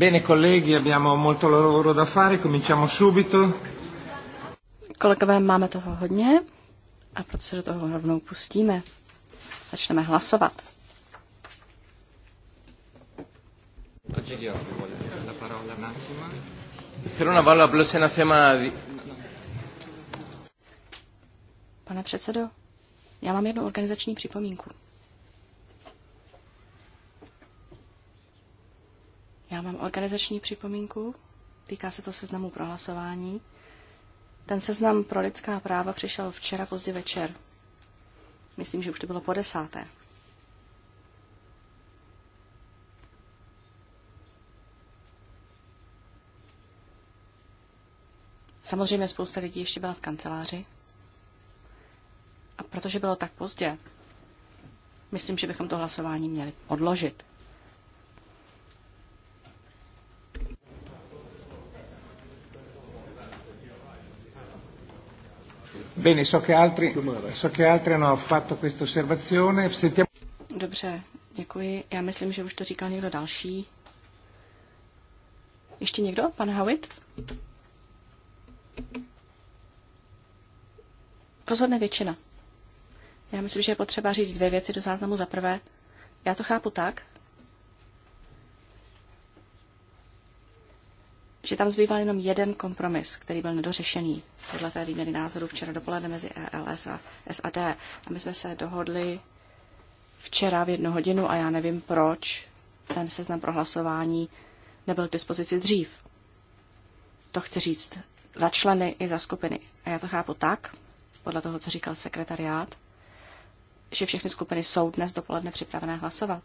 Bene kolegy, abbiamo molto lavoro da fare, cominciamo subito. Kolegové, máme toho hodně a proto se do toho rovnou pustíme. Začneme hlasovat. Pane předsedo, já mám jednu organizační připomínku. Já mám organizační připomínku, týká se to seznamu pro hlasování. Ten seznam pro lidská práva přišel včera pozdě večer. Myslím, že už to bylo po desáté. Samozřejmě spousta lidí ještě byla v kanceláři. A protože bylo tak pozdě, myslím, že bychom to hlasování měli odložit. Bene, so che altri, so che altri hanno fatto questa osservazione. Sentiamo... Dobře, děkuji. Já myslím, že už to říkal někdo další. Ještě někdo? Pan Howitt? Rozhodne většina. Já myslím, že je potřeba říct dvě věci do záznamu. Za prvé, já to chápu tak, že tam zbýval jenom jeden kompromis, který byl nedořešený podle té výměny názorů včera dopoledne mezi ELS a SAD. A my jsme se dohodli včera v jednu hodinu a já nevím proč ten seznam prohlasování nebyl k dispozici dřív. To chci říct za členy i za skupiny. A já to chápu tak, podle toho, co říkal sekretariát, že všechny skupiny jsou dnes dopoledne připravené hlasovat.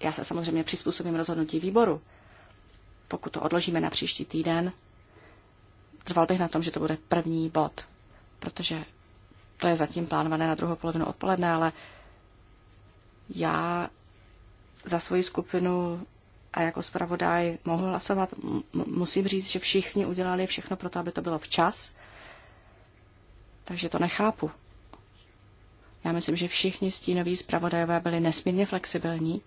Já se samozřejmě přizpůsobím rozhodnutí výboru, pokud to odložíme na příští týden, trval bych na tom, že to bude první bod, protože to je zatím plánované na druhou polovinu odpoledne, ale já za svoji skupinu a jako zpravodaj mohu hlasovat. Musím říct, že všichni udělali všechno pro to, aby to bylo včas, takže to nechápu. Já myslím, že všichni stínoví zpravodajové byli nesmírně flexibilní.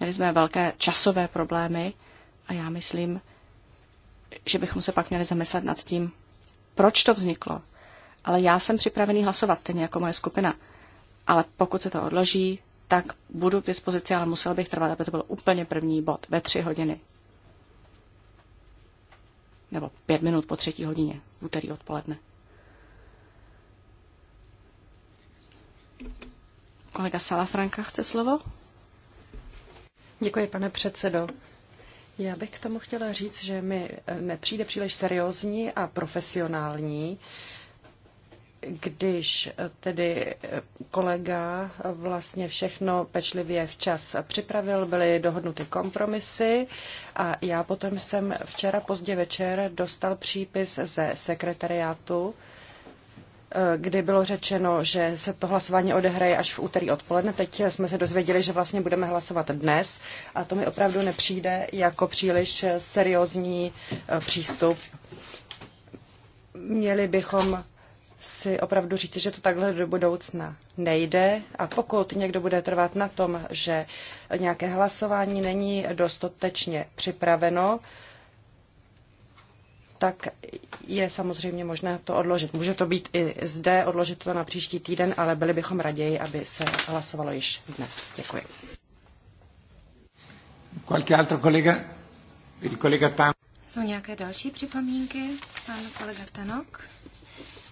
Měli jsme velké časové problémy, a já myslím, že bychom se pak měli zamyslet nad tím, proč to vzniklo. Ale já jsem připravený hlasovat, stejně jako moje skupina. Ale pokud se to odloží, tak budu k dispozici, ale musel bych trvat, aby to byl úplně první bod ve tři hodiny. Nebo pět minut po třetí hodině, v úterý odpoledne. Kolega Salafranka chce slovo? Děkuji, pane předsedo. Já bych k tomu chtěla říct, že mi eh, nepřijde příliš seriózní a profesionální, když eh, tedy eh, kolega vlastně všechno pečlivě včas připravil, byly dohodnuty kompromisy a já potom jsem včera pozdě večer dostal přípis ze sekretariátu, Eh, kdy bylo řečeno, že se to hlasování odehraje až v úterý odpoledne. Teď jsme se dozvěděli, že vlastně budeme hlasovat dnes a to mi opravdu nepřijde jako příliš seriózní eh, přístup. Měli bychom si opravdu říct, že to takhle do budoucna nejde a pokud někdo bude trvat na tom, že nějaké hlasování není dostatečně připraveno, tak je samozřejmě možné to odložit. Může to být i zde, odložit to na příští týden, ale byli bychom raději, aby se hlasovalo již dnes. Děkuji. Tam. Jsou nějaké další připomínky? Pan kolega Tanok.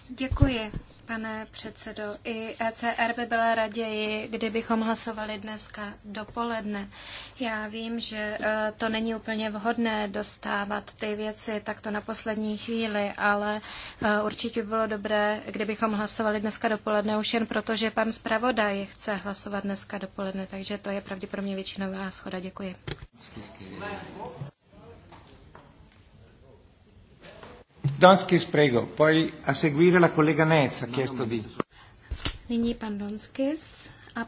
Děkuji, pane předsedo. I ECR by byla raději, kdybychom hlasovali dneska dopoledne. Já vím, že e, to není úplně vhodné dostávat ty věci takto na poslední chvíli, ale e, určitě by bylo dobré, kdybychom hlasovali dneska dopoledne už jen proto, že pan zpravodaj chce hlasovat dneska dopoledne, takže to je pravděpodobně většinová schoda. Děkuji. Donskis, prego. Poi a seguire la collega Nez ha chiesto di... Nyní pan Donskis a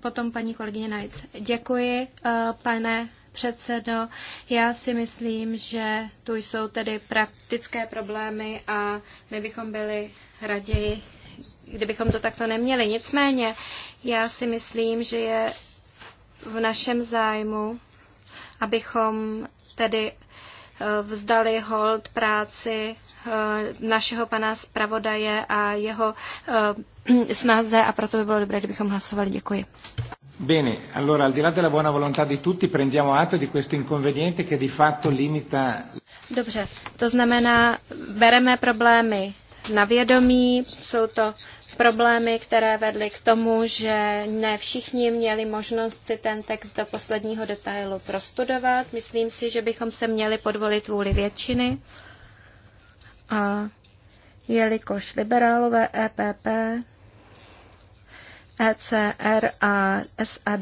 potom paní kolegyně Najc. Děkuji, eh, pane předsedo. Já si myslím, že tu jsou tedy praktické problémy a my bychom byli raději, kdybychom to takto neměli. Nicméně, já si myslím, že je v našem zájmu, abychom tedy Eh, vzdali hold práci eh, našeho pana zpravodaje a jeho eh, snaze a proto by bylo dobré, kdybychom hlasovali. Děkuji. Bene, allora al di là della buona volontà di tutti prendiamo atto di questo inconveniente che di fatto limita... Dobře, to znamená, bereme problémy na vědomí, jsou to problémy, které vedly k tomu, že ne všichni měli možnost si ten text do posledního detailu prostudovat. Myslím si, že bychom se měli podvolit vůli většiny. A jelikož liberálové EPP, ECR a SAD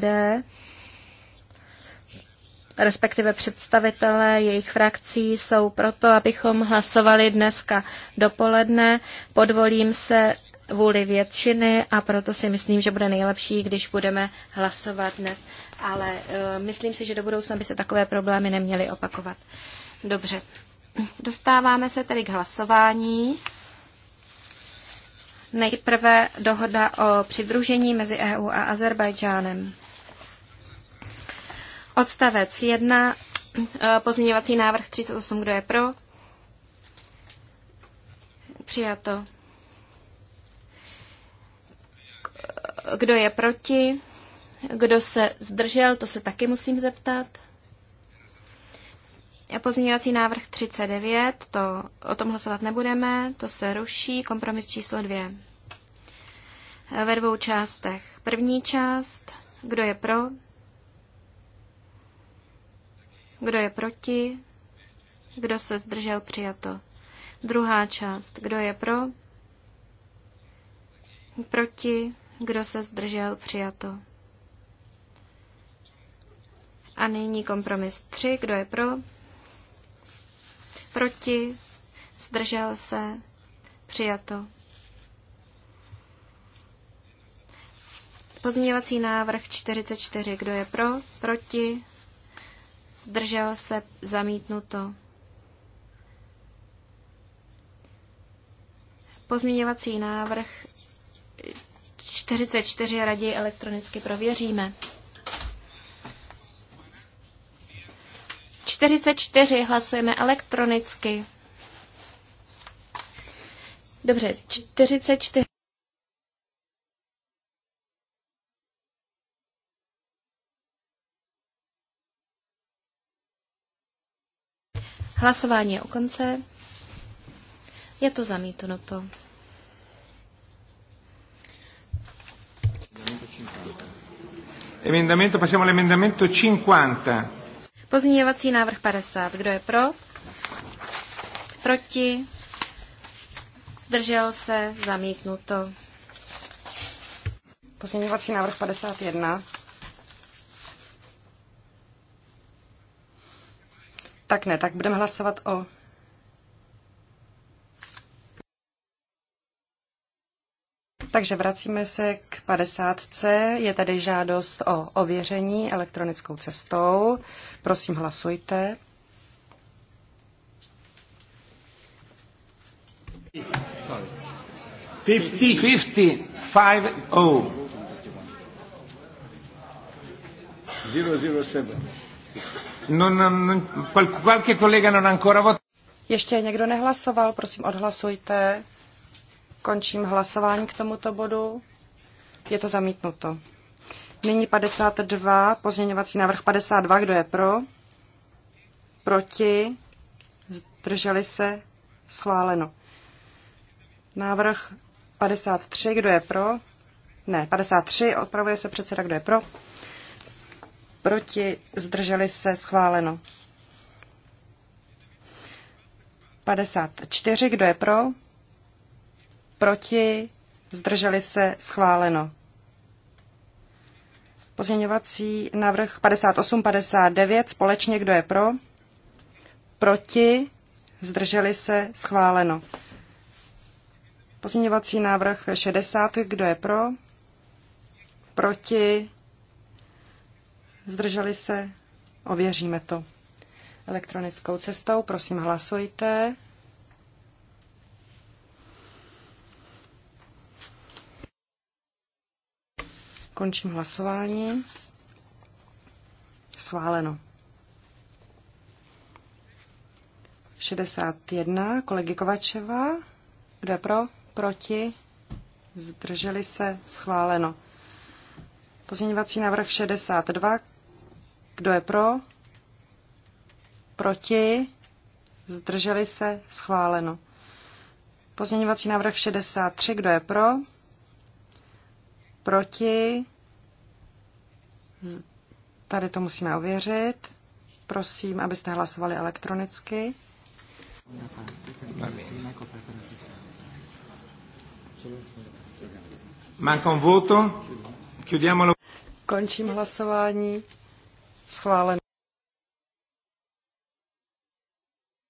respektive představitelé jejich frakcí jsou proto, abychom hlasovali dneska dopoledne. Podvolím se vůli většiny a proto si myslím, že bude nejlepší, když budeme hlasovat dnes. Ale eh, myslím si, že do budoucna by se takové problémy neměly opakovat. Dobře. Dostáváme se tedy k hlasování. Nejprve dohoda o přidružení mezi EU a Azerbajdžánem. Odstavec 1, eh, pozměňovací návrh 38, kdo je pro? Přijato. Kdo je proti? Kdo se zdržel? To se taky musím zeptat. Pozměňovací návrh 39, to o tom hlasovat nebudeme, to se ruší, kompromis číslo 2. Ve dvou částech. První část, kdo je pro, kdo je proti, kdo se zdržel přijato. Druhá část, kdo je pro, proti, kdo se zdržel? Přijato. A nyní kompromis 3. Kdo je pro? Proti? Zdržel se? Přijato. Pozměňovací návrh 44. Kdo je pro? Proti? Zdržel se? Zamítnuto. Pozměňovací návrh 44 raději elektronicky prověříme. 44 hlasujeme elektronicky. Dobře, 44. Hlasování je u konce. Je to zamítnuto. Emendamento, passiamo all'emendamento 50. Pozměňovací návrh 50. Kdo je pro? Proti? Zdržel se? Zamítnuto. Pozměňovací návrh 51. Tak ne, tak budeme hlasovat o Takže vracíme se k 50. Je tady žádost o ověření elektronickou cestou. Prosím, hlasujte. Ještě někdo nehlasoval, prosím, odhlasujte. Končím hlasování k tomuto bodu. Je to zamítnuto. Nyní 52, pozměňovací návrh 52, kdo je pro? Proti? Zdrželi se? Schváleno. Návrh 53, kdo je pro? Ne, 53, odpravuje se předseda, kdo je pro? Proti? Zdrželi se? Schváleno. 54, kdo je pro? proti, zdrželi se, schváleno. Pozměňovací návrh 58-59 společně, kdo je pro, proti, zdrželi se, schváleno. Pozměňovací návrh 60, kdo je pro, proti, zdrželi se, ověříme to elektronickou cestou, prosím hlasujte. Končím hlasování. Schváleno. 61, kolegy Kovačeva. Kdo je pro? Proti? Zdrželi se? Schváleno. Pozměňovací návrh 62. Kdo je pro? Proti? Zdrželi se? Schváleno. Pozměňovací návrh 63. Kdo je pro? Proti? Tady to musíme ověřit. Prosím, abyste hlasovali elektronicky. Manca un voto. Chiudiamolo. Končím hlasování. Schváleno.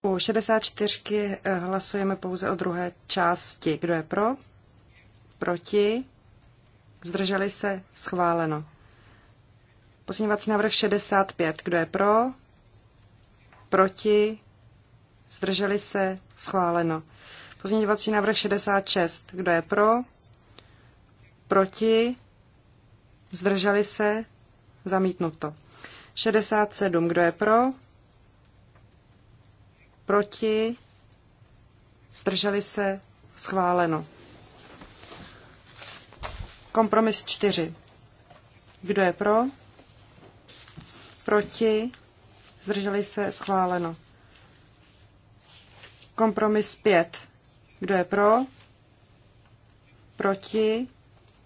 U 64 eh, hlasujeme pouze o druhé části. Kdo je pro? Proti? Zdrželi se? Schváleno. Pozměňovací návrh 65. Kdo je pro? Proti? Zdrželi se? Schváleno. Pozměňovací návrh 66. Kdo je pro? Proti? Zdrželi se? Zamítnuto. 67. Kdo je pro? Proti? Zdrželi se? Schváleno. Kompromis 4. Kdo je pro? Proti? Zdrželi se? Schváleno. Kompromis 5. Kdo je pro? Proti?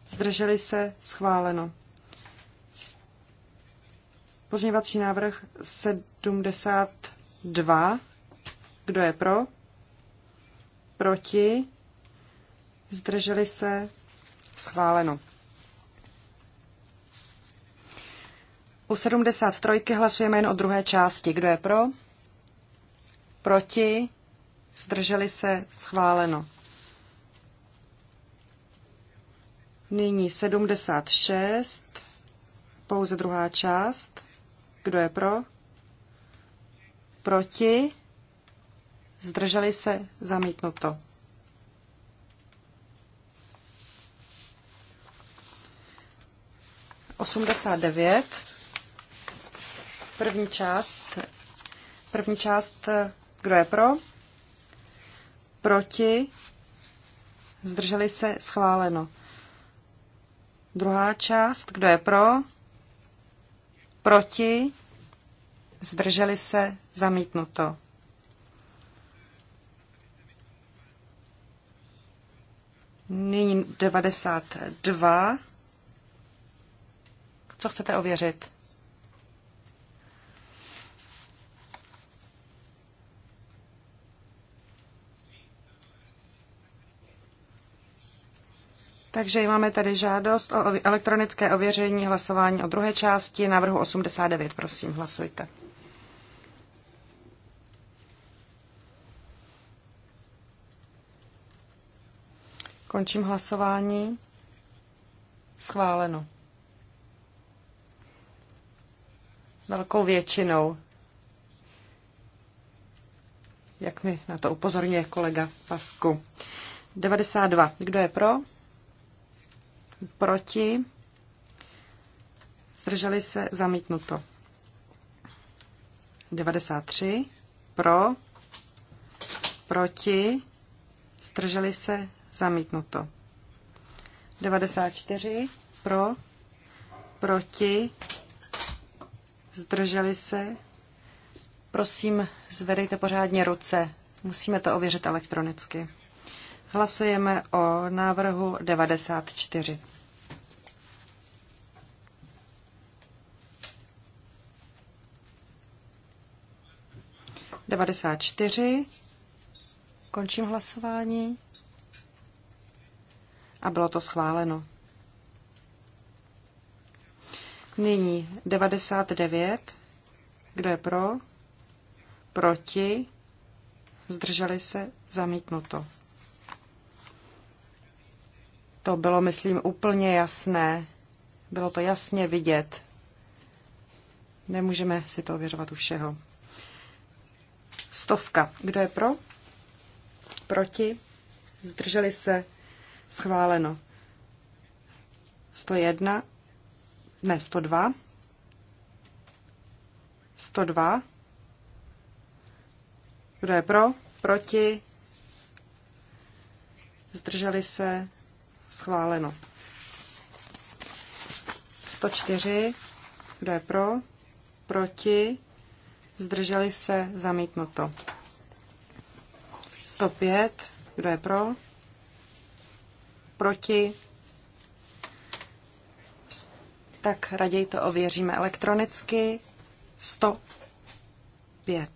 Zdrželi se? Schváleno. Pozměňovací návrh 72. Kdo je pro? Proti? Zdrželi se? Schváleno. U 73 hlasujeme jen o druhé části. Kdo je pro? Proti? Zdrželi se? Schváleno. Nyní 76, pouze druhá část. Kdo je pro? Proti? Zdrželi se? Zamítnuto. 89. První část. První část, kdo je pro? Proti? Zdrželi se? Schváleno. Druhá část, kdo je pro? Proti? Zdrželi se? Zamítnuto. Nyní 92. Co chcete ověřit? Takže máme tady žádost o elektronické ověření hlasování o druhé části návrhu 89. Prosím, hlasujte. Končím hlasování. Schváleno. velkou většinou. Jak mi na to upozorňuje kolega Pasku. 92. Kdo je pro? Proti? Zdrželi se zamítnuto. 93. Pro? Proti? Zdrželi se zamítnuto. 94. Pro? Proti? zdrželi se. Prosím, zvedejte pořádně ruce. Musíme to ověřit elektronicky. Hlasujeme o návrhu 94. Devadesát čtyři. Končím hlasování. A bylo to schváleno. Nyní 99. Kdo je pro? Proti? Zdrželi se? Zamítnuto. To bylo, myslím, úplně jasné. Bylo to jasně vidět. Nemůžeme si to ověřovat u všeho. Stovka. Kdo je pro? Proti? Zdrželi se? Schváleno. 101 ne, 102. 102. Kdo je pro? Proti? Zdrželi se? Schváleno. 104. Kdo je pro? Proti? Zdrželi se? Zamítnuto. 105. Kdo je pro? Proti? tak raději to ověříme elektronicky. 105.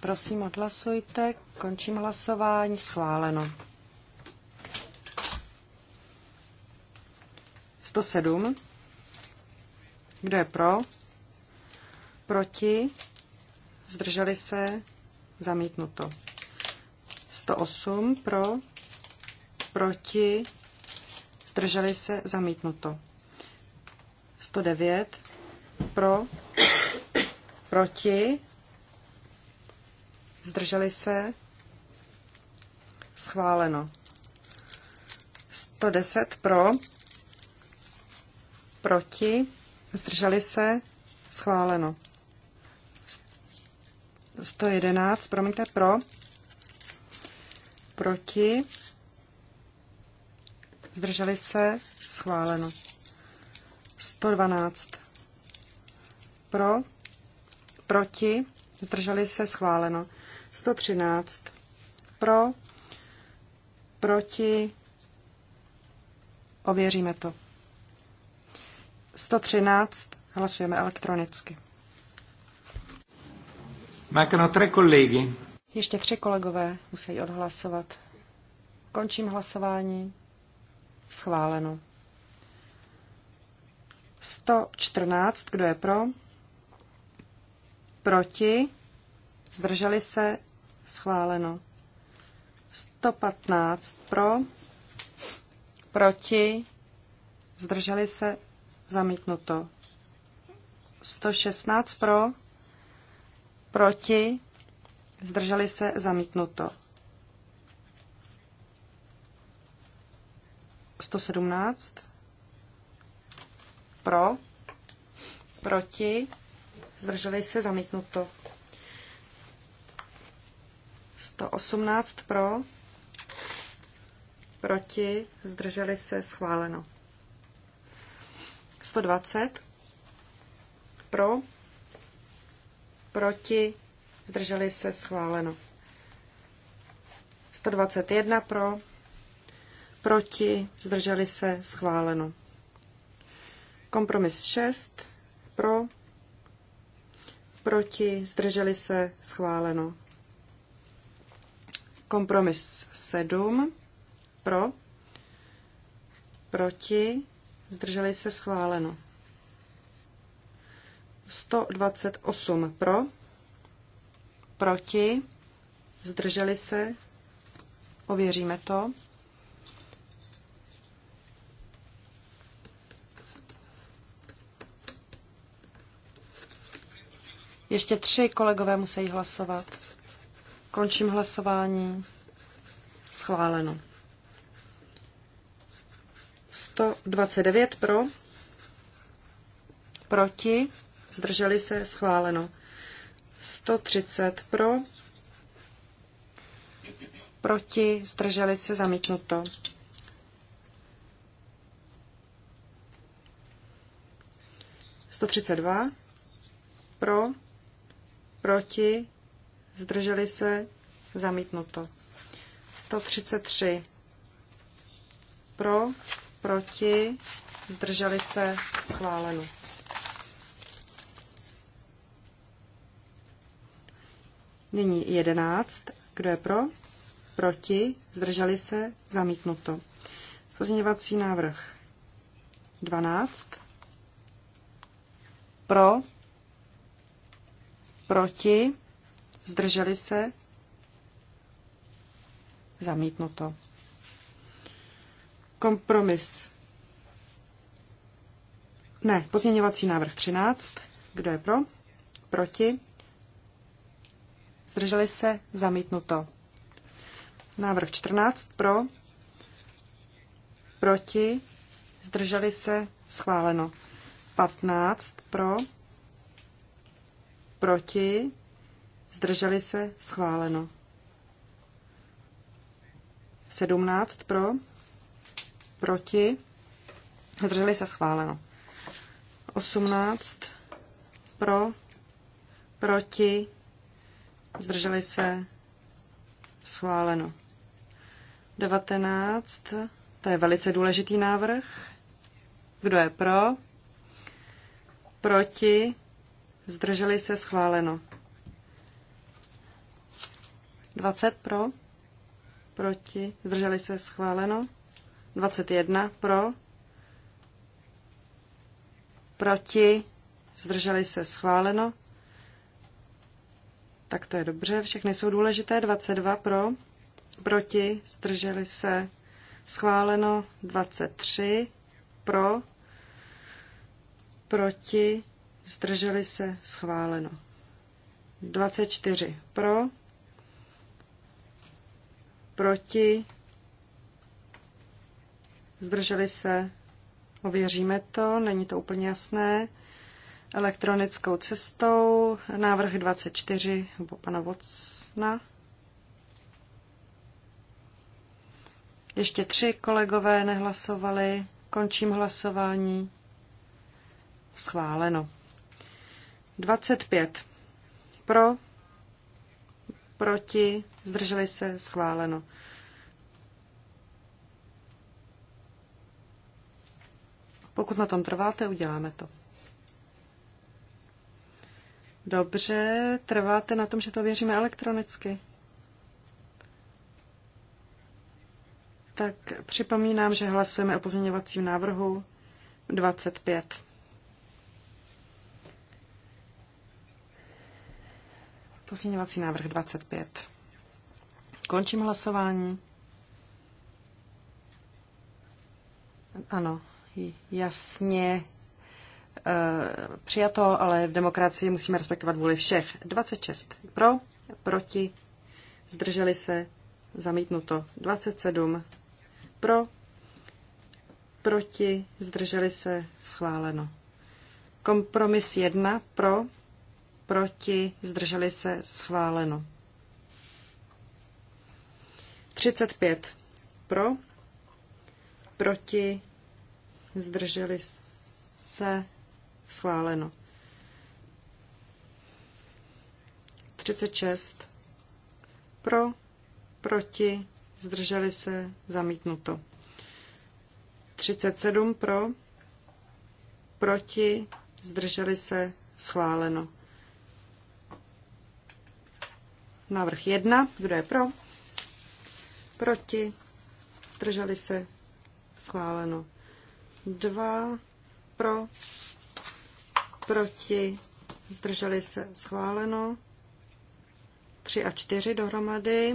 Prosím, odhlasujte. Končím hlasování. Schváleno. 107. Kdo je pro? Proti? Zdrželi se? Zamítnuto. 108 pro, proti, zdrželi se, zamítnuto. 109 pro, proti, zdrželi se, schváleno. 110 pro, proti, zdrželi se, schváleno. 111, promiňte, pro, proti, zdrželi se, schváleno. 112 pro, proti, zdrželi se, schváleno. 113 pro, proti, ověříme to. 113 hlasujeme elektronicky. Mancano tre colleghi. Ještě tři kolegové musí odhlasovat. Končím hlasování. Schváleno. 114, kdo je pro? Proti? Zdrželi se? Schváleno. 115 pro? Proti? Zdrželi se? Zamítnuto. 116 pro? Proti? zdrželi se, zamítnuto. 117 pro, proti, zdrželi se, zamítnuto. 118 pro, proti, zdrželi se, schváleno. 120 pro, proti, zdrželi se schváleno. 121 pro, proti, zdrželi se schváleno. Kompromis 6 pro, proti, zdrželi se schváleno. Kompromis 7 pro, proti, zdrželi se schváleno. 128 pro, proti, zdrželi se, ověříme to. Ještě tři kolegové musí hlasovat. Končím hlasování. Schváleno. 129 pro, proti, zdrželi se, schváleno. 130 pro, proti, zdrželi se, zamítnuto. Sto třicet dva pro, proti, zdrželi se, zamítnuto. 133 pro, proti, zdrželi se, schváleno. Nyní 11. Kdo je pro? Proti? Zdrželi se? Zamítnuto. Pozměňovací návrh 12. Pro? Proti? Zdrželi se? Zamítnuto. Kompromis. Ne, pozměňovací návrh 13. Kdo je pro? Proti? zdrželi se, zamítnuto. Návrh 14 pro, proti, zdrželi se, schváleno. 15 pro, proti, zdrželi se, schváleno. 17 pro, proti, zdrželi se, schváleno. 18 pro, proti, zdrželi se, schváleno. 19, to je velice důležitý návrh. Kdo je pro? Proti? Zdrželi se schváleno. 20 pro? Proti? Zdrželi se schváleno. 21 pro? Proti? Zdrželi se schváleno. Tak to je dobře, všechny jsou důležité. 22 pro, proti, zdrželi se, schváleno. 23 pro, proti, zdrželi se, schváleno. 24 pro, proti, zdrželi se, ověříme to, není to úplně jasné elektronickou cestou. Návrh 24 pana Vocna. Ještě tři kolegové nehlasovali. Končím hlasování. Schváleno. 25. Pro, proti, zdrželi se, schváleno. Pokud na tom trváte, uděláme to. Dobře, trváte na tom, že to věříme elektronicky. Tak připomínám, že hlasujeme o pozměňovacím návrhu 25. Pozměňovací návrh 25. Končím hlasování. Ano, jasně Eh, přijato, ale v demokracii musíme respektovat vůli všech. 26 pro, proti, zdrželi se, zamítnuto. 27 pro, proti, zdrželi se, schváleno. Kompromis 1 pro, proti, zdrželi se, schváleno. 35 pro, proti, zdrželi se, Schváleno. 36. Pro, proti, zdrželi se, zamítnuto. 37 pro, proti, zdrželi se, schváleno. Návrh 1, kdo je pro? Proti, zdrželi se, schváleno. 2 pro, proti, zdrželi se schváleno. 3 a 4 dohromady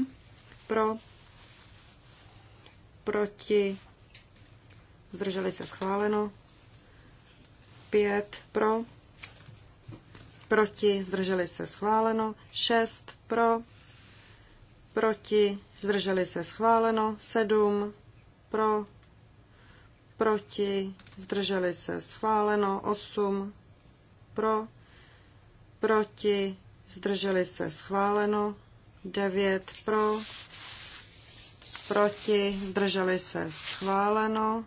pro, proti, zdrželi se schváleno. 5 pro, proti, zdrželi se schváleno. 6 pro, proti, zdrželi se schváleno. 7 pro, proti, zdrželi se schváleno. 8 pro, proti, zdrželi se schváleno, 9 pro, proti, zdrželi se schváleno,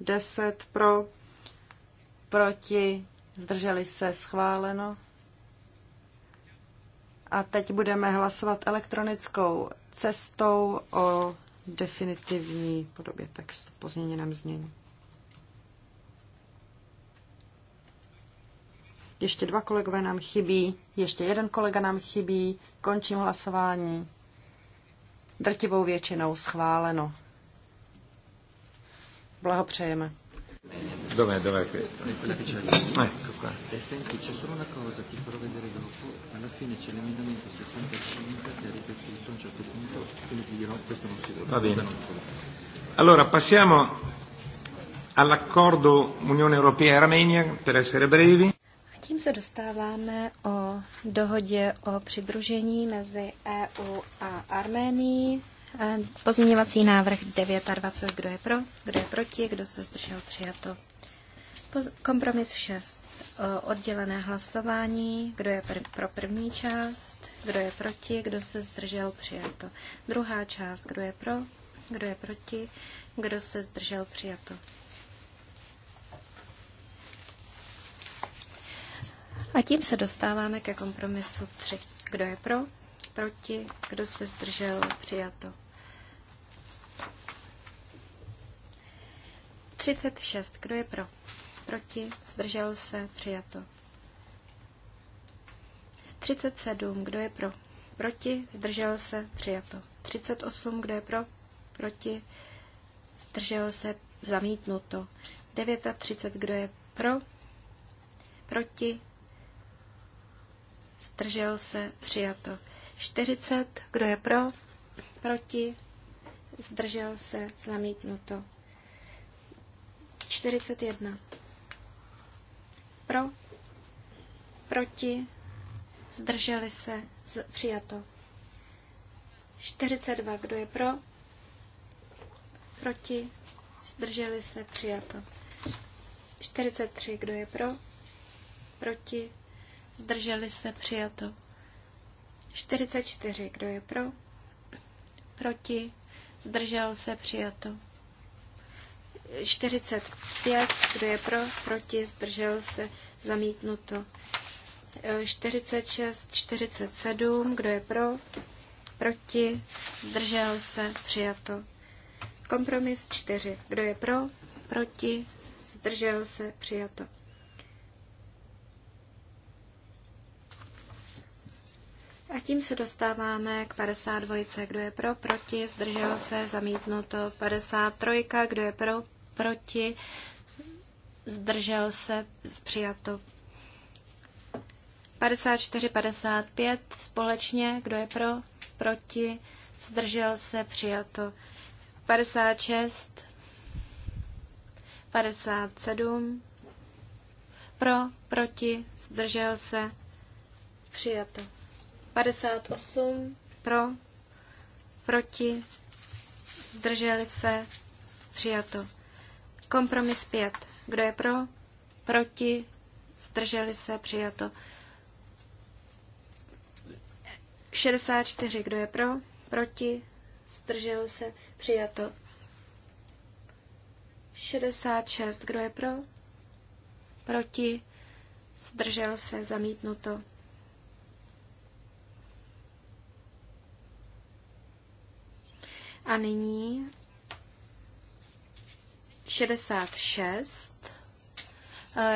10 pro, proti, zdrželi se schváleno. A teď budeme hlasovat elektronickou cestou o definitivní podobě textu, pozměněném znění. Ještě dva kolegové nám chybí, ještě jeden kolega nám chybí, končím hlasování. Drtivou většinou schváleno. Blahopřejeme. Dobré, dobré. questo? Allora, passiamo all'accordo Unione Europea Armenia, per essere brevi. Tím se dostáváme o dohodě o přidružení mezi EU a Arménií. E, pozměňovací návrh 29. Kdo je pro? Kdo je proti? Kdo se zdržel? Přijato. Kompromis 6. Oddělené hlasování. Kdo je pro první část? Kdo je proti? Kdo se zdržel? Přijato. Druhá část. Kdo je pro? Kdo je proti? Kdo se zdržel? Přijato. A tím se dostáváme ke kompromisu 3. Kdo je pro? Proti? Kdo se zdržel? Přijato. 36. Kdo je pro? Proti? Zdržel se? Přijato. 37. Kdo je pro? Proti? Zdržel se? Přijato. 38. Kdo je pro? Proti? Zdržel se? Zamítnuto. 39. Kdo je pro? Proti? Zdržel se? Přijato. 40. Kdo je pro? Proti? Zdržel se? Zamítnuto. 41. Pro? Proti? Zdrželi se? Z, přijato. 42. Kdo je pro? Proti? Zdrželi se? Přijato. 43. Kdo je pro? Proti? zdrželi se, přijato. 44, kdo je pro, proti, zdržel se, přijato. 45, kdo je pro, proti, zdržel se, zamítnuto. 46, 47, kdo je pro, proti, zdržel se, přijato. Kompromis 4, kdo je pro, proti, zdržel se, přijato. A tím se dostáváme k 52. Kdo je pro, proti, zdržel se, zamítnuto. 53. Kdo je pro, proti, zdržel se, přijato. 54, 55 společně, kdo je pro, proti, zdržel se, přijato. 56, 57, pro, proti, zdržel se, přijato. 58 pro, proti, zdrželi se, přijato. Kompromis 5. Kdo je pro, proti, zdrželi se, přijato. 64. Kdo je pro, proti, zdržel se, přijato. 66. Kdo je pro, proti, zdržel se, zamítnuto. A nyní 66.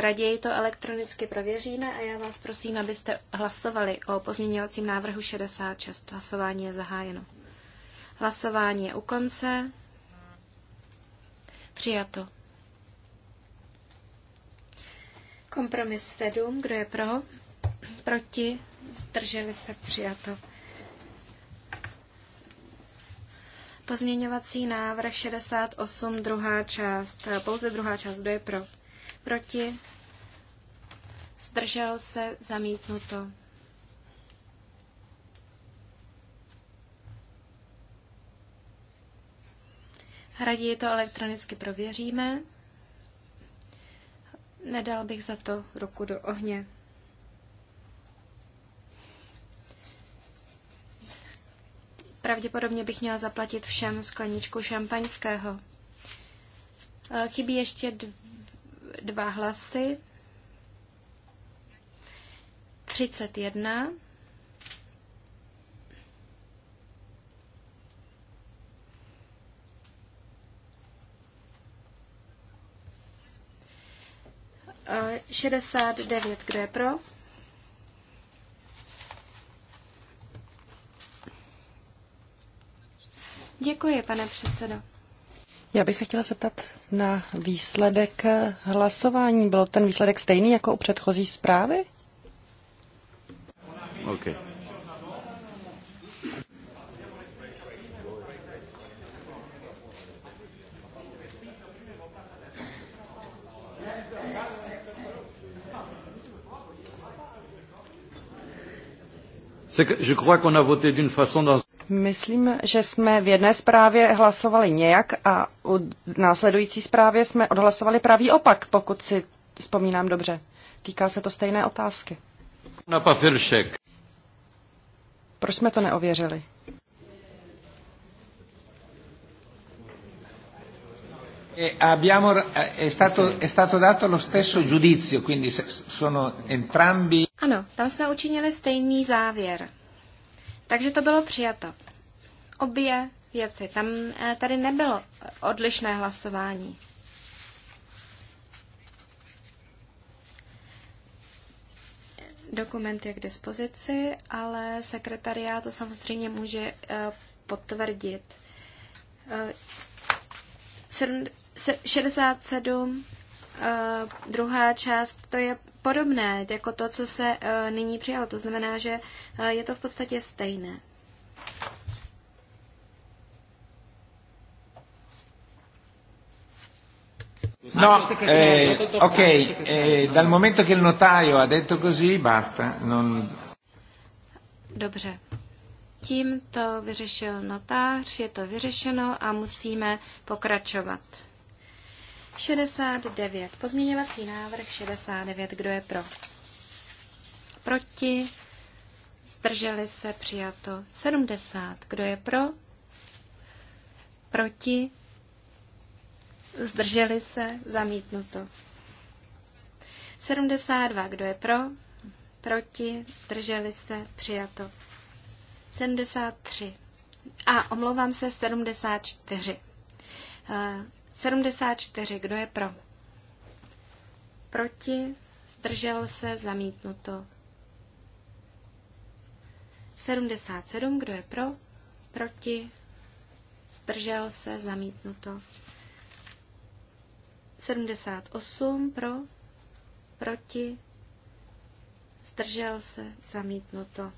Raději to elektronicky prověříme a já vás prosím, abyste hlasovali o pozměňovacím návrhu 66. Hlasování je zahájeno. Hlasování je u konce. Přijato. Kompromis 7. Kdo je pro? Proti? Zdrželi se přijato. Pozměňovací návrh 68, druhá část. Pouze druhá část. Kdo je pro? Proti? Zdržel se? Zamítnuto. Raději to elektronicky prověříme. Nedal bych za to ruku do ohně. pravděpodobně bych měla zaplatit všem skleničku šampaňského. E, chybí ještě dva hlasy. 31. E, šedesát devět, kdo je pro? Děkuji, pane předsedo. Já bych se chtěla zeptat na výsledek hlasování. Byl ten výsledek stejný jako u předchozí zprávy? Okay. Je crois qu'on a voté d'une façon dans Myslím, že jsme v jedné zprávě hlasovali nějak a u následující zprávě jsme odhlasovali pravý opak, pokud si vzpomínám dobře. Týká se to stejné otázky. Na papíršek. Proč jsme to neověřili? E abbiamo, e, è, stato, è stato dato lo stesso giudizio, quindi sono entrambi... Ano, tam jsme učinili stejný závěr. Takže to bylo přijato. Obě věci. Tam eh, tady nebylo odlišné hlasování. Dokument je k dispozici, ale sekretariát to samozřejmě může eh, potvrdit. 67, eh, druhá část, to je podobné jako to, co se e, nyní přijalo. To znamená, že e, je to v podstatě stejné. No, eh, ok, eh, dal momento che il notaio ha detto così, basta. Non... Dobře. Tím to vyřešil notář, je to vyřešeno a musíme pokračovat. 69. Pozměňovací návrh 69. Kdo je pro? Proti? Zdrželi se? Přijato. 70. Kdo je pro? Proti? Zdrželi se? Zamítnuto. 72. Kdo je pro? Proti? Zdrželi se? Přijato. 73. A omlouvám se 74. 74. Kdo je pro? Proti? Zdržel se? Zamítnuto. 77. Kdo je pro? Proti? Zdržel se? Zamítnuto. 78. Pro? Proti? Zdržel se? Zamítnuto.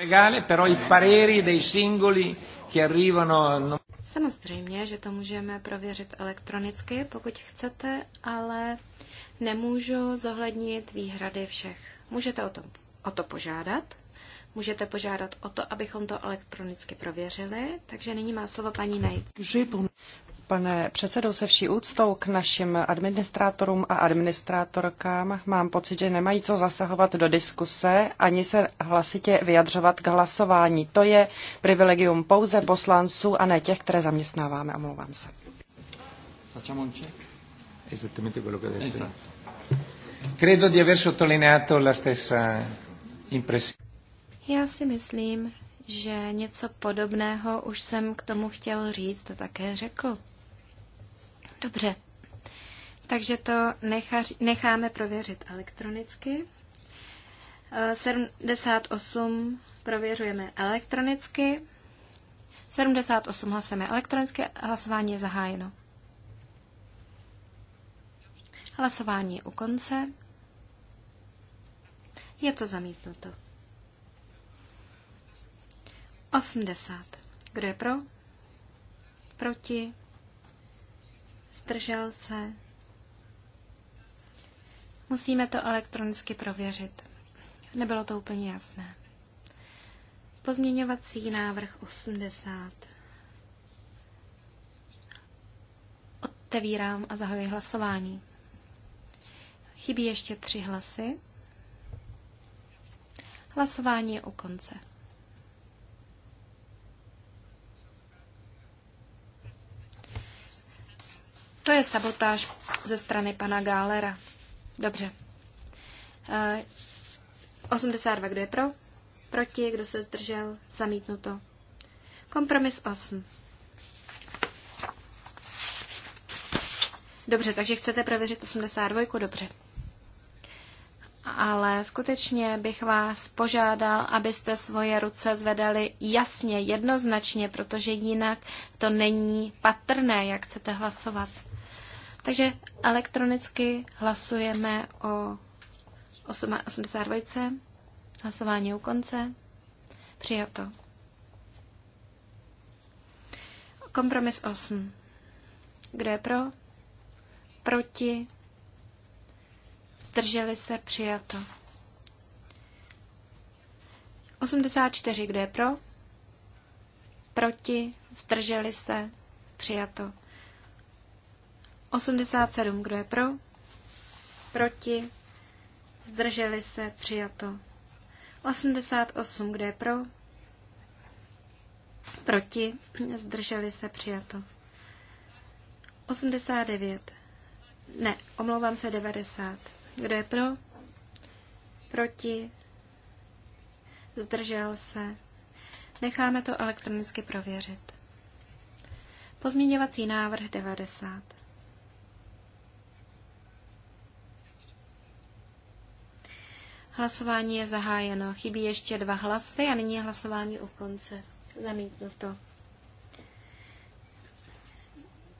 Legale, però i pareri dei singoli che arrivano... Samozřejmě, že to můžeme prověřit elektronicky, pokud chcete, ale nemůžu zohlednit výhrady všech. Můžete o, to, o to požádat, můžete požádat o to, abychom to elektronicky prověřili. Takže nyní má slovo paní Nejc. Pane předsedo, se vší úctou k našim administrátorům a administrátorkám mám pocit, že nemají co zasahovat do diskuse ani se hlasitě vyjadřovat k hlasování. To je privilegium pouze poslanců a ne těch, které zaměstnáváme. Omlouvám se. Credo di aver sottolineato la stessa impressione. Já si myslím, že něco podobného už jsem k tomu chtěl říct to také řekl. Dobře, takže to nechař, necháme prověřit elektronicky. 78 eh, prověřujeme elektronicky. 78 hlasujeme elektronicky. Hlasování je zahájeno. Hlasování je u konce. Je to zamítnuto. 80. Kdo je pro? Proti? zdržel se. Musíme to elektronicky prověřit. Nebylo to úplně jasné. Pozměňovací návrh 80. Otevírám a zahajuji hlasování. Chybí ještě tři hlasy. Hlasování je u konce. To je sabotáž ze strany pana Gálera. Dobře. 82, e, kdo je pro? Proti, kdo se zdržel? Zamítnuto. Kompromis 8. Dobře, takže chcete prověřit 82, dobře. Ale skutečně bych vás požádal, abyste svoje ruce zvedali jasně, jednoznačně, protože jinak to není patrné, jak chcete hlasovat. Takže elektronicky hlasujeme o 82. Hlasování u konce. Přijato. Kompromis 8. Kdo je pro? Proti? Zdrželi se? Přijato. 84. Kdo je pro? Proti? Zdrželi se? Přijato. 87, kdo je pro? Proti? Zdrželi se? Přijato. 88, kdo je pro? Proti? Zdrželi se? Přijato. 89. Ne, omlouvám se 90. Kdo je pro? Proti? Zdržel se? Necháme to elektronicky prověřit. Pozměňovací návrh 90. Hlasování je zahájeno. Chybí ještě dva hlasy a nyní je hlasování u konce. Zamítnuto.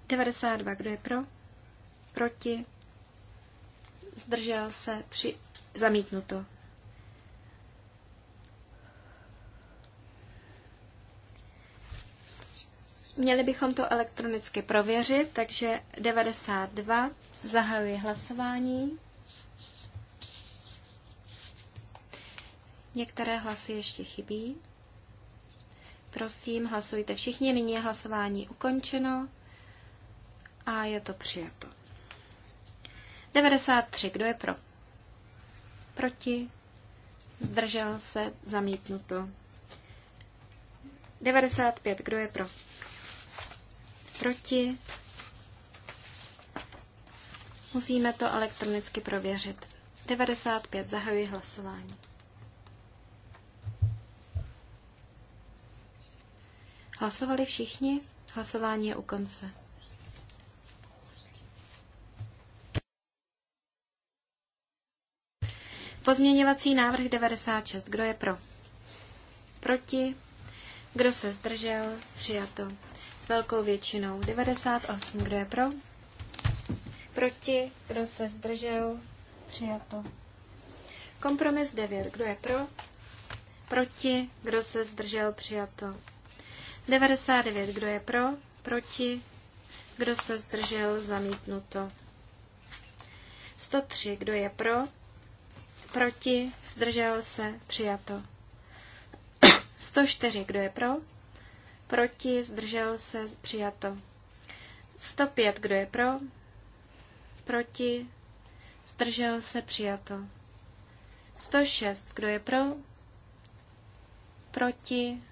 92. Kdo je pro? Proti? Zdržel se? Při... Zamítnuto. Měli bychom to elektronicky prověřit, takže 92 zahajuji hlasování. Některé hlasy ještě chybí. Prosím, hlasujte všichni. Nyní je hlasování ukončeno a je to přijato. 93. Kdo je pro? Proti? Zdržel se? Zamítnuto. 95. Kdo je pro? Proti? Musíme to elektronicky prověřit. 95. Zahajuji hlasování. Hlasovali všichni? Hlasování je u konce. Pozměňovací návrh 96. Kdo je pro? Proti? Kdo se zdržel? Přijato. Velkou většinou 98. Kdo je pro? Proti? Kdo se zdržel? Přijato. Kompromis 9. Kdo je pro? Proti? Kdo se zdržel? Přijato. 99. Kdo je pro? Proti? Kdo se zdržel? Zamítnuto. 103. Kdo je pro? Proti? Zdržel se? Přijato. 104. Kdo je pro? Proti? Zdržel se? Přijato. 105. Kdo je pro? Proti? Zdržel se? Přijato. 106. Kdo je pro? Proti?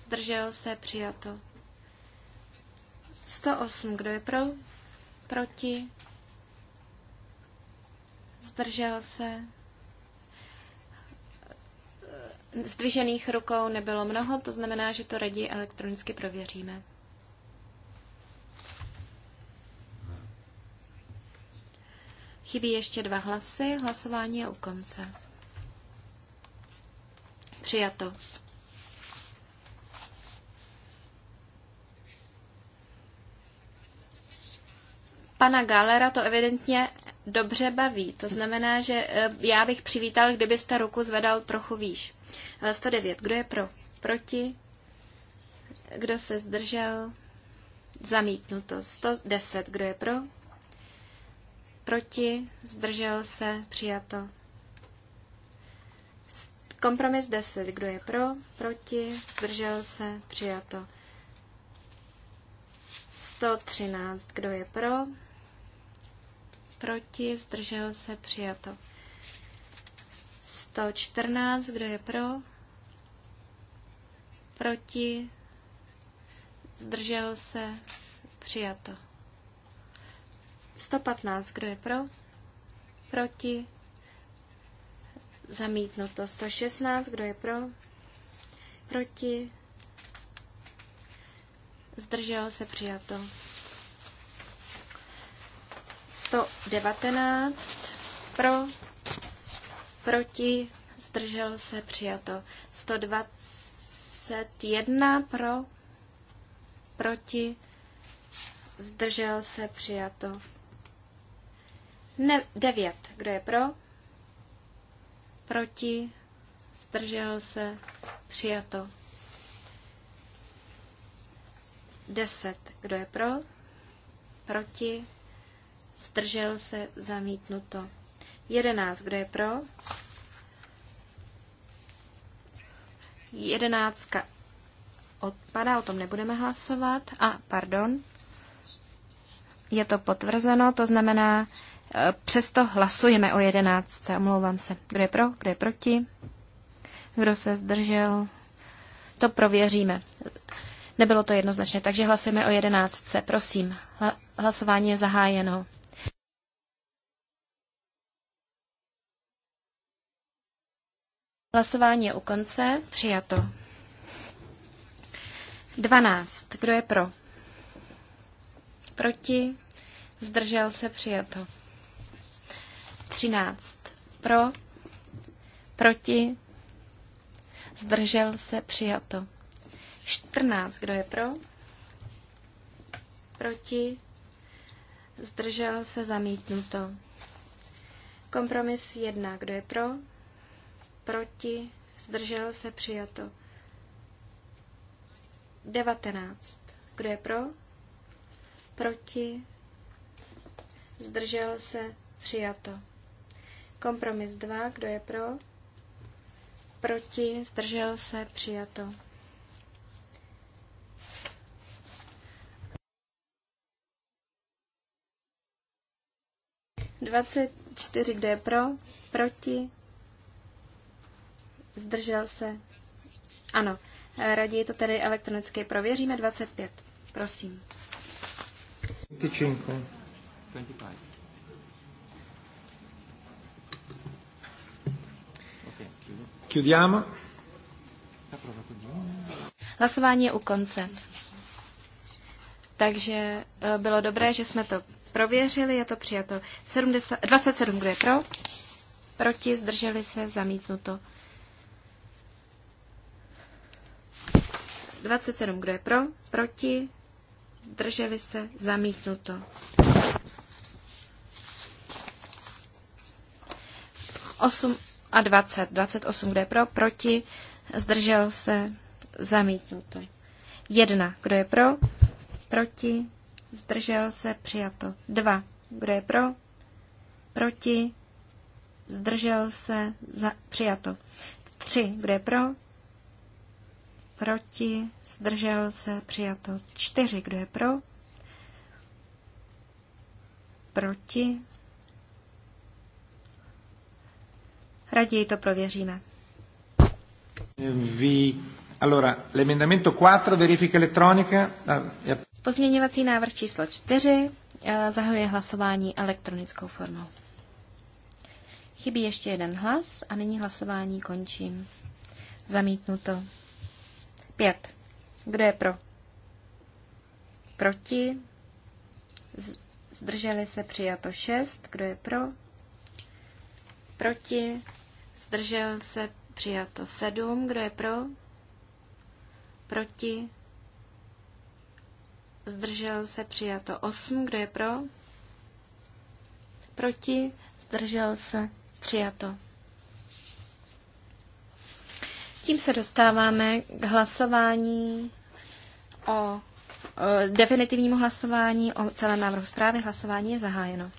zdržel se, přijato. 108, kdo je pro, proti, zdržel se. Zdvižených rukou nebylo mnoho, to znamená, že to raději elektronicky prověříme. Chybí ještě dva hlasy, hlasování je u konce. Přijato. pana Galera to evidentně dobře baví. To znamená, že eh, já bych přivítal, kdybyste ruku zvedal trochu výš. 109. Eh, Kdo je pro? Proti? Kdo se zdržel? Zamítnuto. 110. Kdo je pro? Proti? Zdržel se? Přijato. Kompromis 10. Kdo je pro? Proti? Zdržel se? Přijato. 113. Kdo je pro? proti, zdržel se, přijato. 114, kdo je pro, proti, zdržel se, přijato. 115, kdo je pro, proti, zamítnuto. 116, kdo je pro, proti, zdržel se, přijato. 119 pro, proti, zdržel se, přijato. 121 pro, proti, zdržel se, přijato. Ne, 9. Kdo je pro? Proti, zdržel se, přijato. 10. Kdo je pro? Proti, zdržel se, zamítnuto. 11, kdo je pro? 11 odpadá, o tom nebudeme hlasovat. A, pardon, je to potvrzeno, to znamená, e, přesto hlasujeme o 11. Omlouvám se. Kdo je pro, kdo je proti, kdo se zdržel, to prověříme. Nebylo to jednoznačné, takže hlasujeme o 11. Prosím, hlasování je zahájeno. Hlasování je u konce. Přijato. 12. Kdo je pro? Proti? Zdržel se? Přijato. 13. Pro? Proti? Zdržel se? Přijato. 14. Kdo je pro? Proti? Zdržel se? Zamítnuto. Kompromis 1. Kdo je pro? proti, zdržel se, přijato. 19. Kdo je pro? Proti, zdržel se, přijato. Kompromis 2. Kdo je pro? Proti, zdržel se, přijato. Dvacet čtyři, kdo je pro, proti, zdržel se. Ano, raději to tedy elektronicky prověříme. 25, prosím. Tyčinko. 25. Hlasování je u konce. Takže eh, bylo dobré, že jsme to prověřili, je to přijato 70, 27, kdo je pro, proti, zdrželi se, zamítnuto. 27, kdo je pro, proti, zdrželi se, zamítnuto. Osm a 20, 28, kdo je pro, proti, zdržel se, zamítnuto. 1, kdo je pro, proti, zdržel se, přijato. 2, kdo je pro, proti, zdržel se, za, přijato. 3, kdo je pro, proti, zdržel se, přijato čtyři. kdo je pro, proti, raději to prověříme. Vy, allora, l'emendamento 4, verifica elettronica. Ah, Pozměňovací návrh číslo 4 eh, zahajuje hlasování elektronickou formou. Chybí ještě jeden hlas a nyní hlasování končím. Zamítnuto. 5. Kdo je pro? Proti? Zdrželi se přijato 6. Kdo je pro? Proti? Zdržel se přijato 7. Kdo je pro? Proti? Zdržel se přijato 8. Kdo je pro? Proti? Zdržel se přijato tím se dostáváme k hlasování o, o definitivnímu hlasování o celém návrhu zprávy. Hlasování je zahájeno.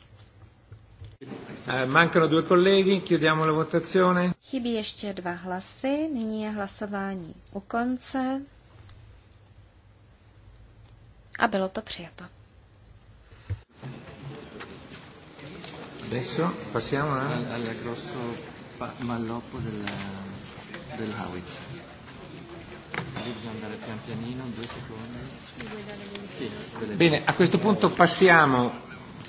Eh, mancano due colleghi, chiudiamo la votazione. Chybí ještě dva hlasy, nyní je hlasování u konce. A bylo to přijato. Adesso passiamo eh. al grosso malloppo della del Howitt. Bene, a questo punto passiamo,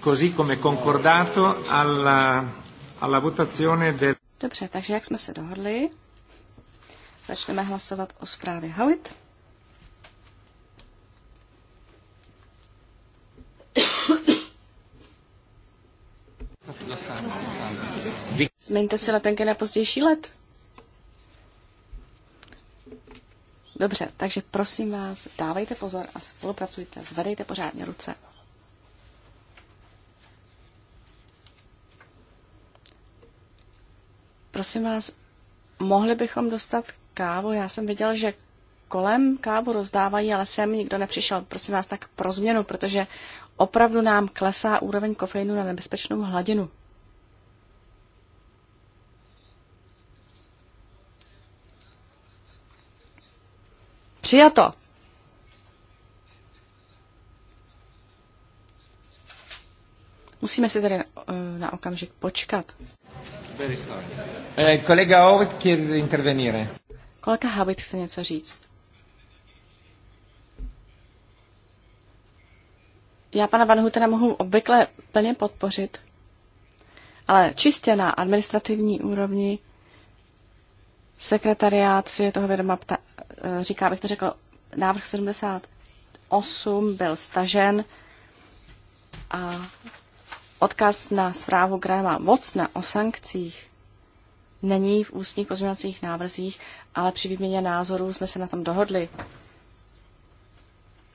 così come concordato, alla, alla votazione del... Dobře, takže jak jsme se dohodli, začneme hlasovat o zprávě Howitt. Změňte si letenky na pozdější let. Dobře, takže prosím vás, dávejte pozor a spolupracujte, zvedejte pořádně ruce. Prosím vás, mohli bychom dostat kávu? Já jsem viděl, že kolem kávu rozdávají, ale sem nikdo nepřišel. Prosím vás, tak pro změnu, protože opravdu nám klesá úroveň kofeinu na nebezpečnou hladinu. Přijato. Musíme si tedy eh, na okamžik počkat. Eh, kolega Howitt chce intervenire. Kolega Howitt chce něco říct. Já pana Van Hutena mohu obvykle plně podpořit, ale čistě na administrativní úrovni Sekretariát si je toho vědoma pta, eh, říká, abych to řekl, návrh 78 byl stažen a odkaz na zprávu Grahama Vocna o sankcích není v ústních pozměňovacích návrzích, ale při výměně názorů jsme se na tom dohodli.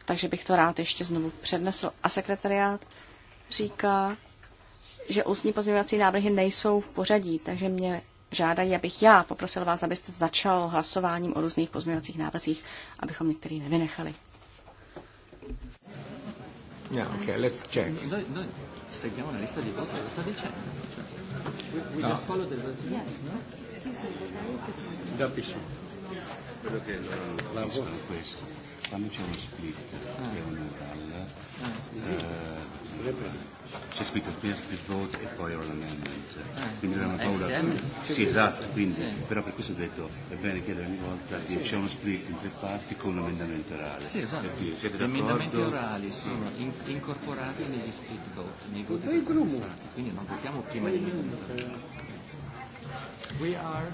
Takže bych to rád ještě znovu přednesl. A sekretariát říká, že ústní pozměňovací návrhy nejsou v pořadí, takže mě žádají, abych já poprosil vás, abyste začal hlasováním o různých pozměňovacích návrzích, abychom některý nevynechali. Yeah, no, okay, let's check. Noi, noi no, seguiamo una lista di voto, lo sta dicendo. Cioè, we, we no. just follow the voting yeah. no? Quello che la, la voce è questo. c'è uno split, è un oral, sì. Sì, speaker, prima split vote e poi ora l'amendment. Eh, ah, quindi avevamo paura. Sì, esatto, quindi, sì. però per questo ho detto è bene chiedere ogni volta che sì. c'è uno split in tre parti con un emendamento orale. Sì, esatto. Perché siete Gli emendamenti orali sono in, incorporati negli split vote, nei voti per parti, quindi non votiamo prima gli emendamenti orali.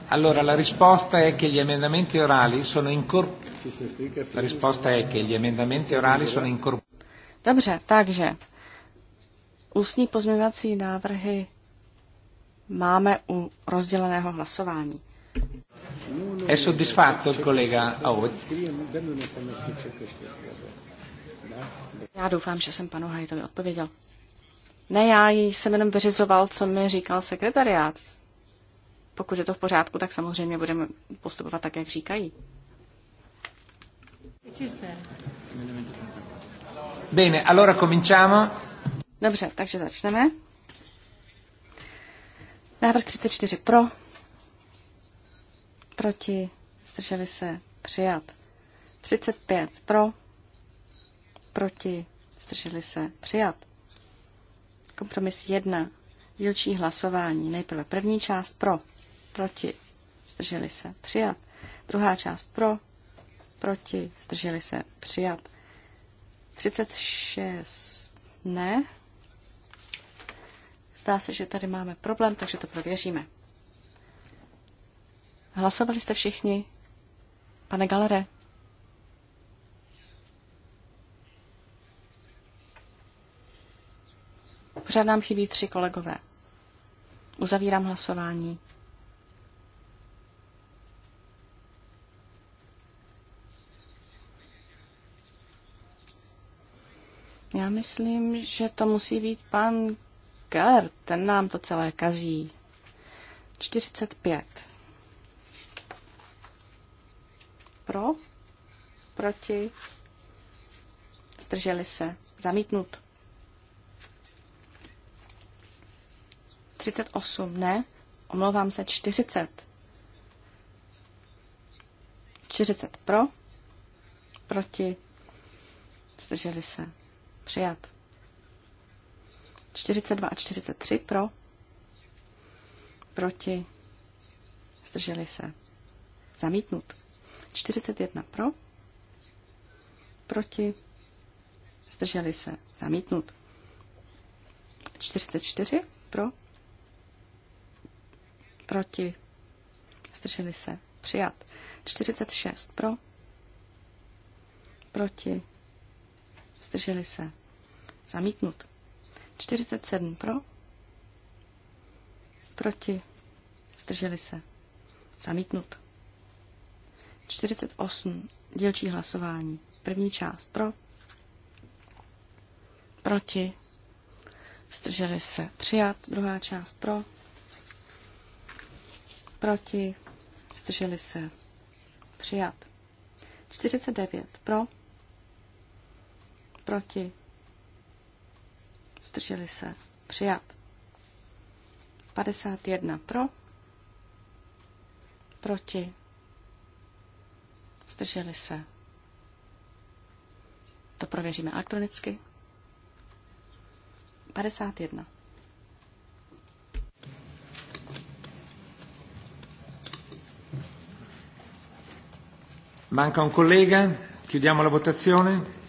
Allora la risposta è che gli emendamenti orali sono incorporati. La risposta è che gli emendamenti orali sono incorporati. Ústní pozměňovací návrhy máme u rozděleného hlasování. È soddisfatto il collega Já doufám, že jsem panu Hajtovi odpověděl. Ne, já jsem jenom vyřizoval, co mi říkal sekretariát. Pokud je to v pořádku, tak samozřejmě budeme postupovat tak, jak říkají. Bene, allora cominciamo. Dobře, takže začneme. Návrh 34 pro, proti, zdrželi se, přijat. 35 pro, proti, zdrželi se, přijat. Kompromis 1, dílčí hlasování. Nejprve první část pro, proti, zdrželi se, přijat. Druhá část pro, proti, zdrželi se, přijat. 36 ne, Zdá se, že tady máme problém, takže to prověříme. Hlasovali jste všichni? Pane Galere? Pořád nám chybí tři kolegové. Uzavírám hlasování. Já myslím, že to musí být pan Keller, ten nám to celé kazí. 45. Pro, proti, zdrželi se, zamítnut. 38, ne, omlouvám se, 40. 40 pro, proti, zdrželi se, přijat. 42 a 43 pro, proti, zdrželi se, zamítnut. 41 pro, proti, zdrželi se, zamítnut. 44 pro, proti, zdrželi se, přijat. 46 pro, proti, zdrželi se, zamítnut. 47 pro, proti, zdrželi se, zamítnut. 48 dělčí hlasování, první část pro, proti, zdrželi se, přijat, druhá část pro, proti, zdrželi se, přijat. 49 pro, proti, zdrželi se, přijat. 51 pro, proti, zdrželi se. To prověříme elektronicky. 51. Manca un collega, chiudiamo la votazione.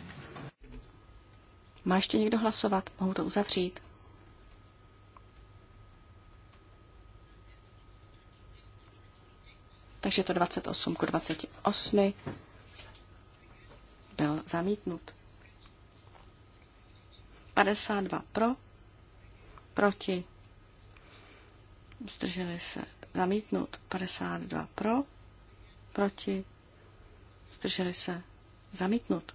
Má ještě někdo hlasovat? Mohu to uzavřít. Takže to 28 k 28 byl zamítnut. 52 pro, proti, zdrželi se, zamítnut, 52 pro, proti, zdrželi se, zamítnut,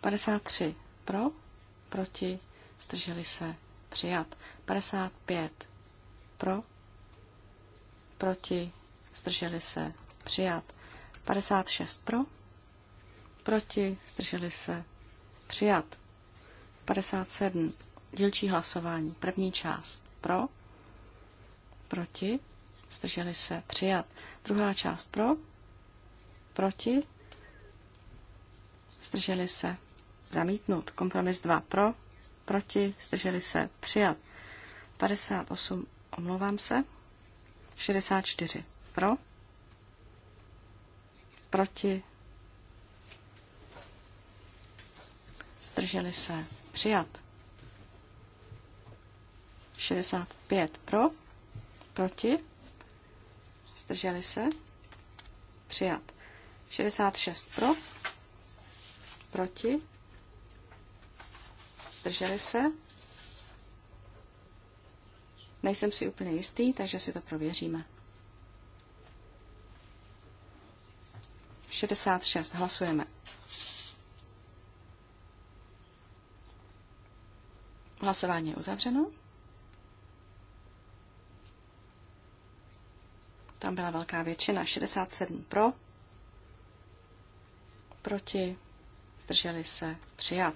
53 pro, proti, zdrželi se, přijat. 55 pro, proti, zdrželi se, přijat. 56 pro, proti, zdrželi se, přijat. 57 dílčí hlasování, první část pro, proti, zdrželi se, přijat. Druhá část pro, proti, zdrželi se, zamítnut. Kompromis 2 pro, proti, zdrželi se, přijat. 58, omlouvám se. 64 pro, proti, zdrželi se, přijat. 65 pro, proti, zdrželi se, přijat. 66 pro, proti, zdrželi se. Nejsem si úplně jistý, takže si to prověříme. 66. Hlasujeme. Hlasování je uzavřeno. Tam byla velká většina. 67 pro, proti, zdrželi se, přijat.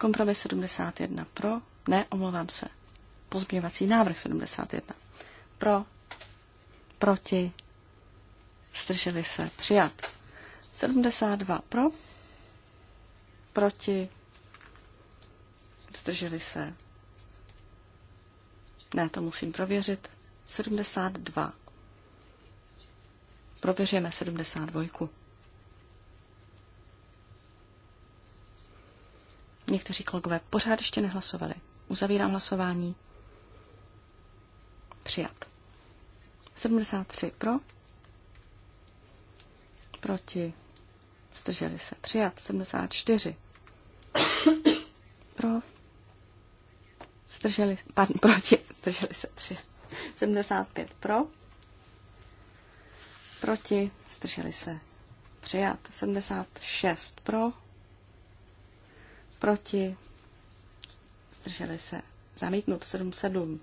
Kompromis 71 pro, ne, omlouvám se. Pozměňovací návrh 71 pro, proti, zdrželi se, přijat. 72 pro, proti, zdrželi se. Ne, to musím prověřit. 72. Prověříme 72. Někteří kolegové pořád ještě nehlasovali. Uzavírám hlasování. Přijat. 73 pro. Proti. Zdrželi se. Přijat. 74 pro. Zdrželi, pardon, proti. Zdrželi se. Přijat. 75 pro. Proti. Zdrželi se. Přijat. 76 pro proti, zdrželi se, zamítnut 77.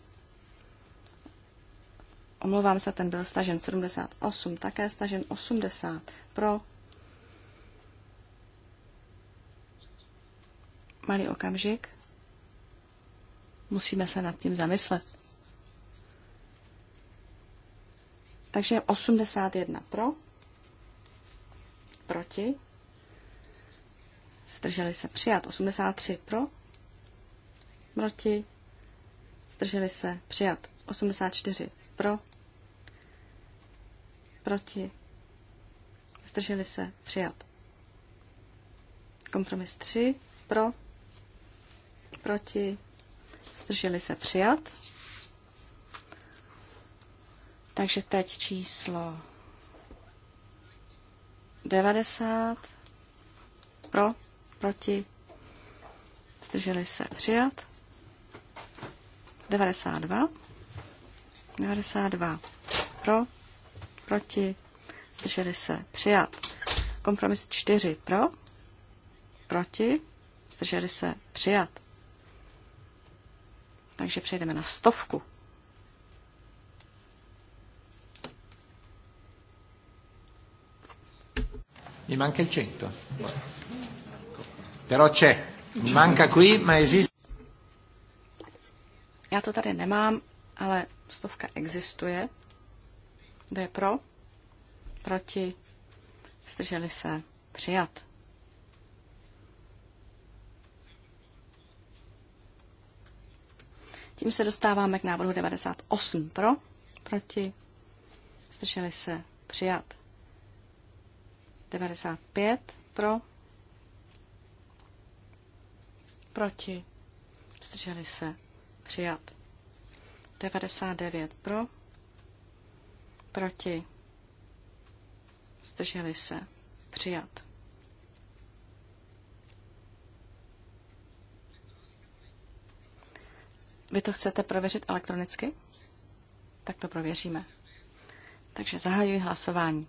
Omlouvám se, ten byl stažen 78, také stažen 80, pro, malý okamžik, musíme se nad tím zamyslet. Takže 81 pro, proti, Zdrželi se přijat. 83 pro. Proti. Zdrželi se přijat. 84 pro. Proti. Zdrželi se přijat. Kompromis 3 pro. Proti. Zdrželi se přijat. Takže teď číslo 90 pro proti, zdrželi se přijat. 92, 92 pro, proti, zdrželi se přijat. Kompromis 4 pro, proti, zdrželi se přijat. Takže přejdeme na stovku. Mi manca il 100. Però c'è. Manca qui, ma esiste. Já to tady nemám, ale stovka existuje. Kdo je pro? Proti? Zdrželi se? Přijat. Tím se dostáváme k návrhu 98 pro, proti, zdrželi se, přijat. 95 pro, Proti. Zdrželi se. Přijat. 99 pro. Proti. Zdrželi se. Přijat. Vy to chcete prověřit elektronicky? Tak to prověříme. Takže zahajuji hlasování.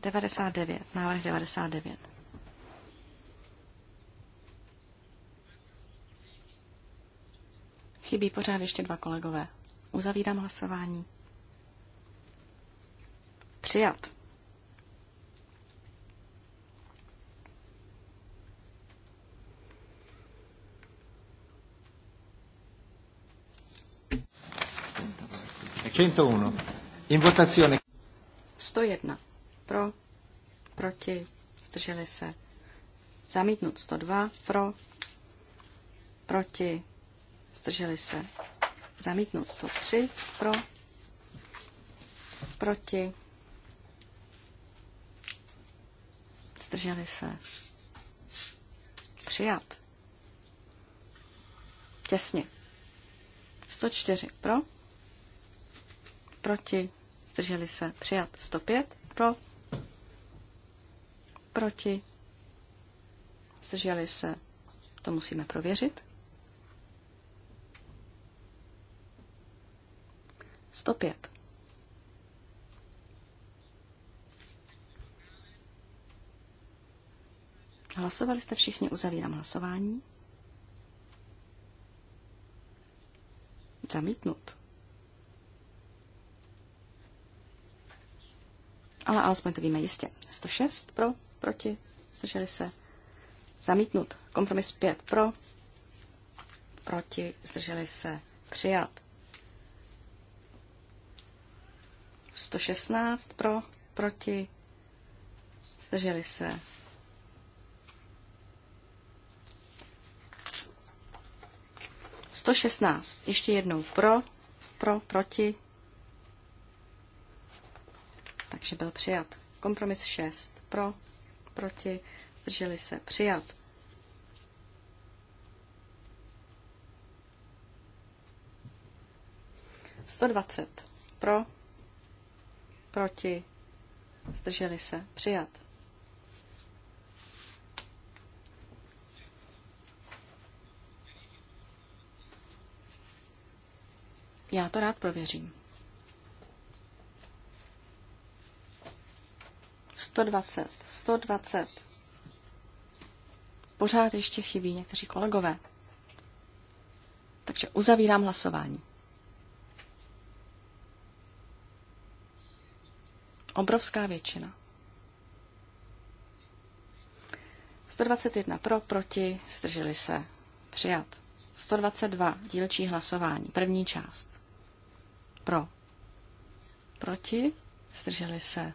99, návrh 99. Chybí pořád ještě dva kolegové. Uzavírám hlasování. Přijat. In votazione. 101. Pro, proti, zdrželi se. Zamítnut 102. Pro, proti, Zdrželi se. Zamítnout 103 pro. Proti. Zdrželi se. Přijat. Těsně. 104 pro. Proti. Zdrželi se. Přijat. 105 pro. Proti. Zdrželi se. To musíme prověřit. 105. Hlasovali jste všichni, uzavírám hlasování. Zamítnut. Ale alespoň to víme jistě. 106 pro, proti, zdrželi se. Zamítnut. Kompromis 5 pro, proti, zdrželi se. Přijat. 116 pro, proti, zdrželi se. Sto šestnáct. Ještě jednou pro, pro, proti. Takže byl přijat. Kompromis šest. Pro, proti, zdrželi se. Přijat. 120 pro, Proti. Zdrželi se. Přijat. Já to rád prověřím. 120, 120. Pořád ještě chybí někteří kolegové. Takže uzavírám hlasování. Obrovská většina. 121 pro, proti, zdrželi se. Přijat. 122 dílčí hlasování. První část. Pro. Proti, zdrželi se.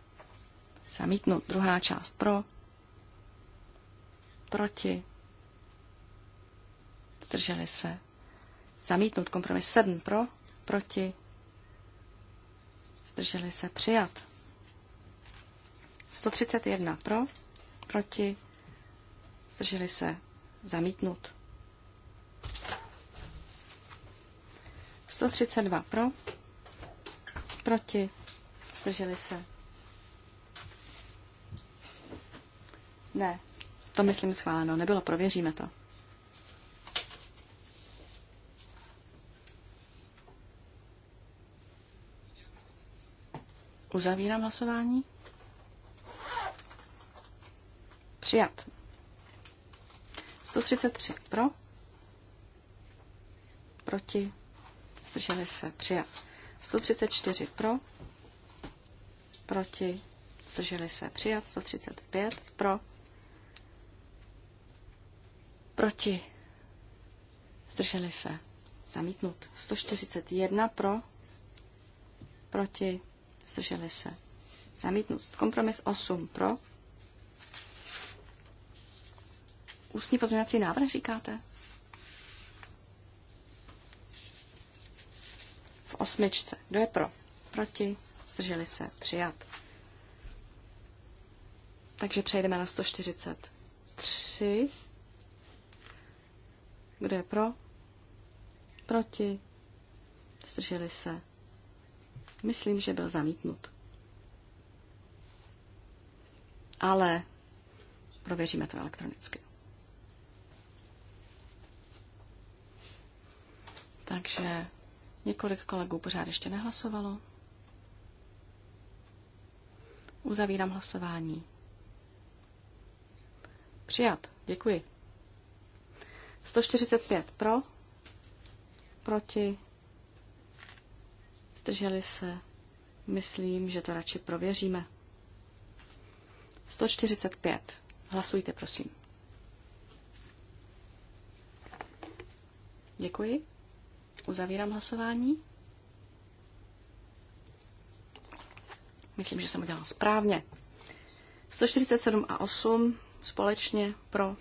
Zamítnut. Druhá část pro. Proti. Zdrželi se. Zamítnut. Kompromis 7 pro. Proti. Zdrželi se. Přijat. 131 pro, proti, zdrželi se, zamítnut. 132 pro, proti, zdrželi se. Ne, to myslím schváleno, nebylo, prověříme to. Uzavírám hlasování. Přijat. 133 pro. Proti. Zdrželi se. Přijat. 134 pro. Proti. Zdrželi se. Přijat. 135 pro. Proti. Zdrželi se. Zamítnut. 141 pro. Proti. Zdrželi se. Zamítnut. Kompromis 8 pro. Ústní pozměňovací návrh říkáte? V osmičce. Kdo je pro? Proti? Zdrželi se? Přijat. Takže přejdeme na 143. Kdo je pro? Proti? Zdrželi se? Myslím, že byl zamítnut. Ale prověříme to elektronicky. Takže několik kolegů pořád ještě nehlasovalo. Uzavírám hlasování. Přijat. Děkuji. 145 pro, proti, zdrželi se. Myslím, že to radši prověříme. 145. Hlasujte, prosím. Děkuji. Uzavírám hlasování. Myslím, že jsem udělala správně. 147 a 8 společně pro,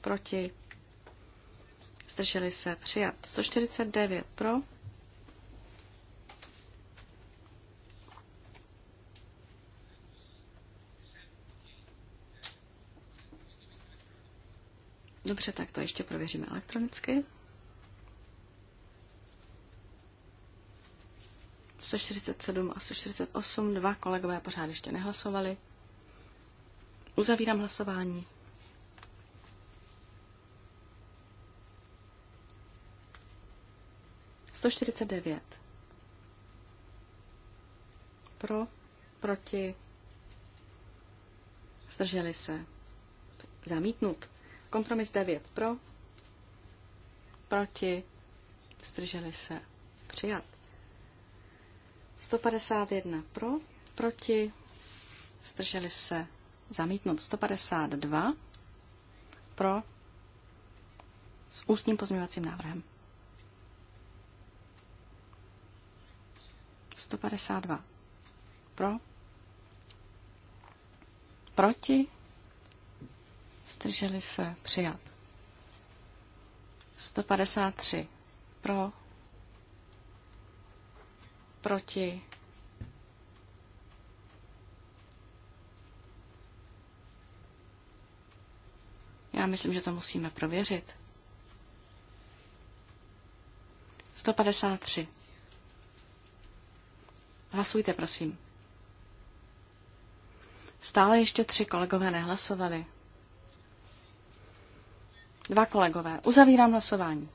proti, zdrželi se přijat. 149 pro, Dobře, tak to ještě prověříme elektronicky. 147 a 148. Dva kolegové pořád ještě nehlasovali. Uzavírám hlasování. Sto čtyřicet devět. Pro, proti, zdrželi se. Zamítnut. Kompromis 9 pro, proti, zdrželi se. Přijat. 151 pro, proti, zdrželi se zamítnout 152 pro s ústním pozměňovacím návrhem. 152 pro, proti, zdrželi se přijat. 153 pro, proti, Já myslím, že to musíme prověřit. 153. Hlasujte, prosím. Stále ještě tři kolegové nehlasovali. Dva kolegové. Uzavírám hlasování.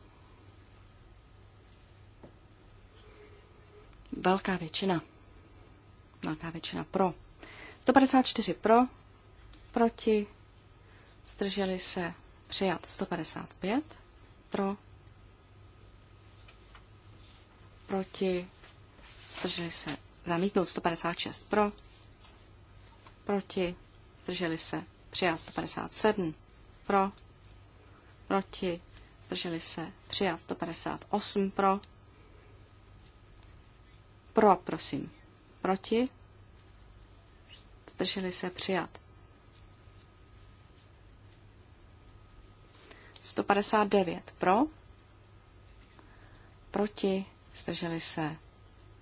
velká většina. Velká většina pro. 154 pro, proti, zdrželi se přijat 155, pro, proti, zdrželi se zamítnout 156 pro, proti, zdrželi se přijat 157 pro, proti, zdrželi se přijat 158 pro, pro, prosím. Proti? Zdrželi se přijat. 159 pro, proti, zdrželi se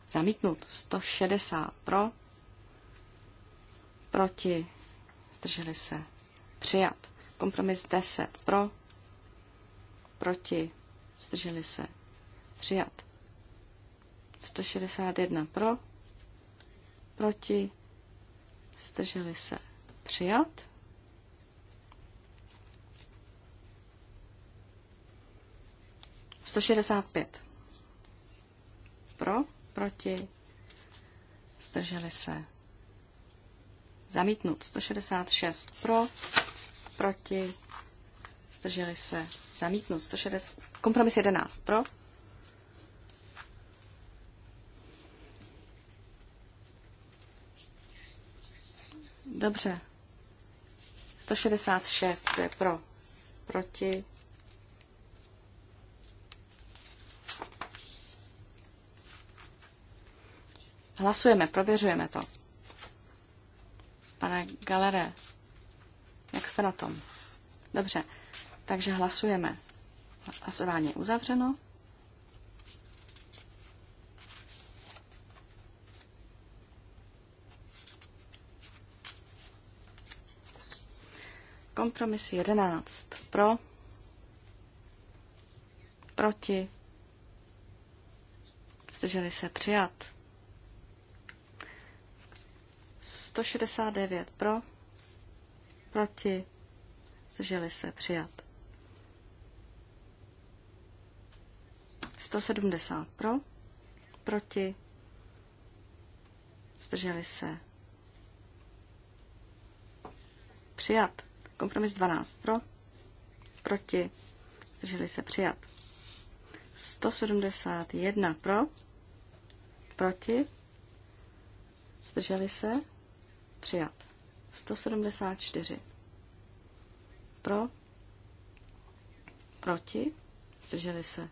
zamítnut. 160 pro, proti, zdrželi se přijat. Kompromis 10 pro, proti, zdrželi se přijat. 161 pro, proti, zdrželi se přijat. Sto šedesát pět. Pro, proti, zdrželi se. Zamítnut. 166 pro, proti, zdrželi se. Zamítnut. 160, kompromis 11 pro, Dobře. 166, to je pro. Proti. Hlasujeme, prověřujeme to. Pane Galere, jak jste na tom? Dobře, takže hlasujeme. Hlasování je uzavřeno. Kompromis 11. Pro. Proti. Zdrželi se přijat. 169 pro. Proti. Zdrželi se přijat. 170 pro. Proti. Zdrželi se. Přijat. Kompromis 12 pro, proti, zdrželi se přijat. 171 pro, proti, zdrželi se přijat. 174 pro, proti, zdrželi se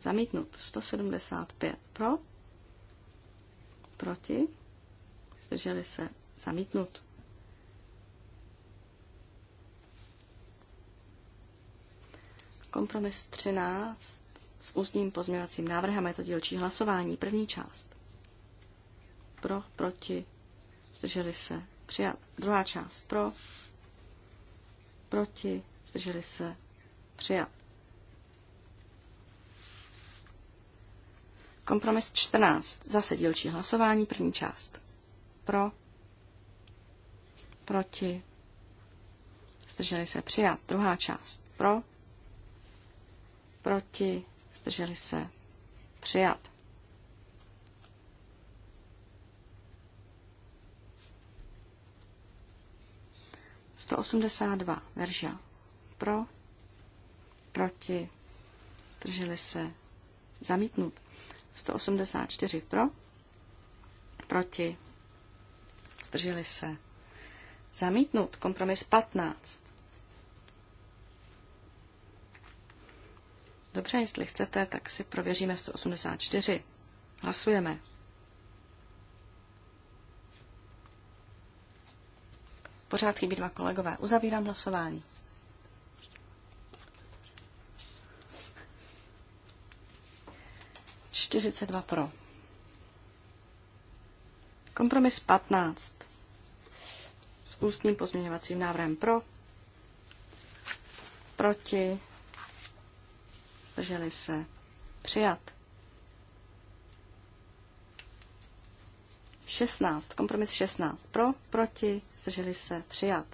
zamítnut. 175 pro, proti, zdrželi se zamítnut. Kompromis 13 s ústním pozměňovacím návrhem je to dílčí hlasování. První část. Pro, proti, zdrželi se, přijat. Druhá část. Pro, proti, zdrželi se, přijat. Kompromis 14. Zase dílčí hlasování, první část. Pro, proti, zdrželi se, přijat. Druhá část. Pro, proti, zdrželi se, přijat. Sto osmdesát dva, verža, pro, proti, zdrželi se, zamítnut. 184 pro, proti, zdrželi se. Zamítnut kompromis 15 Dobře, jestli chcete, tak si prověříme 184. Hlasujeme. Pořád chybí dva kolegové. Uzavírám hlasování. dva pro. Kompromis 15. S ústním pozměňovacím návrhem pro. Proti zdrželi se, přijat. 16, kompromis 16, pro, proti, zdrželi se, přijat.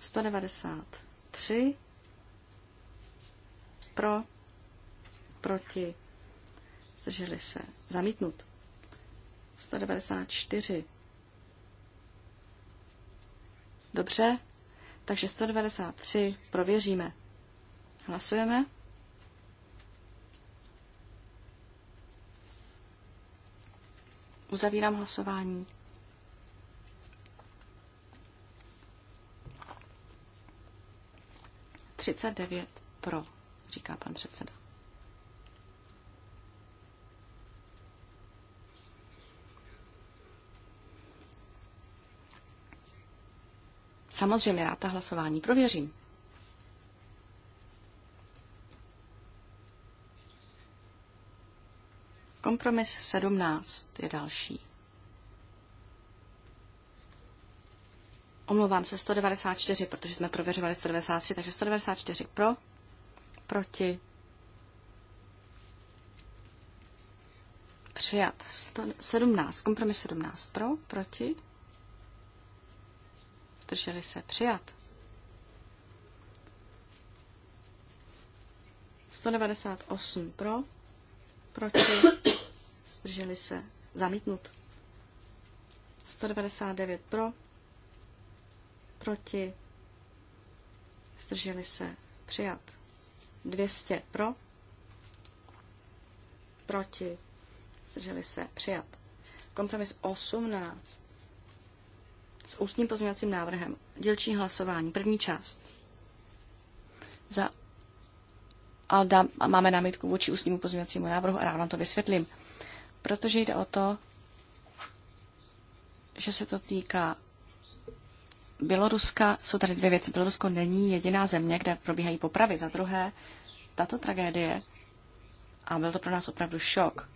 193, pro, proti, zdrželi se, zamítnut. 194. Dobře, takže 193 prověříme. Hlasujeme. Uzavírám hlasování. Třicet devět pro, říká pan předseda. Samozřejmě rád ta hlasování prověřím. Kompromis 17 je další. Omlouvám se 194, protože jsme prověřovali 193, takže 194 pro, proti, přijat 117, kompromis 17 pro, proti, Zdrželi se přijat. 198 pro, proti, zdrželi se zamítnut. 199 pro, proti, zdrželi se přijat. 200 pro, proti, zdrželi se přijat. Kompromis 18 s ústním pozměňovacím návrhem. Dělčí hlasování. První část. Za a, dá, a máme námitku vůči ústnímu pozměňovacímu návrhu a rád vám to vysvětlím. Protože jde o to, že se to týká Běloruska. Jsou tady dvě věci. Bělorusko není jediná země, kde probíhají popravy. Za druhé, tato tragédie, a byl to pro nás opravdu šok,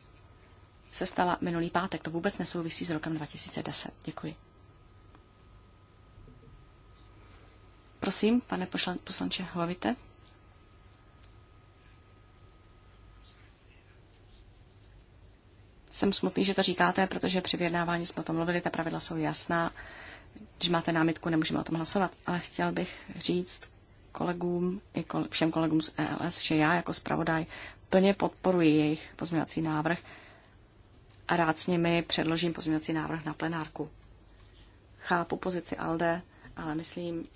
se stala minulý pátek. To vůbec nesouvisí s rokem 2010. Děkuji. Prosím, pane poslanče Hlavite. Jsem smutný, že to říkáte, protože při vyjednávání jsme o tom mluvili, ta pravidla jsou jasná. Když máte námitku, nemůžeme o tom hlasovat. Ale chtěl bych říct kolegům i všem kolegům z ELS, že já jako zpravodaj plně podporuji jejich pozměňovací návrh a rád s nimi předložím pozměňovací návrh na plenárku. Chápu pozici ALDE, ale myslím,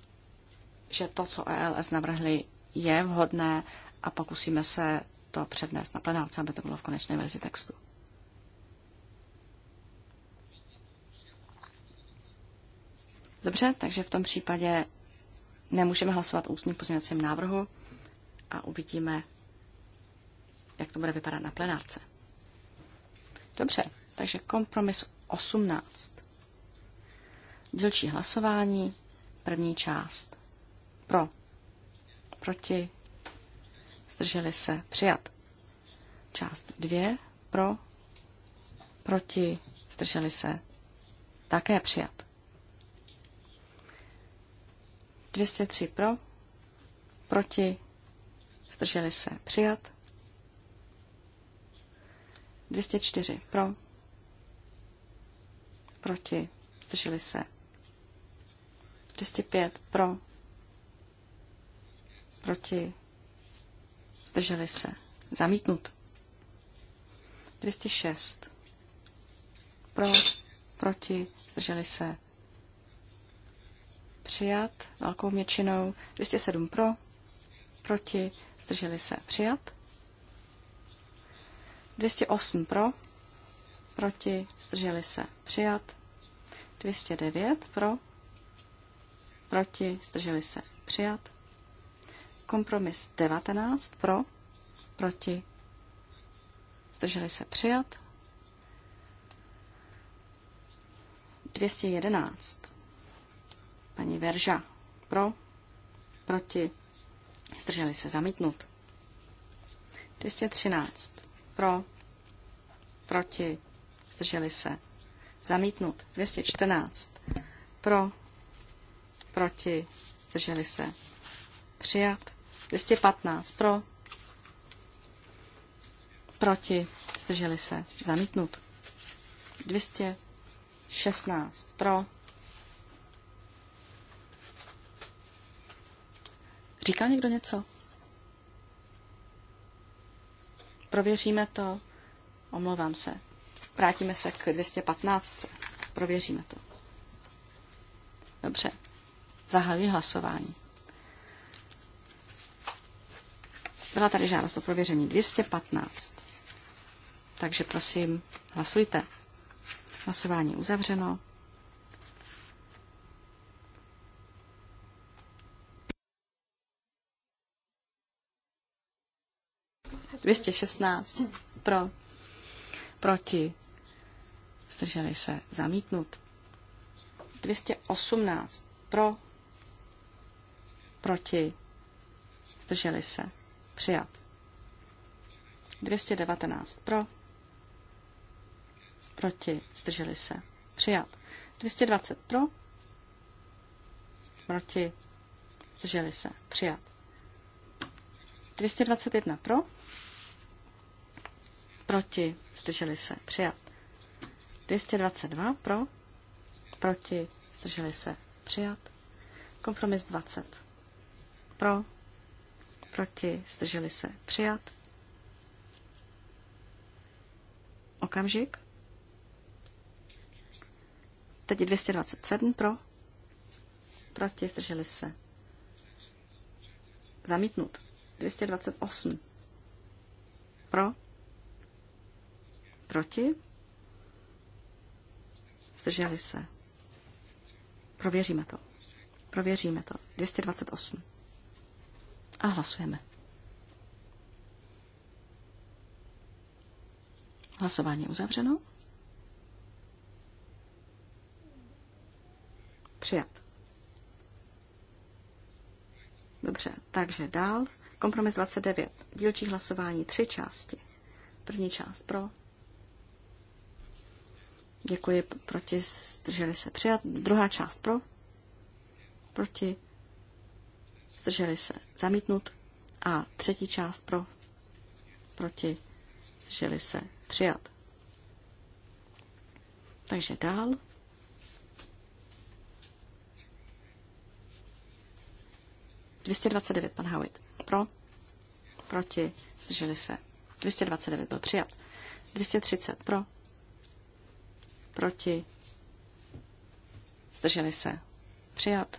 že to, co ELS navrhli, je vhodné a pokusíme se to přednést na plenárce, aby to bylo v konečné verzi textu. Dobře, takže v tom případě nemůžeme hlasovat ústním pozměňovacím návrhu a uvidíme, jak to bude vypadat na plenárce. Dobře, takže kompromis 18. Dílčí hlasování, první část. Pro. Proti. Zdrželi se. Přijat. Část dvě, Pro. Proti. Zdrželi se. Také přijat. 203 pro. Proti. Zdrželi se. Přijat. 204 pro. Proti. Zdrželi se. 205 pro proti, zdrželi se, zamítnut. 206, pro, proti, zdrželi se, přijat velkou většinou, 207 pro, proti, zdrželi se, přijat. 208 pro, proti, zdrželi se, přijat. 209 pro, proti, zdrželi se, přijat. Kompromis 19 pro, proti, zdrželi se přijat. 211. Paní Verža pro, proti, zdrželi se zamítnut. 213 pro, proti, zdrželi se zamítnut. 214 pro, proti, zdrželi se Přijat. 215 pro. Proti. Zdrželi se. Zamítnut. 216 pro. Říká někdo něco? Prověříme to. Omlouvám se. Vrátíme se k 215. Prověříme to. Dobře. Zahajuji hlasování. Byla tady žádost o prověření 215. Takže prosím, hlasujte. Hlasování uzavřeno. Dvěstě šestnáct pro, proti, zdrželi se zamítnut. 218 pro, proti, zdrželi se Přijat. 219 pro. Proti. Zdrželi se. Přijat. 220 pro. Proti. Zdrželi se. Přijat. 221 pro. Proti. Zdrželi se. Přijat. 222 pro. Proti. Zdrželi se. Přijat. Kompromis 20. Pro proti, zdrželi se, přijat. Okamžik. Teď 227 pro, proti, zdrželi se, zamítnut. 228 pro, proti, zdrželi se. Prověříme to. Prověříme to. 228. A hlasujeme. Hlasování uzavřeno. Přijat. Dobře, takže dál. Kompromis 29. Dílčí hlasování tři části. První část pro. Děkuji, proti, zdrželi se přijat. Druhá část pro. Proti zdrželi se zamítnut a třetí část pro, proti, zdrželi se přijat. Takže dál. Dvěstě dvacet devět, pan Howitt. Pro, proti, zdrželi se. 229 byl přijat. 230 pro, proti, zdrželi se. Přijat.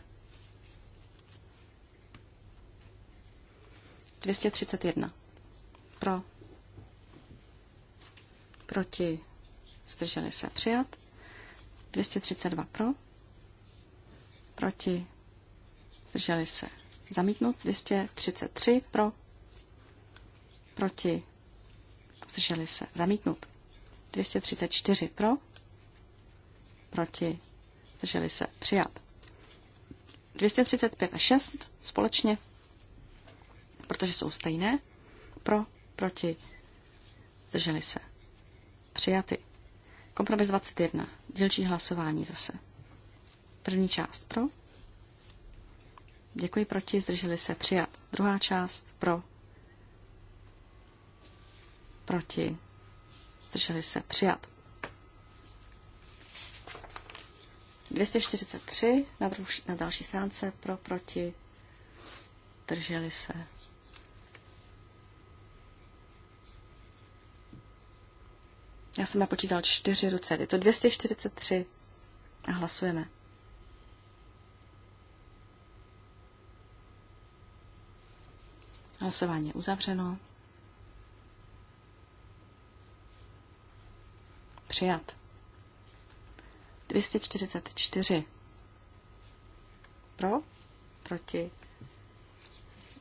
231. Pro. Proti. Zdrželi se. Přijat. 232 pro. Proti. Zdrželi se. Zamítnut. 233 pro. Proti. Zdrželi se. Zamítnut. 234 pro. Proti. Zdrželi se. Přijat. 235 a 6 společně protože jsou stejné. Pro, proti, zdrželi se. Přijaty. Kompromis 21. Dělčí hlasování zase. První část pro. Děkuji proti, zdrželi se. Přijat. Druhá část pro. Proti. Zdrželi se. Přijat. 243 na, druž, na další stránce pro, proti, zdrželi se. Já jsem napočítal čtyři ruce. Je to 243 a hlasujeme. Hlasování je uzavřeno. Přijat. 244. Pro, proti,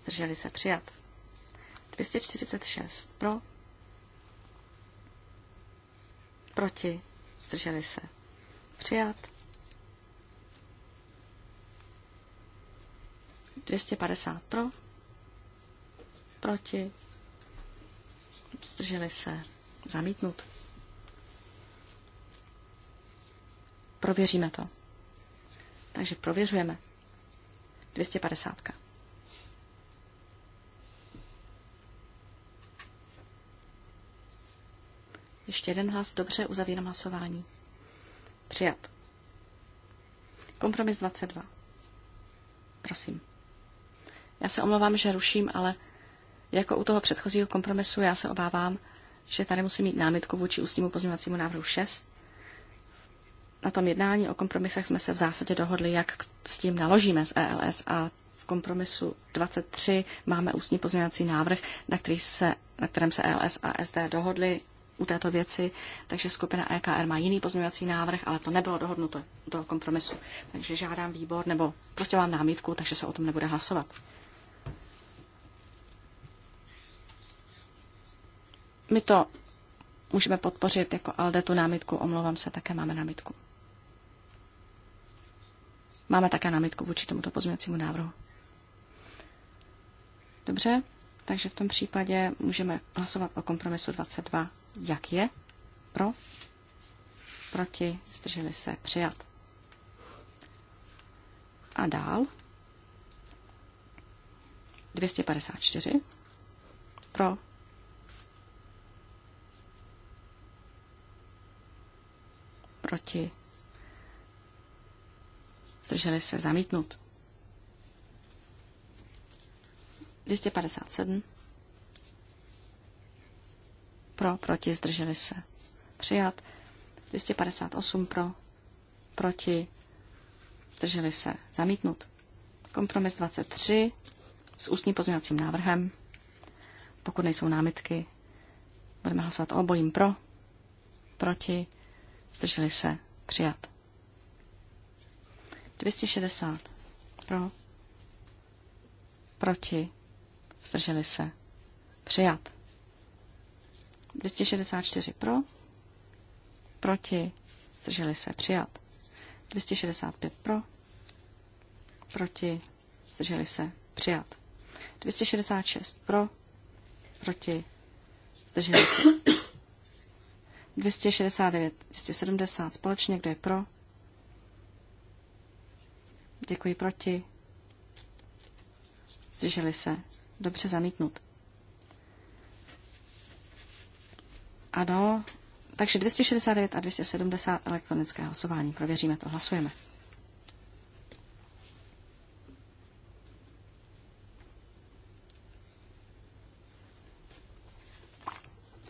zdrželi se přijat. 246. Pro, Proti. Zdrželi se. Přijat. 250 pro. Proti. Zdrželi se. Zamítnut. Prověříme to. Takže prověřujeme. 250. Ještě jeden hlas. Dobře, uzavírám hlasování. Přijat. Kompromis 22. Prosím. Já se omlouvám, že ruším, ale jako u toho předchozího kompromisu já se obávám, že tady musím mít námitku vůči ústnímu pozměňovacímu návrhu 6. Na tom jednání o kompromisech jsme se v zásadě dohodli, jak s tím naložíme z ELS a v kompromisu 23 máme ústní pozměňovací návrh, na, který se, na kterém se ELS a SD dohodli u této věci, takže skupina EKR má jiný pozměňovací návrh, ale to nebylo dohodnuto do kompromisu. Takže žádám výbor, nebo prostě mám námitku, takže se o tom nebude hlasovat. My to můžeme podpořit jako ALDE tu námitku, omlouvám se, také máme námitku. Máme také námitku vůči tomuto pozměňovacímu návrhu. Dobře, takže v tom případě můžeme hlasovat o kompromisu 22 jak je, pro, proti, zdrželi se, přijat. A dál 254 pro proti zdrželi se zamítnout. 257 pro, proti, zdrželi se. Přijat. 258 pro, proti, zdrželi se. Zamítnut. Kompromis 23 s ústním pozměňovacím návrhem. Pokud nejsou námitky, budeme hlasovat o obojím pro, proti, zdrželi se. Přijat. 260 pro, proti, zdrželi se. Přijat. 264 pro, proti, zdrželi se, přijat. 265 pro, proti, zdrželi se, přijat. 266 pro, proti, zdrželi se. 269, 270 společně, kdo je pro? Děkuji proti. Zdrželi se. Dobře zamítnut. Ano, takže 269 a 270 elektronické hlasování. Prověříme to, hlasujeme.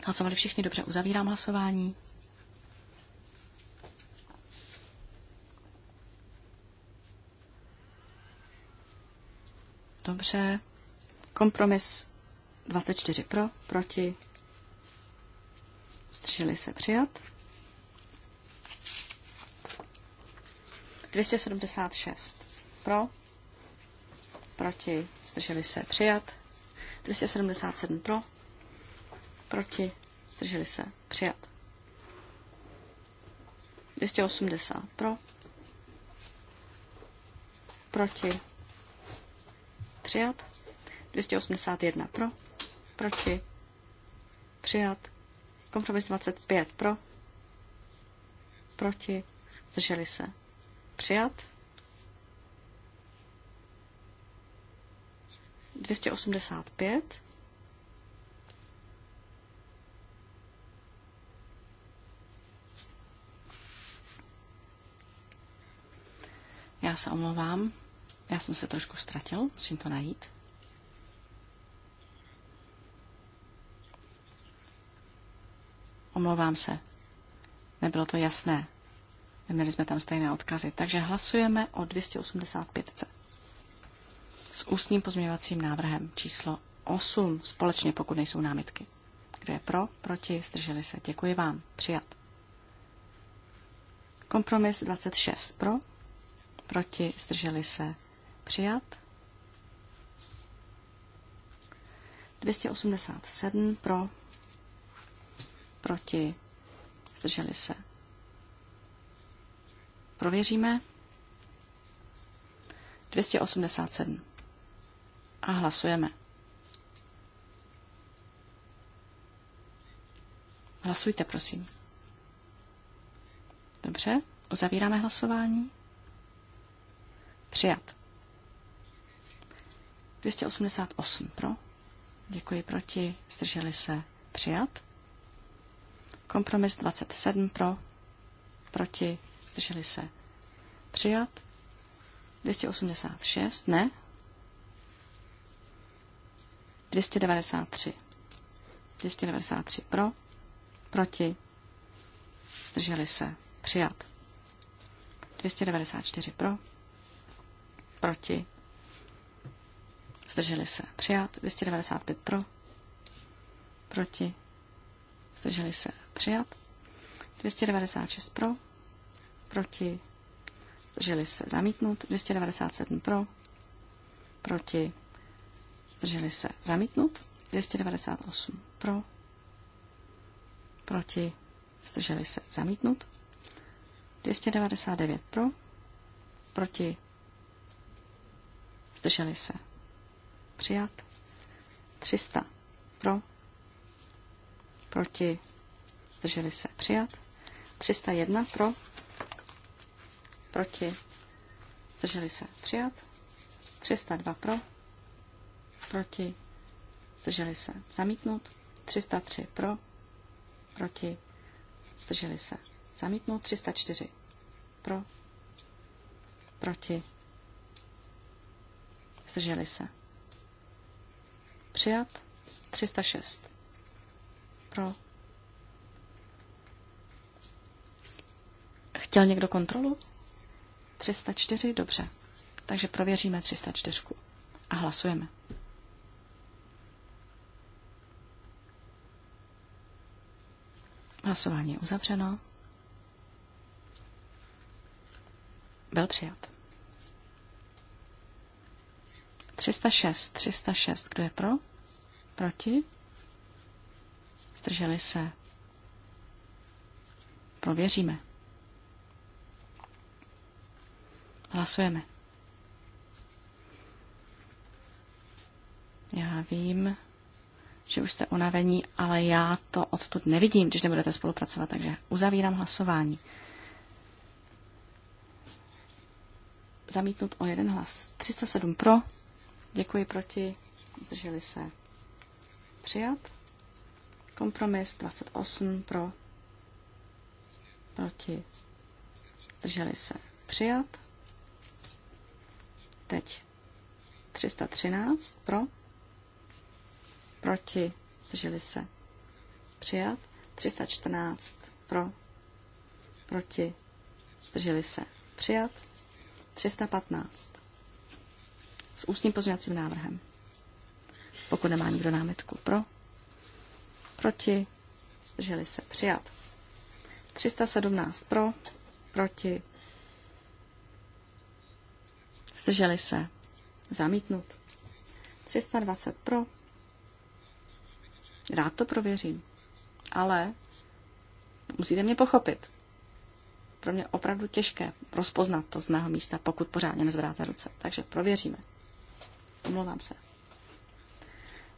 Hlasovali všichni dobře, uzavírám hlasování. Dobře. Kompromis 24 pro, proti Zdrželi se přijat. 276 pro, proti, zdrželi se přijat. 277 pro, proti, zdrželi se přijat. 280 pro, proti, přijat. 281 pro, proti, přijat. Kompromis 25 pro, proti, zdrželi se. Přijat. 285. Já se omlouvám, já jsem se trošku ztratil, musím to najít. Omlouvám se. Nebylo to jasné. Neměli jsme tam stejné odkazy. Takže hlasujeme o 285. S ústním pozměňovacím návrhem číslo 8 společně, pokud nejsou námitky. Kdo je pro, proti, zdrželi se. Děkuji vám. Přijat. Kompromis 26 pro, proti, zdrželi se. Přijat. 287 pro, Proti? Zdrželi se. Prověříme. 287. A hlasujeme. Hlasujte, prosím. Dobře, uzavíráme hlasování. Přijat. 288 pro. Děkuji proti. Zdrželi se. Přijat. Kompromis 27 pro, proti, zdrželi se. Přijat. 286, ne. 293. 293 pro, proti, zdrželi se. Přijat. 294 pro, proti, zdrželi se. Přijat. 295 pro, proti, zdrželi se přijat. 296 pro, proti, zdrželi se zamítnut. 297 pro, proti, zdrželi se zamítnut. 298 pro, proti, zdrželi se zamítnut. 299 pro, proti, zdrželi se přijat. 300 pro, proti, zdrželi se přijat. 301 pro, proti, zdrželi se přijat. 302 pro, proti, zdrželi se zamítnout. 303 pro, proti, zdrželi se zamítnout. 304 pro, proti, zdrželi se. Přijat 306 pro. Chtěl někdo kontrolu? 304, dobře. Takže prověříme 304 a hlasujeme. Hlasování je uzavřeno. Byl přijat. 306, 306, kdo je pro? Proti? Zdrželi se. Prověříme. Hlasujeme. Já vím, že už jste unavení, ale já to odtud nevidím, když nebudete spolupracovat, takže uzavírám hlasování. Zamítnut o jeden hlas. 307 pro, děkuji proti, zdrželi se. Přijat. Kompromis 28 pro, proti, zdrželi se přijat. Teď 313 pro, proti, zdrželi se přijat. 314 pro, proti, zdrželi se přijat. 315 s ústním pozměňovacím návrhem. Pokud nemá nikdo námitku pro, Proti? drželi se. Přijat. 317 pro. Proti? Zdrželi se. Zamítnut. 320 pro. Rád to prověřím. Ale musíte mě pochopit. Pro mě opravdu těžké rozpoznat to z mého místa, pokud pořádně nezvedáte ruce. Takže prověříme. Omlouvám se.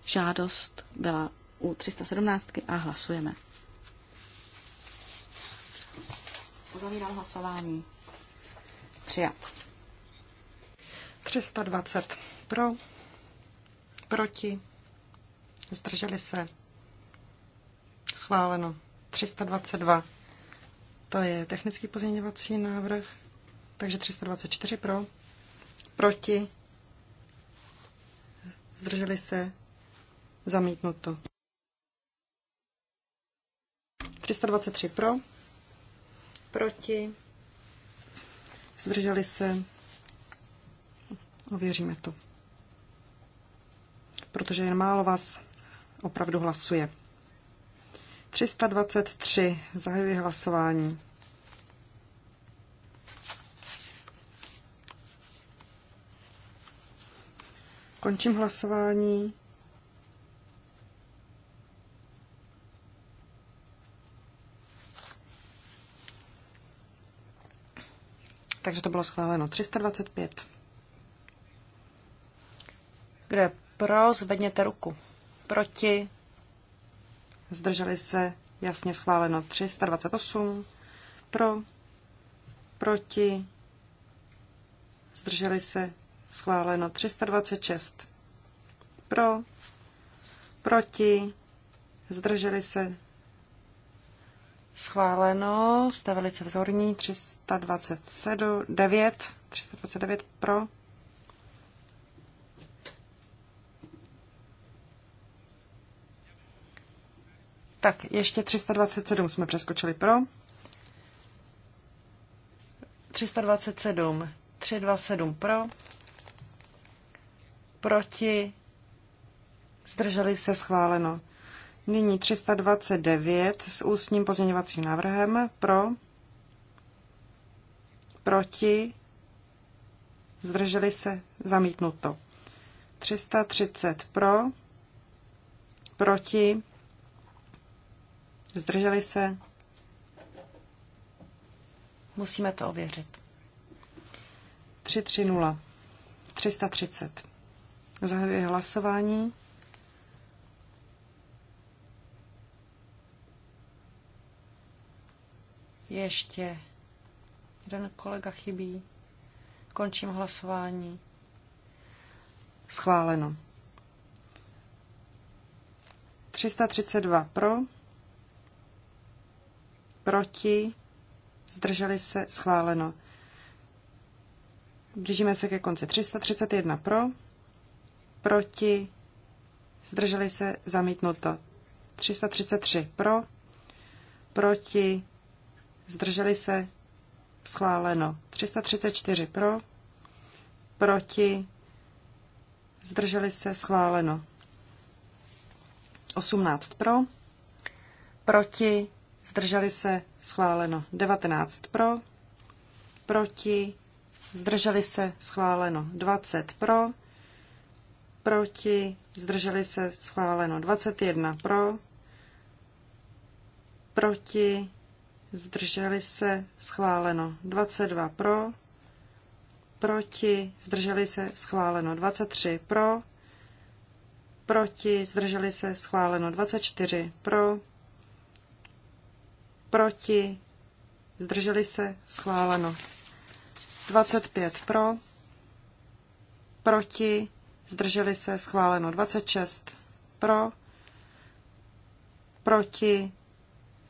Žádost byla u 317 a hlasujeme. Uzavírám hlasování. Přijat. 320 pro, proti, zdrželi se, schváleno. 322, to je technický pozměňovací návrh, takže 324 pro, proti, zdrželi se, zamítnuto. 323 pro, proti, zdrželi se, ověříme to, protože jen málo vás opravdu hlasuje. 323, zahajuji hlasování. Končím hlasování. Takže to bylo schváleno 325. Kdo je pro, zvedněte ruku. Proti. Zdrželi se. Jasně schváleno 328. Pro. Proti. Zdrželi se. Schváleno 326. Pro. Proti. Zdrželi se. Schváleno, jste velice vzorní, 327, 9, 329 pro. Tak, ještě 327 jsme přeskočili pro. 327, 327 pro. Proti, zdrželi se schváleno. Nyní 329 s ústním pozměňovacím návrhem pro, proti, zdrželi se, zamítnuto. 330 pro, proti, zdrželi se. Musíme to ověřit. 330. 330. Zahajuji hlasování. Ještě jeden kolega chybí. Končím hlasování. Schváleno. 332 pro, proti, zdrželi se, schváleno. Blížíme se ke konci. 331 pro, proti, zdrželi se, zamítnuto. 333 pro, proti, zdrželi se, schváleno. 334 pro, proti, zdrželi se, schváleno. 18 pro, proti, zdrželi se, schváleno. 19 pro, proti, zdrželi se, schváleno. 20 pro, proti, zdrželi se, schváleno. 21 pro, proti, zdrželi se, schváleno 22 pro, proti, zdrželi se, schváleno 23 pro, proti, zdrželi se, schváleno 24 pro, proti, zdrželi se, schváleno 25 pro, proti, zdrželi se, schváleno 26 pro, proti,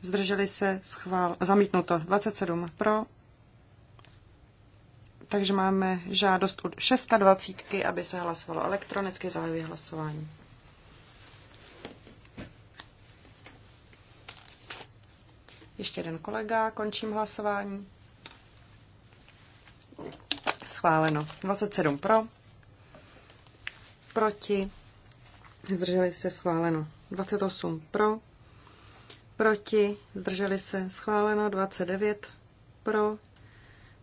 zdrželi se, schvál, zamítnuto 27 pro. Takže máme žádost od 620, aby se hlasovalo elektronicky, zahajuji hlasování. Ještě jeden kolega, končím hlasování. Schváleno. 27 pro, proti, zdrželi se schváleno. 28 pro, proti, zdrželi se, schváleno 29, pro,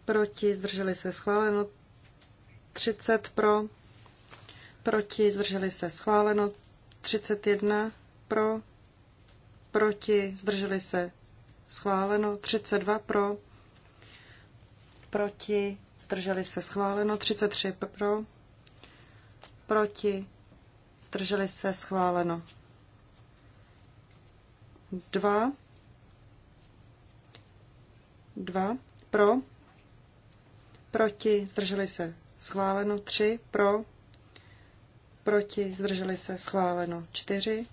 proti, zdrželi se, schváleno 30 pro, proti, zdrželi se, schváleno 31 pro, proti, zdrželi se, schváleno 32 pro, proti, zdrželi se, schváleno 33 pro, proti, zdrželi se, schváleno 2, 2 pro, proti, zdrželi se, schváleno 3 pro, proti, zdrželi se, schváleno 4.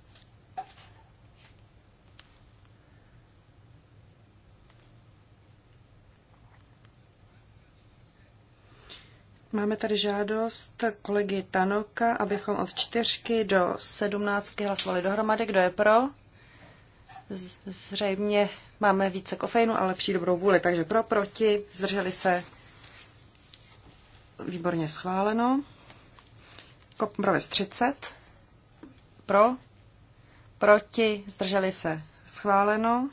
Máme tady žádost kolegy Tanoka, abychom od čtyřky do sedmnáctky hlasovali dohromady. Kdo je pro? Zřejmě máme více kofeinu a lepší dobrou vůli, takže pro, proti, zdrželi se. Výborně schváleno. Kompromis 30. Pro, proti, zdrželi se. Schváleno.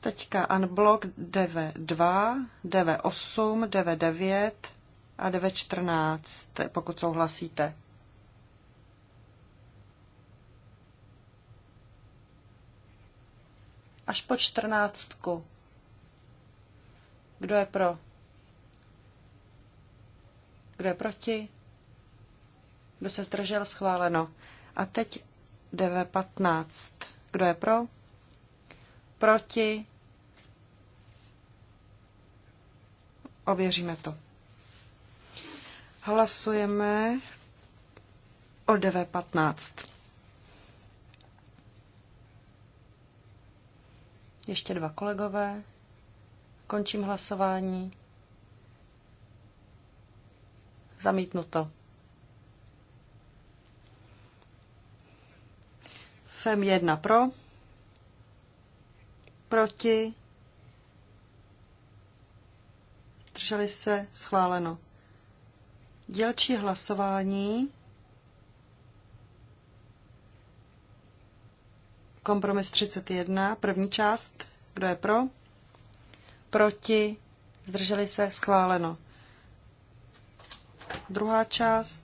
Teďka unblock DV2, DV8, DV9, a 14, pokud souhlasíte. Až po čtrnáctku. Kdo je pro? Kdo je proti? Kdo se zdržel? Schváleno. A teď 9.15. Kdo je pro? Proti? Ověříme to. Hlasujeme o 9.15. Ještě dva kolegové. Končím hlasování. Zamítnuto. FEM 1 pro, proti, drželi se, schváleno. Dělčí hlasování. Kompromis 31, první část. Kdo je pro? Proti? Zdrželi se? Schváleno. Druhá část.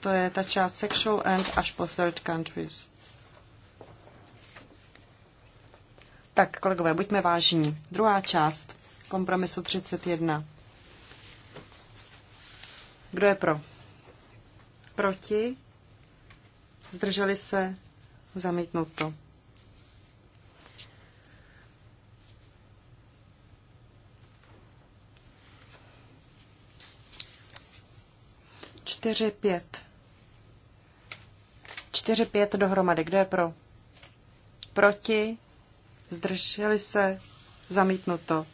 To je ta část sexual and až po third countries. Tak, kolegové, buďme vážní. Druhá část kompromisu 31. Kdo je pro? Proti? Zdrželi se? Zamítnuto. Čtyři, pět. Čtyři, pět dohromady. Kdo je pro? Proti? Zdrželi se? Zamítnuto.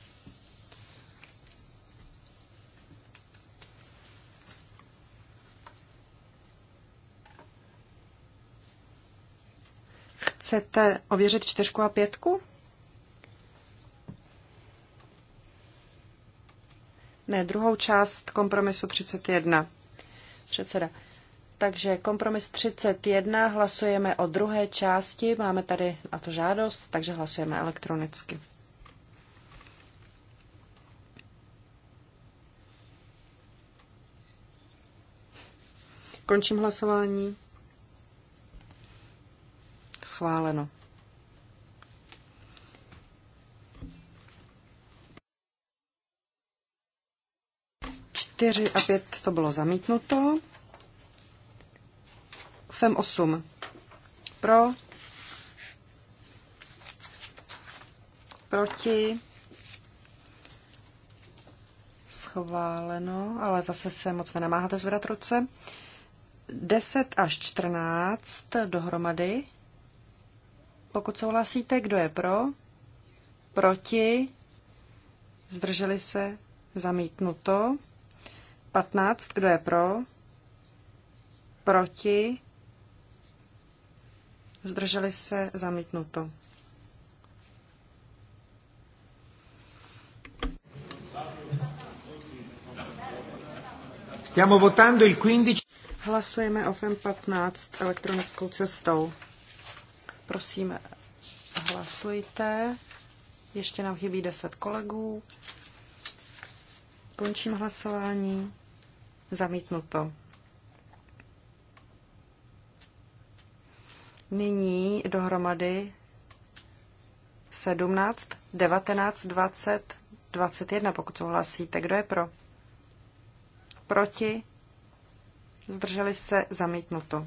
Chcete ověřit čtyřku a pětku? Ne, druhou část kompromisu 31. Předseda. Takže kompromis 31, hlasujeme o druhé části, máme tady na to žádost, takže hlasujeme elektronicky. Končím hlasování. Schváleno. Čtyři a pět to bylo zamítnuto. FEM 8 pro, proti, schváleno, ale zase se moc nenamáháte zvedat ruce. 10 až 14 dohromady pokud souhlasíte, kdo je pro? Proti? Zdrželi se? Zamítnuto. 15. Kdo je pro? Proti? Zdrželi se? Zamítnuto. Stiamo votando il 15. Hlasujeme o FEM 15 elektronickou cestou. Prosím, hlasujte. Ještě nám chybí 10 kolegů. Končím hlasování. Zamítnuto. Nyní dohromady 17, 19, 20, 21, pokud souhlasíte. Kdo je pro? Proti? Zdrželi se? Zamítnuto.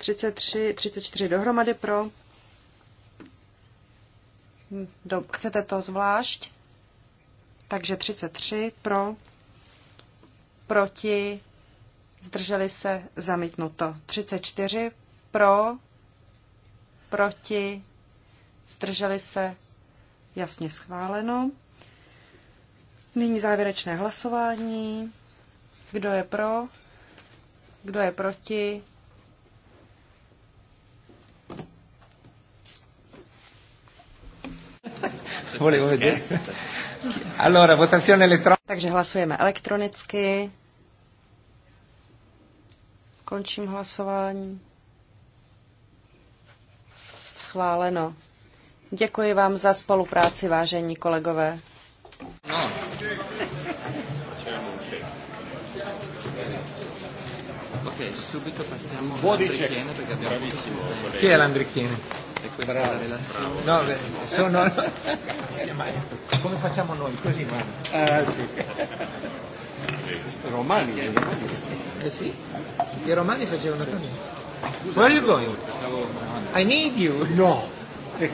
33, 34 dohromady pro. Do, chcete to zvlášť? Takže 33 pro, proti, zdrželi se, zamítnuto. 34 pro, proti, zdrželi se, jasně schváleno. Nyní závěrečné hlasování. Kdo je pro? Kdo je proti? volevo vedere. Allora, votazione elettronica. Takže hlasujeme elektronicky. Končím hlasování. Schváleno. Děkuji vám za spolupráci, vážení kolegové. No. Ok, subito passiamo all'andricchiene perché abbiamo... Chi è l'andricchiene? E questa Bravo. è la relazione. No, beh, sono... Come facciamo noi? Così ma... Ah, sì. romani, i romani. Eh sì, i romani facevano sì. così. Where are you going? I need you. No.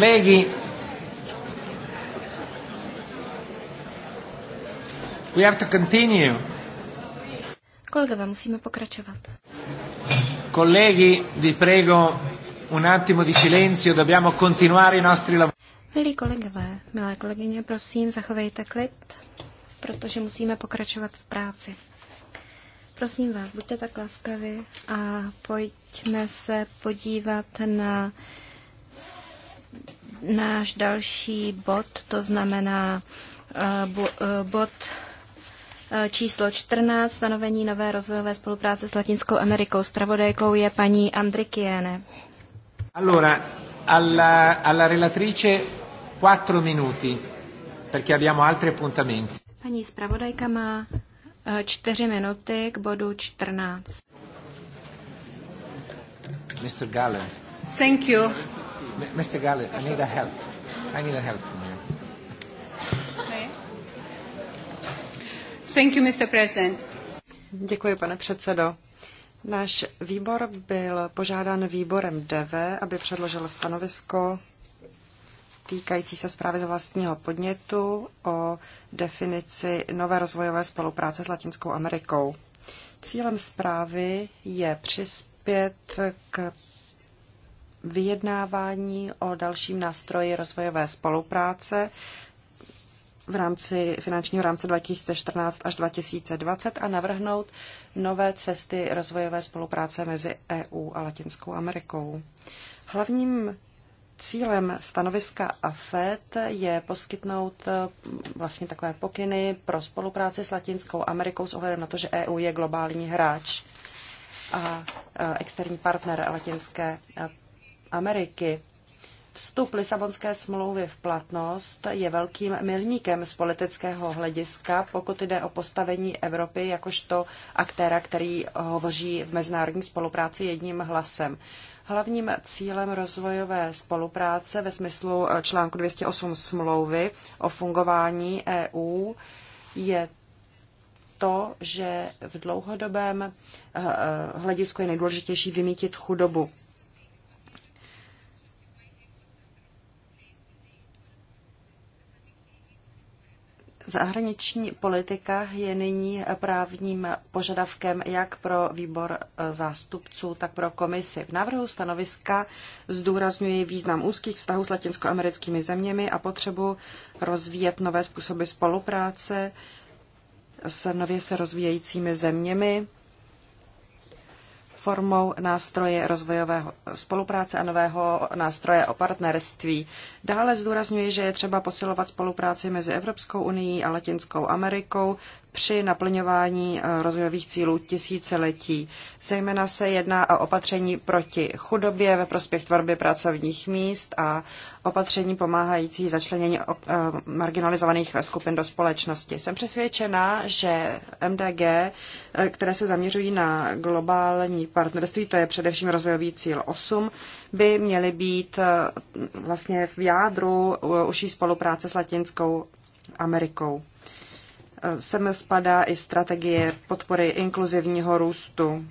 colleghi, we have to continue. Kolegové, musíme pokračovat. Colleghi, vi prego un attimo di silenzio, dobbiamo continuare i nostri lavori. Milí kolegové, milé kolegyně, prosím, zachovejte klid, protože musíme pokračovat v práci. Prosím vás, buďte tak laskavi a pojďme se podívat na uh, náš další bod, to znamená eh, eh, bod eh, číslo 14, stanovení nové rozvojové spolupráce s Latinskou Amerikou. Spravodajkou je paní Andrikiene. Allora, alla, alla relatrice 4 minuti, perché abbiamo altri appuntamenti. Paní zpravodajka má čtyři minuty k bodu 14. Mr. Gallen. Thank you. Mr. Gallagher, I need a help. I need a help from you. Thank you, Mr. President. Děkuji, pane předsedo. Náš výbor byl požádán výborem DV, aby předložil stanovisko týkající se zprávy z vlastního podnětu o definici nové rozvojové spolupráce s Latinskou Amerikou. Cílem zprávy je přispět k vyjednávání o dalším nástroji rozvojové spolupráce v rámci finančního rámce 2014 až 2020 a navrhnout nové cesty rozvojové spolupráce mezi EU a Latinskou Amerikou. Hlavním cílem stanoviska AFED je poskytnout eh, vlastně takové pokyny pro spolupráci s Latinskou Amerikou s ohledem na to, že EU je globální hráč a eh, externí partner Latinské eh, Ameriky. Vstup Lisabonské smlouvy v platnost je velkým milníkem z politického hlediska, pokud jde o postavení Evropy jakožto aktéra, který hovoří v mezinárodní spolupráci jedním hlasem. Hlavním cílem rozvojové spolupráce ve smyslu eh, článku 208 smlouvy o fungování EU je to, že v dlouhodobém eh, eh, hledisku je nejdůležitější vymítit chudobu. Zahraniční politika je nyní právním požadavkem jak pro výbor e, zástupců, tak pro komisi. V návrhu stanoviska zdůrazňuje význam úzkých vztahů s latinskoamerickými zeměmi a potřebu rozvíjet nové způsoby spolupráce s nově se rozvíjejícími zeměmi formou nástroje rozvojového spolupráce a nového nástroje o partnerství. Dále zdůrazňuje, že je třeba posilovat spolupráci mezi Evropskou unii a Latinskou Amerikou při naplňování eh, rozvojových cílů tisíciletí. Zejména se jedná o opatření proti chudobě ve prospěch tvorby pracovních míst a opatření pomáhající začlenění eh, marginalizovaných skupin do společnosti. Jsem přesvědčena, že MDG, eh, které se zaměřují na globální partnerství, to je především rozvojový cíl 8, by měly být vlastně v jádru užší spolupráce s Latinskou Amerikou sem spadá i strategie podpory inkluzivního růstu.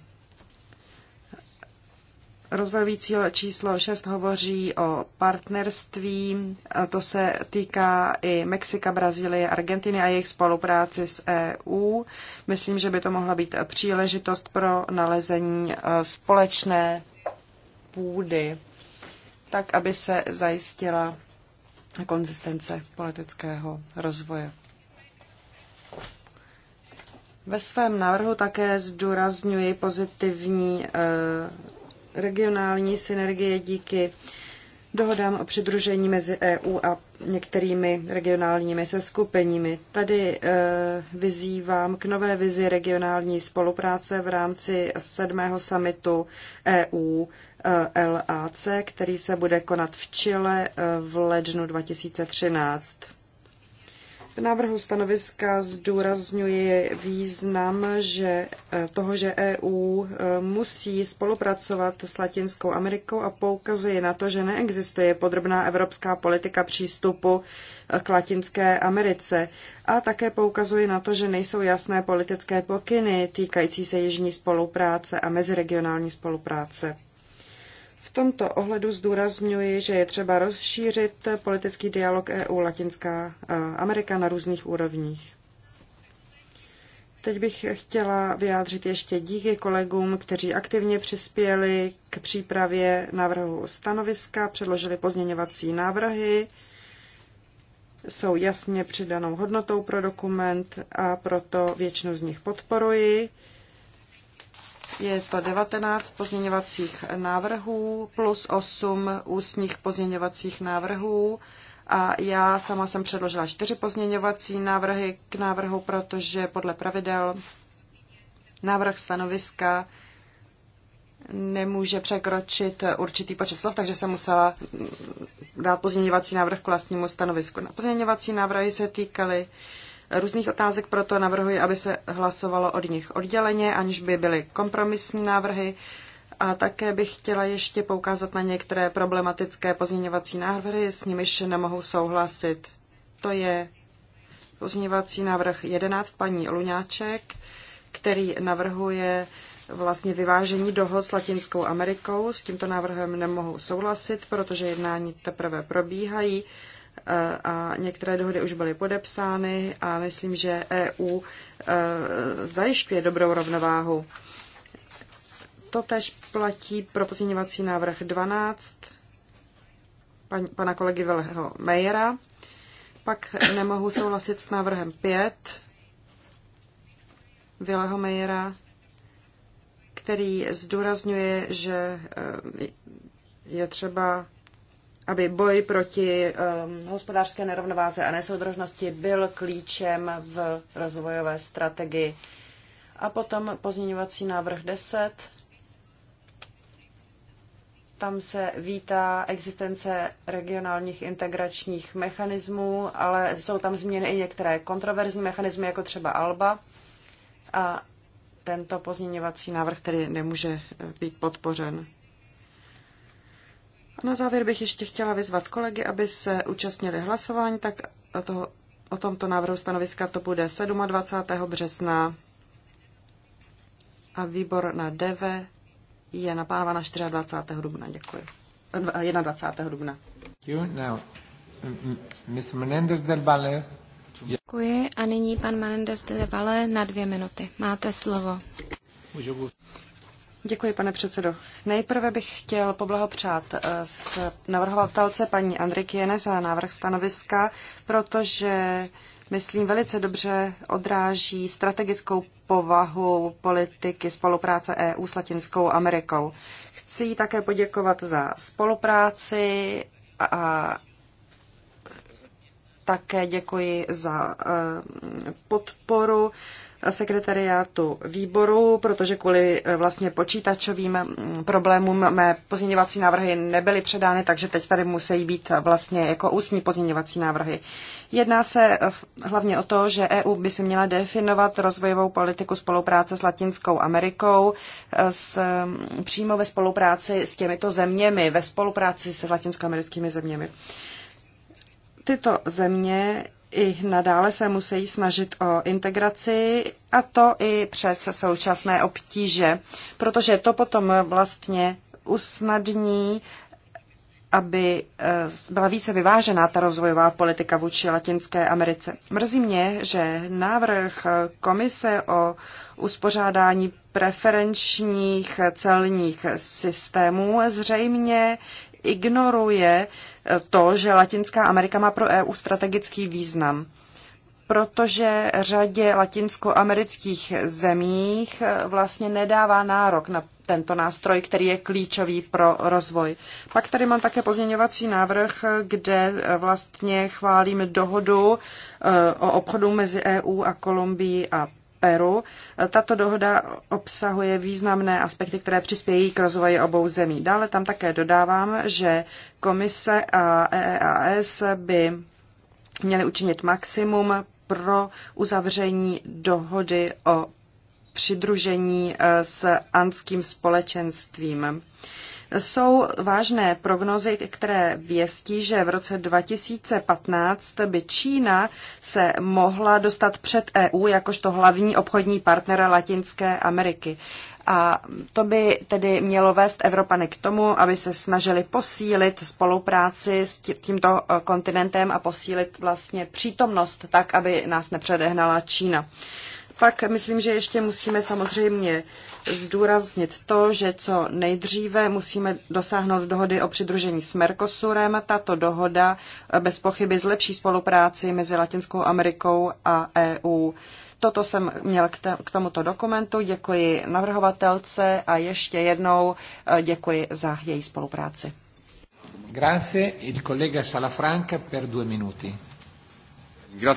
Rozvojový cíl číslo 6 hovoří o partnerství. To se týká i Mexika, Brazílie, Argentiny a jejich spolupráci s EU. Myslím, že by to mohla být příležitost pro nalezení e, společné půdy, tak aby se zajistila konzistence politického rozvoje. Ve svém návrhu také zdůrazňuji pozitivní eh, regionální synergie díky dohodám o přidružení mezi EU a některými regionálními seskupeními. Tady eh, vyzývám k nové vizi regionální spolupráce v rámci sedmého samitu EU eh, LAC, který se bude konat v Chile v lednu 2013 návrhu stanoviska zdůrazňuji význam že eh, toho, že EU eh, musí spolupracovat s Latinskou Amerikou a poukazuje na to, že neexistuje podrobná evropská politika přístupu eh, k Latinské Americe. A také poukazuje na to, že nejsou jasné politické pokyny týkající se jižní spolupráce a meziregionální spolupráce tomto ohledu zdůrazňuji, že je třeba rozšířit politický dialog EU-Latinská eh, Amerika na různých úrovních. Teď bych chtěla vyjádřit ještě díky kolegům, kteří aktivně přispěli k přípravě návrhu stanoviska, předložili pozměňovací návrhy, jsou jasně přidanou hodnotou pro dokument a proto většinu z nich podporuji. Je to 19 pozměňovacích návrhů plus 8 ústních pozměňovacích návrhů. A já sama jsem předložila čtyři pozměňovací návrhy k návrhu, protože podle pravidel návrh stanoviska nemůže překročit určitý počet slov, takže jsem musela dát pozměňovací návrh k vlastnímu stanovisku. Na pozměňovací návrhy se týkaly různých otázek, proto navrhuji, aby se hlasovalo od nich odděleně, aniž by byly kompromisní návrhy. A také bych chtěla ještě poukázat na některé problematické pozměňovací návrhy, s nimiž nemohu souhlasit. To je pozměňovací návrh 11 paní Luňáček, který navrhuje vlastně vyvážení dohod s Latinskou Amerikou. S tímto návrhem nemohu souhlasit, protože jednání teprve probíhají a některé dohody už byly podepsány a myslím, že EU e, zajišťuje dobrou rovnováhu. To tež platí pro pozměňovací návrh 12 pan, pana kolegy Velého Mejera. Pak nemohu souhlasit s návrhem 5 Vileho Mejera, který zdůrazňuje, že e, je třeba aby boj proti um, hospodářské nerovnováze a nesoudržnosti byl klíčem v rozvojové strategii. A potom pozměňovací návrh 10. Tam se vítá existence regionálních integračních mechanismů, ale jsou tam změny i některé kontroverzní mechanismy, jako třeba ALBA. A tento pozměňovací návrh tedy nemůže být podpořen na závěr bych ještě chtěla vyzvat kolegy, aby se účastnili hlasování, tak to, o tomto návrhu stanoviska to bude 27. března a výbor na DV je naplánován na 24. dubna. Děkuji. 21. Eh, dubna. Děkuji a nyní pan Menendez de Valle na dvě minuty. Máte slovo. Děkuji, pane předsedo. Nejprve bych chtěl poblahopřát eh, s navrhovatelce paní Andrik Jene za návrh stanoviska, protože myslím, velice dobře odráží strategickou povahu politiky spolupráce EU s Latinskou Amerikou. Chci jí také poděkovat za spolupráci a také děkuji za eh, podporu sekretariátu výboru, protože kvůli eh, vlastně počítačovým mm, problémům mé pozměňovací návrhy nebyly předány, takže teď tady musí být vlastně jako ústní pozměňovací návrhy. Jedná se eh, hlavně o to, že EU by si měla definovat rozvojovou politiku spolupráce s Latinskou Amerikou eh, s, mm, přímo ve spolupráci s těmito zeměmi, ve spolupráci se latinskoamerickými zeměmi. Tyto země i nadále se musí snažit o integraci a to i přes současné obtíže, protože to potom vlastně usnadní, aby eh, byla více vyvážená ta rozvojová politika vůči Latinské Americe. Mrzí mě, že návrh komise o uspořádání preferenčních celních systémů zřejmě ignoruje to, že Latinská Amerika má pro EU strategický význam protože řadě latinskoamerických zemích eh, vlastně nedává nárok na tento nástroj, který je klíčový pro rozvoj. Pak tady mám také pozměňovací návrh, kde eh, vlastně chválím dohodu eh, o obchodu mezi EU a Kolumbií a Peru. Tato dohoda obsahuje významné aspekty, které přispějí k rozvoji obou zemí. Dále tam také dodávám, že komise a EEAS by měly učinit maximum pro uzavření dohody o přidružení eh, s anským společenstvím. Jsou vážné prognozy, které věstí, že v roce 2015 by Čína se mohla dostat před EU jakožto hlavní obchodní partnera Latinské Ameriky. A to by tedy mělo vést Evropany k tomu, aby se snažili posílit spolupráci s tímto e, kontinentem a posílit vlastně přítomnost tak, aby nás nepředehnala Čína pak myslím, že ještě musíme samozřejmě zdůraznit to, že co nejdříve musíme dosáhnout dohody o přidružení s Mercosurem. Tato dohoda bez pochyby zlepší spolupráci mezi Latinskou Amerikou a EU. Toto jsem měl k tomuto dokumentu. Děkuji navrhovatelce a ještě jednou eh, děkuji za její spolupráci. Grazie, il collega Salafranca per due minuti.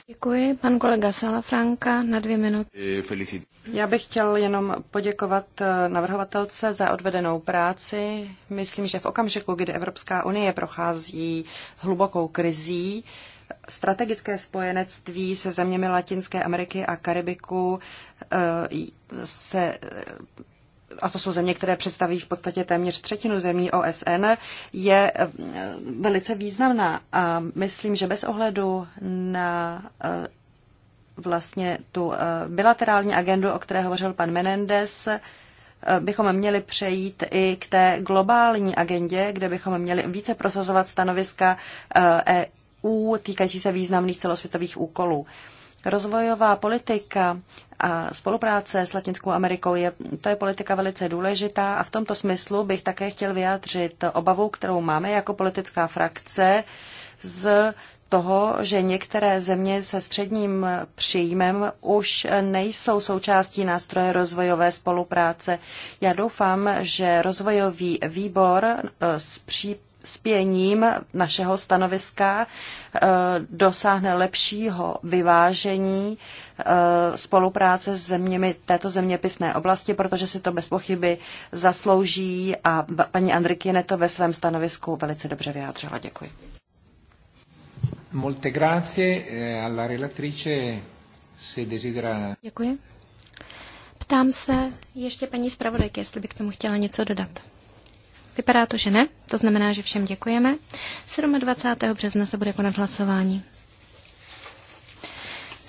Děkuji, pan kolega Salafranka, na dvě minuty. Eh, Já bych chtěl jenom poděkovat eh, navrhovatelce za odvedenou práci. Myslím, že v okamžiku, kdy Evropská unie prochází hlubokou krizí, strategické spojenectví se zeměmi Latinské Ameriky a Karibiku eh, se a to jsou země, které představují v podstatě téměř třetinu zemí OSN, je eh, velice významná. A myslím, že bez ohledu na eh, vlastně tu eh, bilaterální agendu, o které hovořil pan Menendez, bychom měli přejít i k té globální agendě, kde bychom měli více prosazovat stanoviska EU e týkající se významných celosvětových úkolů. Rozvojová politika a spolupráce s Latinskou Amerikou je, to je politika velice důležitá a v tomto smyslu bych také chtěl vyjádřit obavu, kterou máme jako politická frakce z toho, že některé země se středním příjmem už nejsou součástí nástroje rozvojové spolupráce. Já doufám, že rozvojový výbor eh, s případem spěním našeho stanoviska eh, dosáhne lepšího vyvážení eh, spolupráce s zeměmi této zeměpisné oblasti, protože si to bez pochyby zaslouží a paní Andrikine to ve svém stanovisku velice dobře vyjádřila. Děkuji. Molte grazie eh, alla relatrice se desidera... Děkuji. Ptám se ještě paní zpravodajky, jestli by k tomu chtěla něco dodat. Vypadá to, že ne. To znamená, že všem děkujeme. 27. března se bude konat hlasování.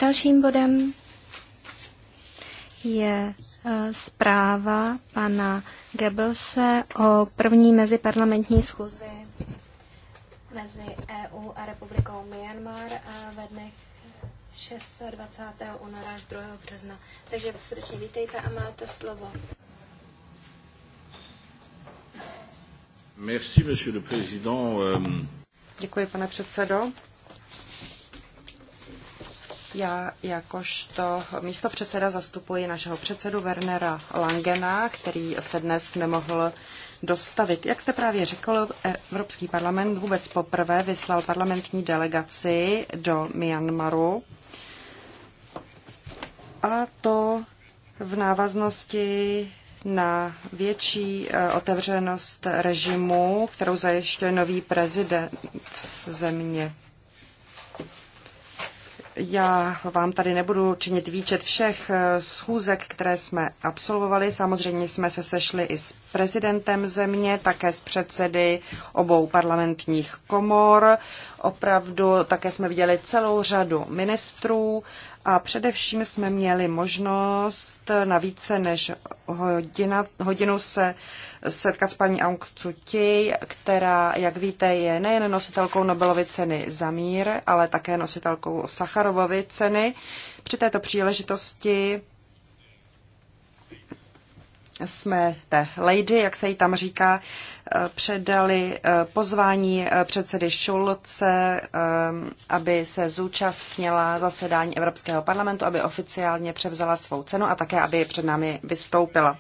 Dalším bodem je e, zpráva pana Goebbelse o první meziparlamentní schůzi mezi EU a republikou Myanmar e, ve dnech 26. února až 2. března. Takže srdečně vítejte a máte slovo. Merci, monsieur le président. Euh, Děkuji, pane předsedo. Já jakožto místo předseda zastupuji našeho předsedu Wernera Langena, který se dnes nemohl dostavit. Jak jste právě řekl, Evropský parlament vůbec poprvé vyslal parlamentní delegaci do Myanmaru. A to v návaznosti na větší eh, otevřenost režimu, kterou zajišťuje nový prezident země. Já vám tady nebudu činit výčet všech eh, schůzek, které jsme absolvovali. Samozřejmě jsme se sešli i s prezidentem země, také s předsedy obou parlamentních komor. Opravdu také jsme viděli celou řadu ministrů a především jsme měli možnost na více než hodina, hodinu se setkat s paní Aung Cuti, která, jak víte, je nejen nositelkou Nobelovy ceny za mír, ale také nositelkou Sacharovovy ceny. Při této příležitosti jsme té lady, jak se jí tam říká, eh, předali eh, pozvání eh, předsedy Šulce, aby se zúčastnila zasedání Evropského parlamentu, aby oficiálně převzala svou cenu a také, aby před námi vystoupila.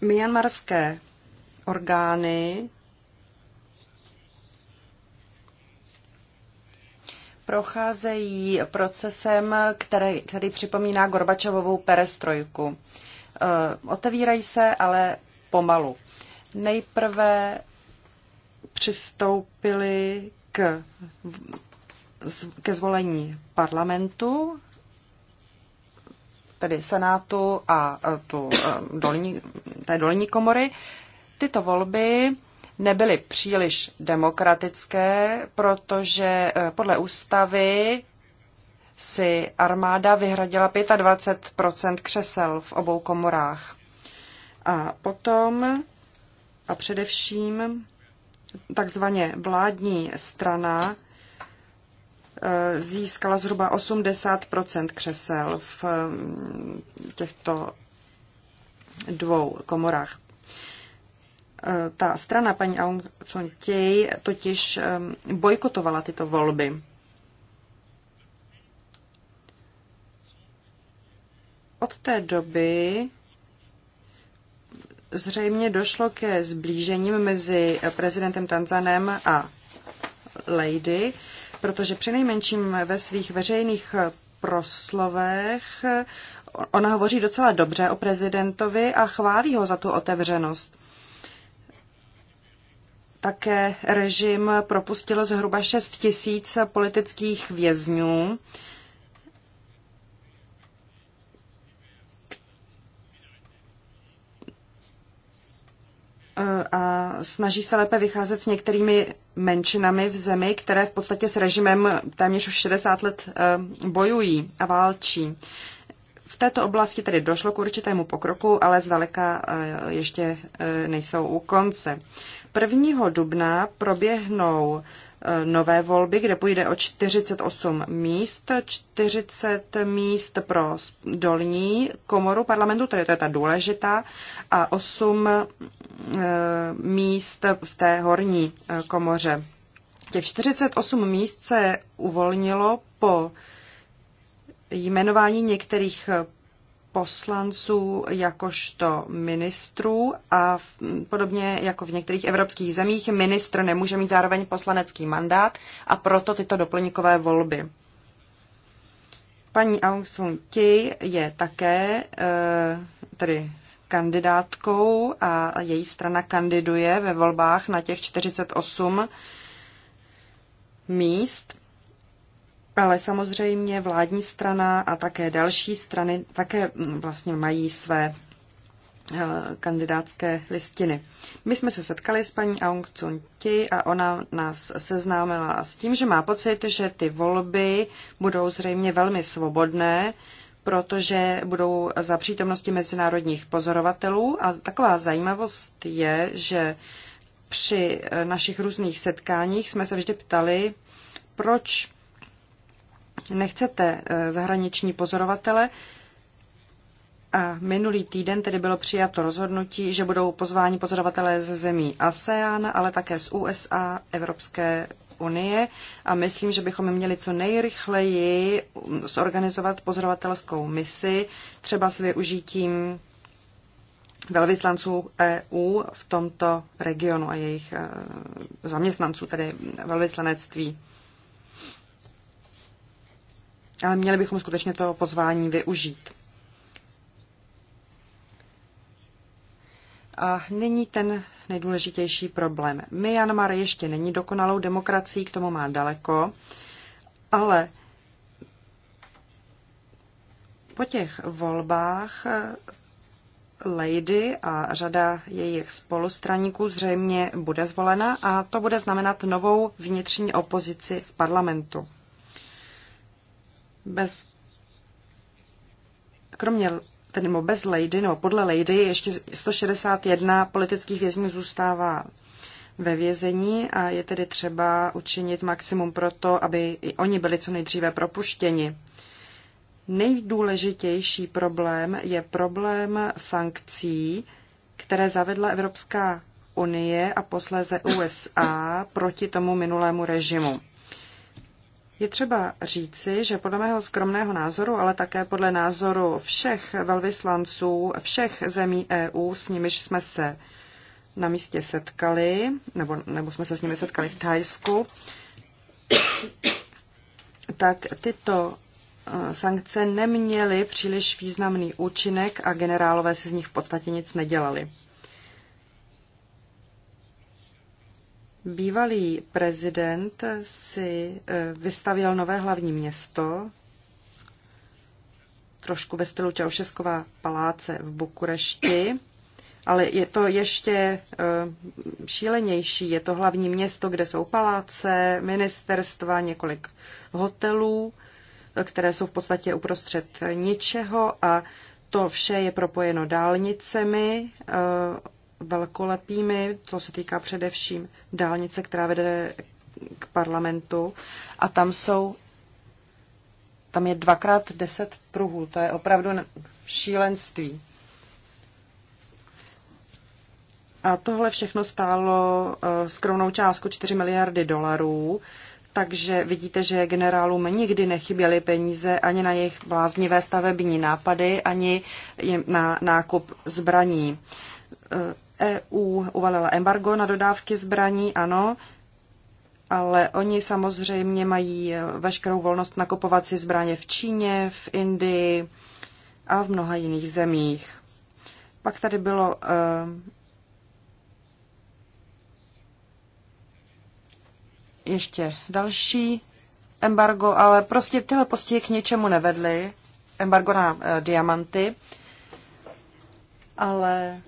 Myanmarské orgány procházejí procesem, který, který připomíná Gorbačovovou perestrojku. Eh, otevírají se, ale pomalu. Nejprve přistoupili k, ke zvolení parlamentu, tedy senátu a eh, tu eh, dolní, té dolní komory. Tyto volby nebyly příliš demokratické, protože eh, podle ústavy si armáda vyhradila 25 křesel v obou komorách. A potom a především takzvaně vládní strana eh, získala zhruba 80 křesel v mm, těchto dvou komorách. Eh, ta strana paní Aung San Suu totiž eh, bojkotovala tyto volby. Od té doby zřejmě došlo ke zblížením mezi prezidentem Tanzanem a Lady, protože přinejmenším ve svých veřejných proslovech ona hovoří docela dobře o prezidentovi a chválí ho za tu otevřenost také režim propustil zhruba 6 tisíc politických vězňů, a snaží se lépe vycházet s některými menšinami v zemi, které v podstatě s režimem téměř už 60 let eh, bojují a válčí. V této oblasti tedy došlo k určitému pokroku, ale zdaleka eh, ještě eh, nejsou u konce. 1. dubna proběhnou eh, nové volby, kde půjde o 48 míst, 40 míst pro dolní komoru parlamentu, tedy to je ta důležitá, a 8 míst v té horní komoře. Těch 48 míst se uvolnilo po jmenování některých poslanců jakožto ministrů a podobně jako v některých evropských zemích ministr nemůže mít zároveň poslanecký mandát a proto tyto doplňkové volby. Paní Aung San Ki je také eh, tedy kandidátkou a její strana kandiduje ve volbách na těch 48 míst ale samozřejmě vládní strana a také další strany také mm, vlastně mají své eh, kandidátské listiny. My jsme se setkali s paní Aung Tsun Ti a ona nás seznámila s tím, že má pocit, že ty volby budou zřejmě velmi svobodné, protože budou za přítomnosti mezinárodních pozorovatelů. A taková zajímavost je, že při eh, našich různých setkáních jsme se vždy ptali, proč nechcete eh, zahraniční pozorovatele. A minulý týden tedy bylo přijato rozhodnutí, že budou pozváni pozorovatelé ze zemí ASEAN, ale také z USA, Evropské unie a myslím, že bychom měli co nejrychleji mm, zorganizovat pozorovatelskou misi, třeba s využitím velvyslanců EU v tomto regionu a jejich eh, zaměstnanců, tedy velvyslanectví ale měli bychom skutečně to pozvání využít. A nyní ten nejdůležitější problém. Myanmar ještě není dokonalou demokracií, k tomu má daleko, ale po těch volbách eh, Lady a řada jejich spolustraníků zřejmě bude zvolena a to bude znamenat novou vnitřní opozici v parlamentu bez kromě tedy nebo bez Lady, nebo podle Lady, ještě 161 politických vězňů zůstává ve vězení a je tedy třeba učinit maximum pro to, aby i oni byli co nejdříve propuštěni. Nejdůležitější problém je problém sankcí, které zavedla Evropská unie a posléze USA proti tomu minulému režimu. Je třeba říci, že podle mého skromného názoru, ale také podle názoru všech velvyslanců všech zemí EU, s nimiž jsme se na místě setkali, nebo, nebo jsme se s nimi setkali v Thajsku, tak tyto eh, sankce neměly příliš významný účinek a generálové si z nich v podstatě nic nedělali. Bývalý prezident si e, vystavěl nové hlavní město, trošku ve stylu Čaušesková paláce v Bukurešti, ale je to ještě e, šílenější. Je to hlavní město, kde jsou paláce, ministerstva, několik hotelů, e, které jsou v podstatě uprostřed ničeho a to vše je propojeno dálnicemi velkolepými, to se týká především dálnice, která vede k parlamentu a tam jsou tam je dvakrát deset pruhů. To je opravdu šílenství. A tohle všechno stálo eh, skromnou částku 4 miliardy dolarů, takže vidíte, že generálům nikdy nechyběly peníze ani na jejich bláznivé stavební nápady, ani na nákup zbraní. Eh, EU uvalila embargo na dodávky zbraní, ano, ale oni samozřejmě mají e, veškerou volnost nakupovat si zbraně v Číně, v Indii a v mnoha jiných zemích. Pak tady bylo e, ještě další embargo, ale prostě tyhle postihy k ničemu nevedly. Embargo na e, diamanty. Ale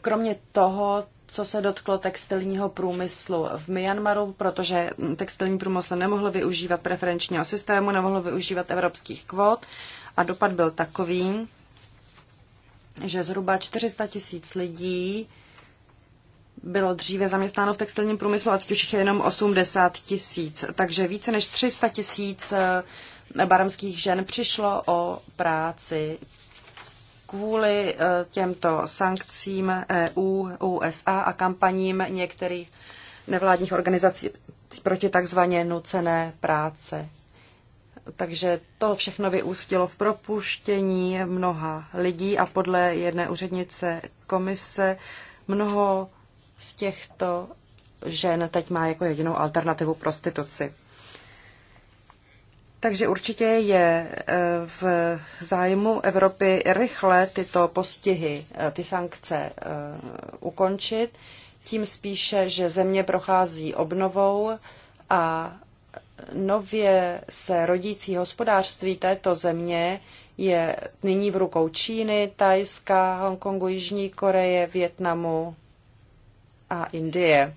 kromě toho, co se dotklo textilního průmyslu v Myanmaru, protože textilní průmysl nemohl využívat preferenčního systému, nemohl využívat evropských kvót a dopad byl takový, že zhruba 400 tisíc lidí bylo dříve zaměstnáno v textilním průmyslu a teď už je jenom 80 tisíc. Takže více než 300 tisíc eh, baramských žen přišlo o práci kvůli eh, těmto sankcím EU, USA a kampaním některých nevládních organizací proti takzvaně nucené práce. Takže to všechno vyústilo v propuštění mnoha lidí a podle jedné úřednice komise mnoho z těchto žen teď má jako jedinou alternativu prostituci. Takže určitě je e, v zájmu Evropy rychle tyto postihy, e, ty sankce e, ukončit, tím spíše, že země prochází obnovou a nově se rodící hospodářství této země je nyní v rukou Číny, Tajska, Hongkongu, Jižní Koreje, Větnamu a Indie.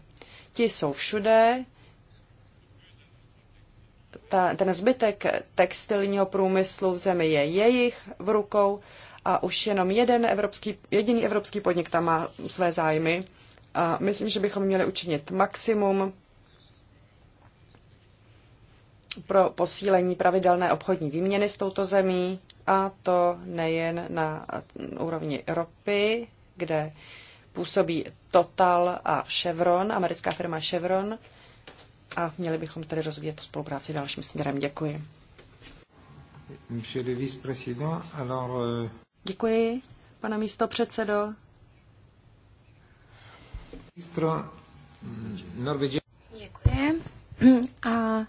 Ti jsou všude, ta, ten zbytek textilního průmyslu v zemi je jejich v rukou a už jenom jeden evropský, jediný evropský podnik tam má své zájmy. A myslím, že bychom měli učinit maximum pro posílení pravidelné obchodní výměny s touto zemí, a to nejen na úrovni ropy, kde působí Total a Chevron, americká firma Chevron, a měli bychom tedy rozvíjet tu spolupráci dalším směrem. Děkuji. Monsieur le vice-président, alors... Euh, Děkuji, pane místo předsedo. Mm, Děkuji. A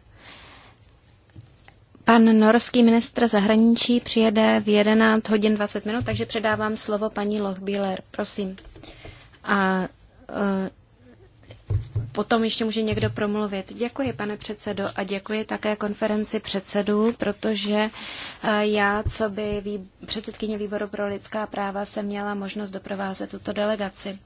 pan norský ministr zahraničí přijede v 11 hodin 20 minut, takže předávám slovo paní Lochbíler. Prosím. A uh, potom ještě může někdo promluvit. Děkuji, pane předsedo, a děkuji také konferenci předsedů, protože eh, já, co by vý... předsedkyně výboru pro lidská práva, jsem měla možnost doprovázet tuto delegaci.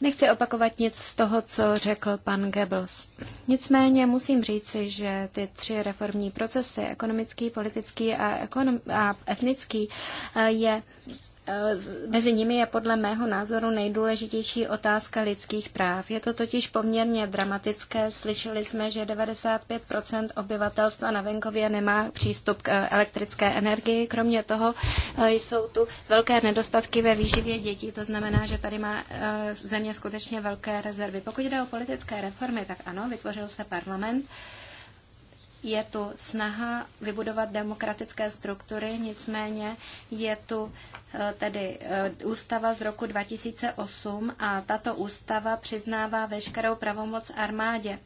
Nechci opakovat nic z toho, co řekl pan Goebbels. Nicméně musím říci, že ty tři reformní procesy, ekonomický, politický a, ekonom- a etnický, eh, je Eh, mezi nimi je podle mého názoru nejdůležitější otázka lidských práv. Je to totiž poměrně dramatické. Slyšeli jsme, že 95 obyvatelstva na venkově nemá přístup k eh, elektrické energii. Kromě toho eh, jsou tu velké nedostatky ve výživě dětí. To znamená, že tady má země skutečně velké rezervy. Pokud jde o politické reformy, tak ano, vytvořil se parlament. Je tu snaha vybudovat demokratické struktury, nicméně je tu eh, tedy eh, ústava z roku 2008 a tato ústava přiznává veškerou pravomoc armádě.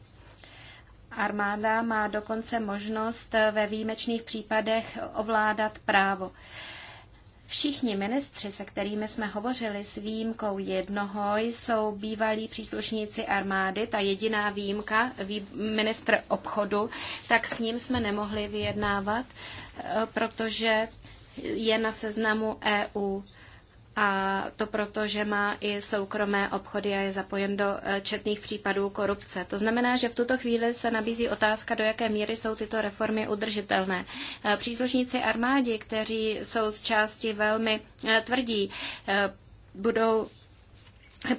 Armáda má dokonce možnost eh, ve výjimečných případech ovládat právo. Všichni ministři, se kterými jsme hovořili s výjimkou jednoho, jsou bývalí příslušníci armády. Ta jediná výjimka, vý, ministr obchodu, tak s ním jsme nemohli vyjednávat, eh, protože je na seznamu EU. A to proto, že má i soukromé obchody a je zapojen do eh, četných případů korupce. To znamená, že v tuto chvíli se nabízí otázka, do jaké míry jsou tyto reformy udržitelné. Eh, příslušníci armádi, kteří jsou z části velmi eh, tvrdí, budou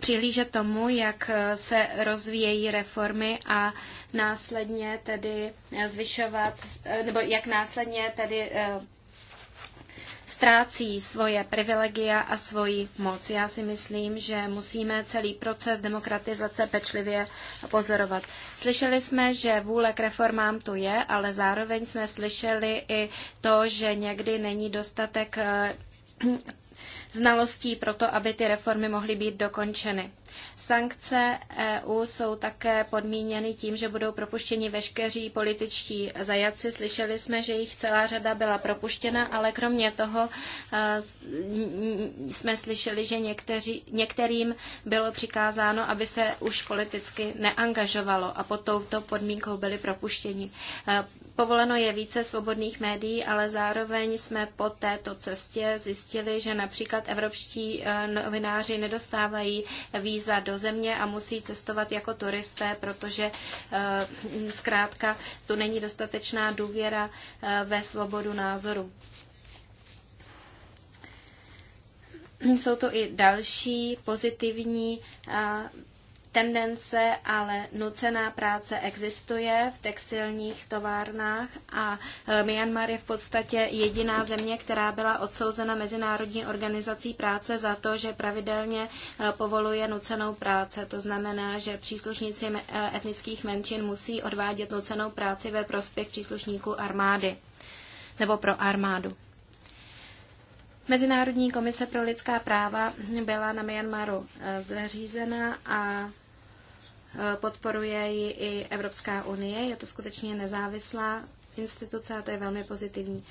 přihlížet tomu, jak se rozvíjejí reformy a následně tedy zvyšovat, nebo jak následně tedy ztrácí svoje privilegia a svoji moc. Já si myslím, že musíme celý proces demokratizace pečlivě pozorovat. Slyšeli jsme, že vůle k reformám tu je, ale zároveň jsme slyšeli i to, že někdy není dostatek eh, znalostí pro to, aby ty reformy mohly být dokončeny. Sankce EU jsou také podmíněny tím, že budou propuštěni veškeří političtí zajaci. Slyšeli jsme, že jich celá řada byla propuštěna, ale kromě toho eh, jsme slyšeli, že někteří, některým bylo přikázáno, aby se už politicky neangažovalo a pod touto podmínkou byli propuštěni. Eh, povoleno je více svobodných médií, ale zároveň jsme po této cestě zjistili, že například evropští eh, novináři nedostávají víza do země a musí cestovat jako turisté, protože eh, zkrátka tu není dostatečná důvěra eh, ve svobodu názoru. Jsou to i další pozitivní tendence, ale nucená práce existuje v textilních továrnách a e, Myanmar je v podstatě jediná země, která byla odsouzena Mezinárodní organizací práce za to, že pravidelně e, povoluje nucenou práce. To znamená, že příslušníci e, etnických menšin musí odvádět nucenou práci ve prospěch příslušníků armády nebo pro armádu. Mezinárodní komise pro lidská práva byla na Myanmaru zřízena a Eh, podporuje ji i Evropská unie. Je to skutečně nezávislá instituce a to je velmi pozitivní.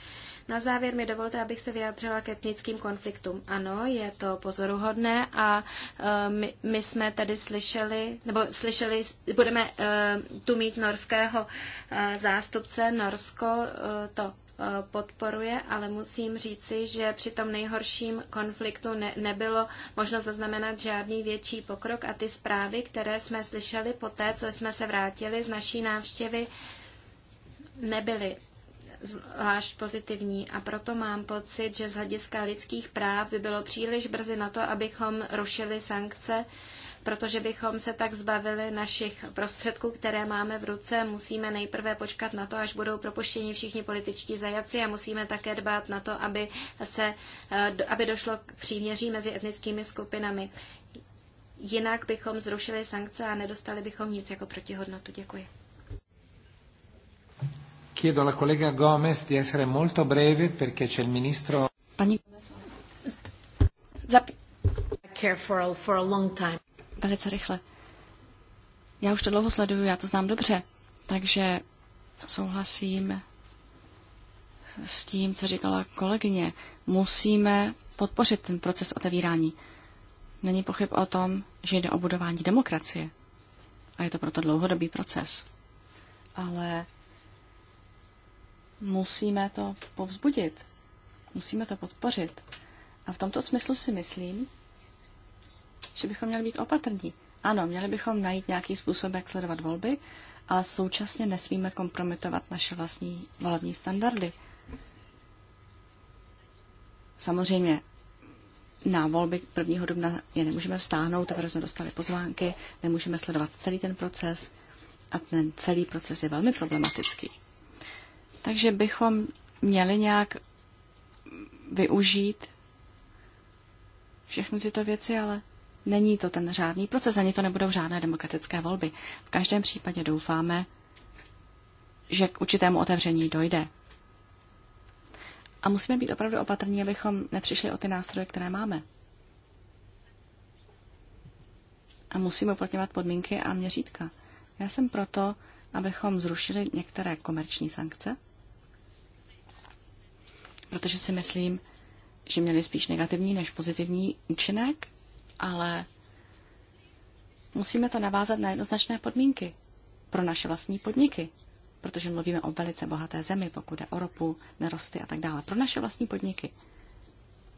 Na závěr mi dovolte, abych se vyjádřila k etnickým konfliktům. Ano, je to pozoruhodné a eh, my, my jsme tedy slyšeli, nebo slyšeli, budeme eh, tu mít norského zástupce. Norsko to Eh, podporuje, ale musím říci, že při tom nejhorším konfliktu ne, nebylo možno zaznamenat žádný větší pokrok a ty zprávy, které jsme slyšeli po té, co jsme se vrátili z naší návštěvy, nebyly zvlášť pozitivní a proto mám pocit, že z hlediska lidských práv by bylo příliš brzy na to, abychom rušili sankce protože bychom se tak zbavili našich prostředků, které máme v ruce. Musíme nejprve počkat na to, až budou propuštěni všichni političtí zajaci a musíme také dbát na to, aby, se, eh, aby došlo k příměří mezi etnickými skupinami. Jinak bychom zrušili sankce a nedostali bychom nic jako protihodnotu. Děkuji. Chiedo alla collega Gomez di essere molto breve perché c'è il ministro. Pani... Zap... Care for a, for a long time velice rychle. Já už to dlouho sleduju, já to znám dobře, takže souhlasím s tím, co říkala kolegyně. Musíme podpořit ten proces otevírání. Není pochyb o tom, že jde o budování demokracie. A je to proto dlouhodobý proces. Ale musíme to povzbudit. Musíme to podpořit. A v tomto smyslu si myslím, že bychom měli být opatrní. Ano, měli bychom najít nějaký způsob, jak sledovat volby, ale současně nesmíme kompromitovat naše vlastní volební standardy. Samozřejmě na volby 1. dubna je nemůžeme vstáhnout, teprve jsme dostali pozvánky, nemůžeme sledovat celý ten proces a ten celý proces je velmi problematický. Takže bychom měli nějak využít všechny tyto věci, ale Není to ten řádný proces, ani to nebudou žádné demokratické volby. V každém případě doufáme, že k určitému otevření dojde. A musíme být opravdu opatrní, abychom nepřišli o ty nástroje, které máme. A musíme uplatňovat podmínky a měřítka. Já jsem proto, abychom zrušili některé komerční sankce, protože si myslím, že měly spíš negativní než pozitivní účinek ale musíme to navázat na jednoznačné podmínky pro naše vlastní podniky, protože mluvíme o velice bohaté zemi, pokud je o ropu, nerosty a tak dále, pro naše vlastní podniky.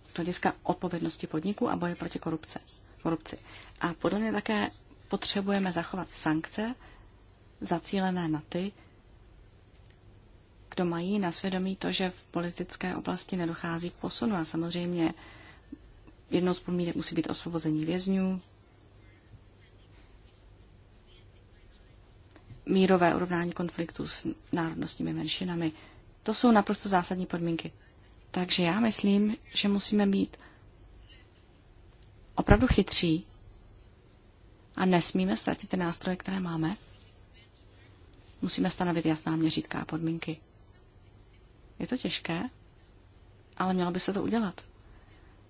Z hlediska odpovědnosti podniků a boje proti korupce, korupci. A podle mě také potřebujeme zachovat sankce zacílené na ty, kdo mají na svědomí to, že v politické oblasti nedochází k posunu. A samozřejmě jednou z podmínek musí být osvobození vězňů, mírové urovnání konfliktu s národnostními menšinami. To jsou naprosto zásadní podmínky. Takže já myslím, že musíme být opravdu chytří a nesmíme ztratit ty nástroje, které máme. Musíme stanovit jasná měřítka a podmínky. Je to těžké, ale mělo by se to udělat.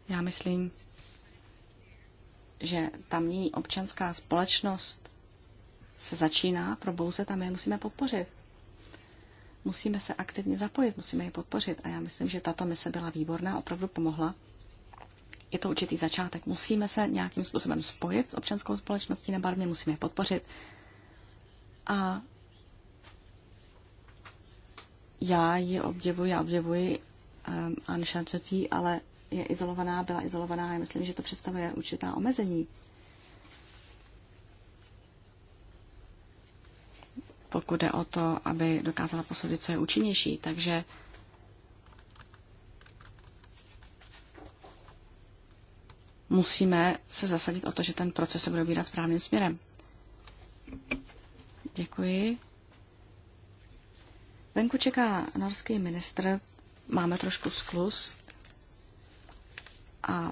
Já myslím, že tamní občanská společnost se začíná probouzet a my je musíme podpořit. Musíme se aktivně zapojit, musíme je podpořit. A já myslím, že tato mise byla výborná, opravdu pomohla. Je to určitý začátek. Musíme se nějakým způsobem spojit s občanskou společností nebarvně, musíme je podpořit. A já ji obdivuji a obdivuji um, Anne ale je izolovaná, byla izolovaná. Já myslím, že to představuje určitá omezení. Pokud jde o to, aby dokázala posoudit, co je účinnější. Takže musíme se zasadit o to, že ten proces se bude ubírat správným směrem. Děkuji. Venku čeká norský ministr, máme trošku sklus, a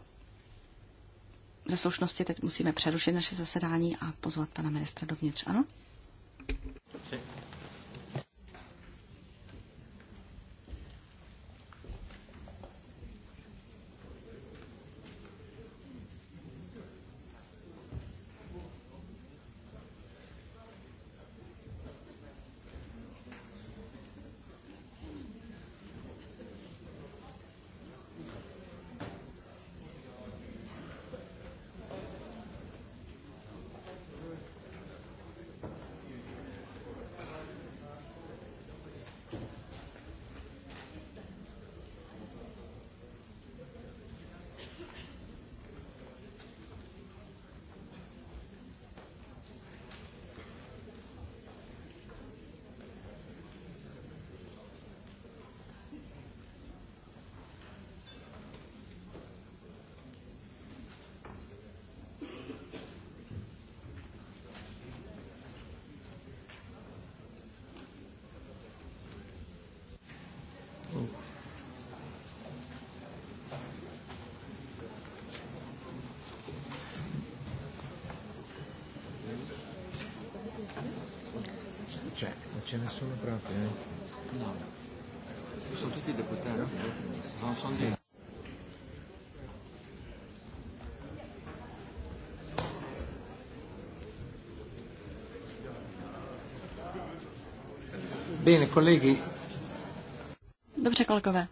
ze slušnosti teď musíme přerušit naše zasedání a pozvat pana ministra dovnitř, ano? deputati? No, sono tutti deputati, non sono Bene, colleghi. Dobře, kolegové.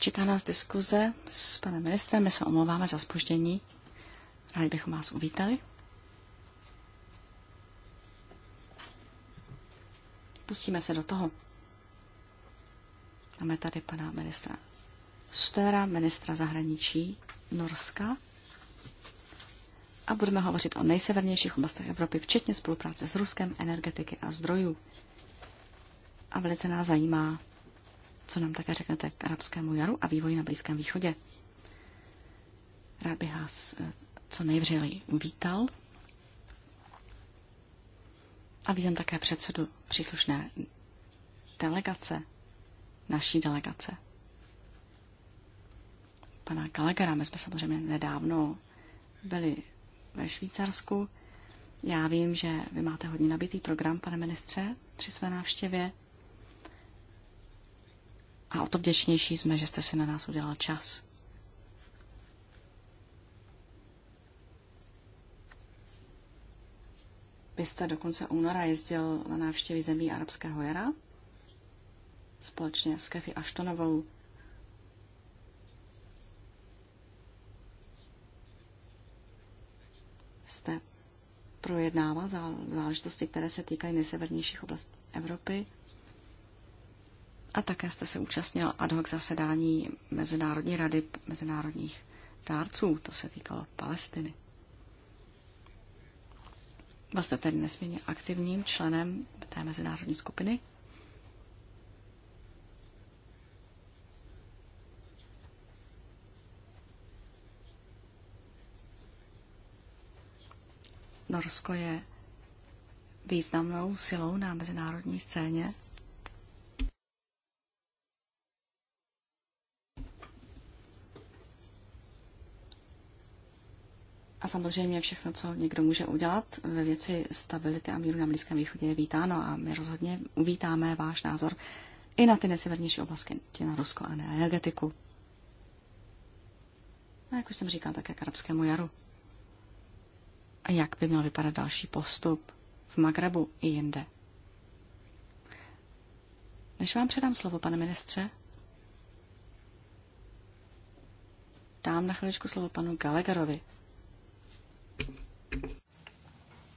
Čeká nás diskuze s panem ministrem, my se omlouváme za spoždění. Rádi bychom vás uvítali. Pustíme se do toho. Máme tady pana ministra Störa, ministra zahraničí Norska. A budeme hovořit o nejsevernějších oblastech Evropy, včetně spolupráce s Ruskem, energetiky a zdrojů. A velice nás zajímá, co nám také řeknete k arabskému jaru a vývoji na Blízkém východě. Rád bych vás eh, co nejvřeleji vítal? A vítám také předsedu příslušné delegace, naší delegace. Pana Gallaghera, my jsme samozřejmě nedávno byli ve Švýcarsku. Já vím, že vy máte hodně nabitý program, pane ministře, při své návštěvě. A o to vděčnější jsme, že jste si na nás udělal čas. byste do konce února jezdil na návštěvy zemí arabského jara společně s Kefi Aštonovou. Jste projednával záležitosti, které se týkají nejsevernějších oblastí Evropy. A také jste se účastnil ad hoc zasedání Mezinárodní rady mezinárodních dárců, to se týkalo Palestiny. Byl jste tedy nesmírně aktivním členem té mezinárodní skupiny. Norsko je významnou silou na mezinárodní scéně A samozřejmě všechno, co někdo může udělat ve věci stability a míru na Blízkém východě je vítáno a my rozhodně uvítáme váš názor i na ty nejsevernější oblasti, na Rusko a na energetiku. A jak už jsem říkal, také k arabskému jaru. A jak by měl vypadat další postup v Magrebu i jinde. Než vám předám slovo, pane ministře, dám na chviličku slovo panu Gallagherovi,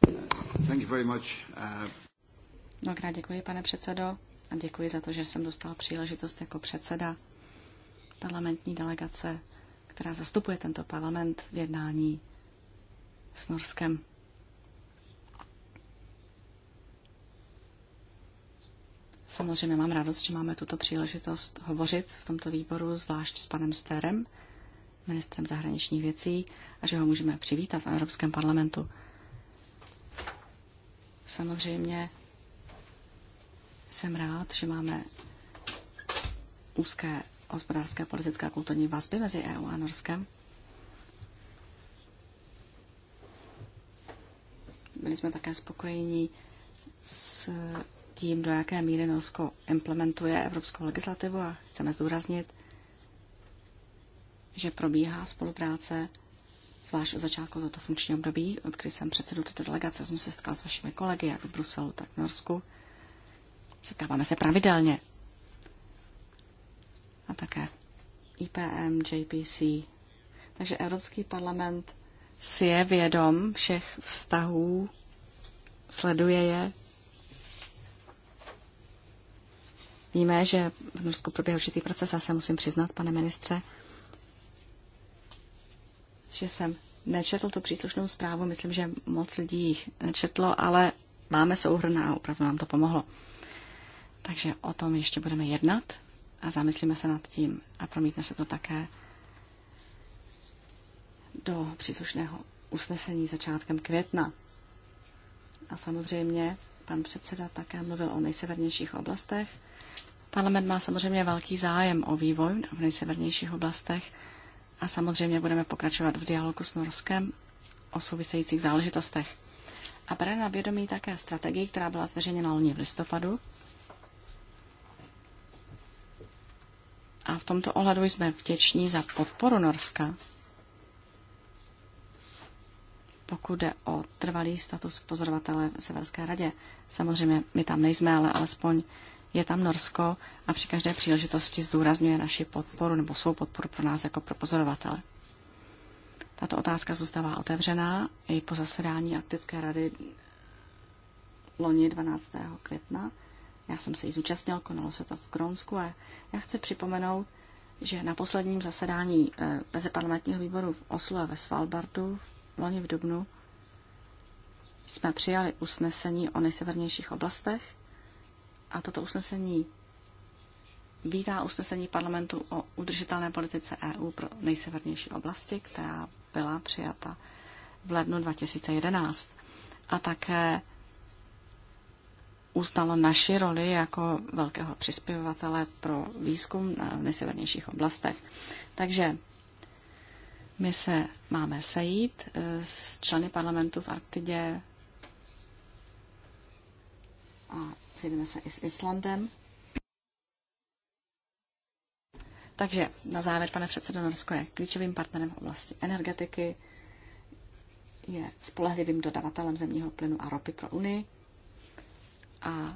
Uh, Mnohokrát děkuji, pane předsedo, a děkuji za to, že jsem dostal příležitost jako předseda parlamentní delegace, která zastupuje tento parlament v jednání s Norskem. Samozřejmě mám radost, že máme tuto příležitost hovořit v tomto výboru, zvlášť s panem Sterem, ministrem zahraničních věcí a že ho můžeme přivítat v Evropském parlamentu. Samozřejmě jsem rád, že máme úzké hospodářské, politické a kulturní vazby mezi EU a Norskem. Byli jsme také spokojení s tím, do jaké míry Norsko implementuje evropskou legislativu a chceme zdůraznit, že probíhá spolupráce, zvlášť od začátku tohoto funkčního období, od kdy jsem předsedu této delegace, jsem se setkal s vašimi kolegy, jak v Bruselu, tak v Norsku. Setkáváme se pravidelně. A také IPM, JPC. Takže Evropský parlament si je vědom všech vztahů, sleduje je. Víme, že v Norsku proběhl určitý proces, já se musím přiznat, pane ministře, že jsem nečetl tu příslušnou zprávu, myslím, že moc lidí jich nečetlo, ale máme souhrn a opravdu nám to pomohlo. Takže o tom ještě budeme jednat a zamyslíme se nad tím a promítne se to také do příslušného usnesení začátkem května. A samozřejmě pan předseda také mluvil o nejsevernějších oblastech. Parlament má samozřejmě velký zájem o vývoj v nejsevernějších oblastech a samozřejmě budeme pokračovat v dialogu s Norskem o souvisejících záležitostech. A bere na vědomí také strategii, která byla zveřejněna loni v listopadu. A v tomto ohledu jsme vděční za podporu Norska, pokud jde o trvalý status pozorovatele v Severské radě. Samozřejmě my tam nejsme, ale alespoň je tam Norsko a při každé příležitosti zdůrazňuje naši podporu nebo svou podporu pro nás jako pro pozorovatele. Tato otázka zůstává otevřená i po zasedání Arktické rady loni 12. května. Já jsem se jí zúčastnil, konalo se to v Kronsku a já chci připomenout, že na posledním zasedání eh, meziparlamentního výboru v Oslu a ve Svalbardu loni v Dubnu jsme přijali usnesení o nejsevernějších oblastech a toto usnesení vítá usnesení parlamentu o udržitelné politice EU pro nejsevernější oblasti, která byla přijata v lednu 2011. A také uznalo naši roli jako velkého přispěvatele pro výzkum v nejsevernějších oblastech. Takže my se máme sejít eh, s členy parlamentu v Arktidě a sejdeme se i s Islandem. Takže na závěr, pane předsedo, Norsko je klíčovým partnerem v oblasti energetiky, je spolehlivým dodavatelem zemního plynu a ropy pro Unii a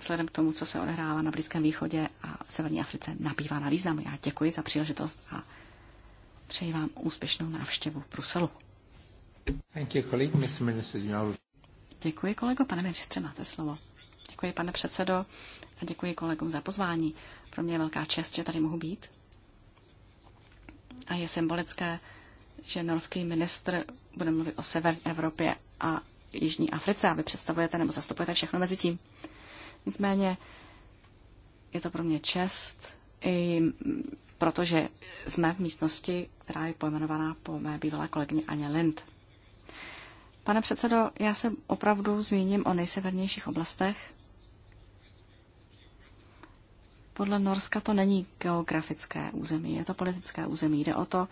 vzhledem k tomu, co se odehrává na Blízkém východě a Severní Africe, nabývá na významu. Já děkuji za příležitost a přeji vám úspěšnou návštěvu v Bruselu. Děkuji, kolego. Pane ministře, máte slovo. Děkuji, pane předsedo, a děkuji kolegům za pozvání. Pro mě je velká čest, že tady mohu být. A je symbolické, že norský ministr bude mluvit o severní Evropě a Jižní Africe a vy představujete nebo zastupujete všechno mezi tím. Nicméně je to pro mě čest, i protože jsme v místnosti, která je pojmenovaná po mé bývalé kolegyni Aně Lind. Pane předsedo, já se opravdu zmíním o nejsevernějších oblastech, podle Norska to není geografické území, je to politické území. Jde o to,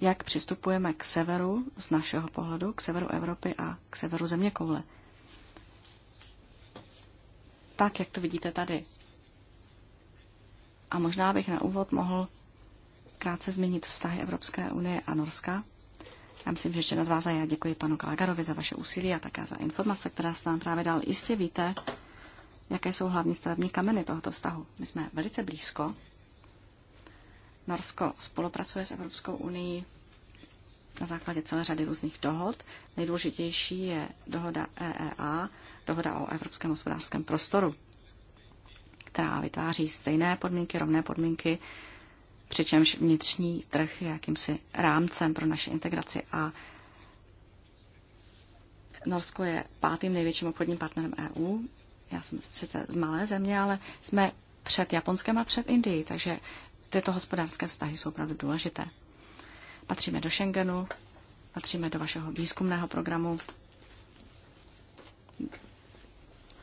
jak přistupujeme k severu z našeho pohledu, k severu Evropy a k severu zeměkoule. Tak, jak to vidíte tady. A možná bych na úvod mohl krátce zmínit vztahy Evropské unie a Norska. Já myslím, že ještě na vás a já děkuji panu Kalagarovi za vaše úsilí a také za informace, která jste nám právě dal. Jistě víte, jaké jsou hlavní stavební kameny tohoto vztahu. My jsme velice blízko. Norsko spolupracuje s Evropskou unii na základě celé řady různých dohod. Nejdůležitější je dohoda EEA, dohoda o Evropském hospodářském prostoru, která vytváří stejné podmínky, rovné podmínky, přičemž vnitřní trh je jakýmsi rámcem pro naši integraci a Norsko je pátým největším obchodním partnerem EU, já jsem sice z malé země, ale jsme před Japonskem a před Indií, takže tyto hospodářské vztahy jsou opravdu důležité. Patříme do Schengenu, patříme do vašeho výzkumného programu,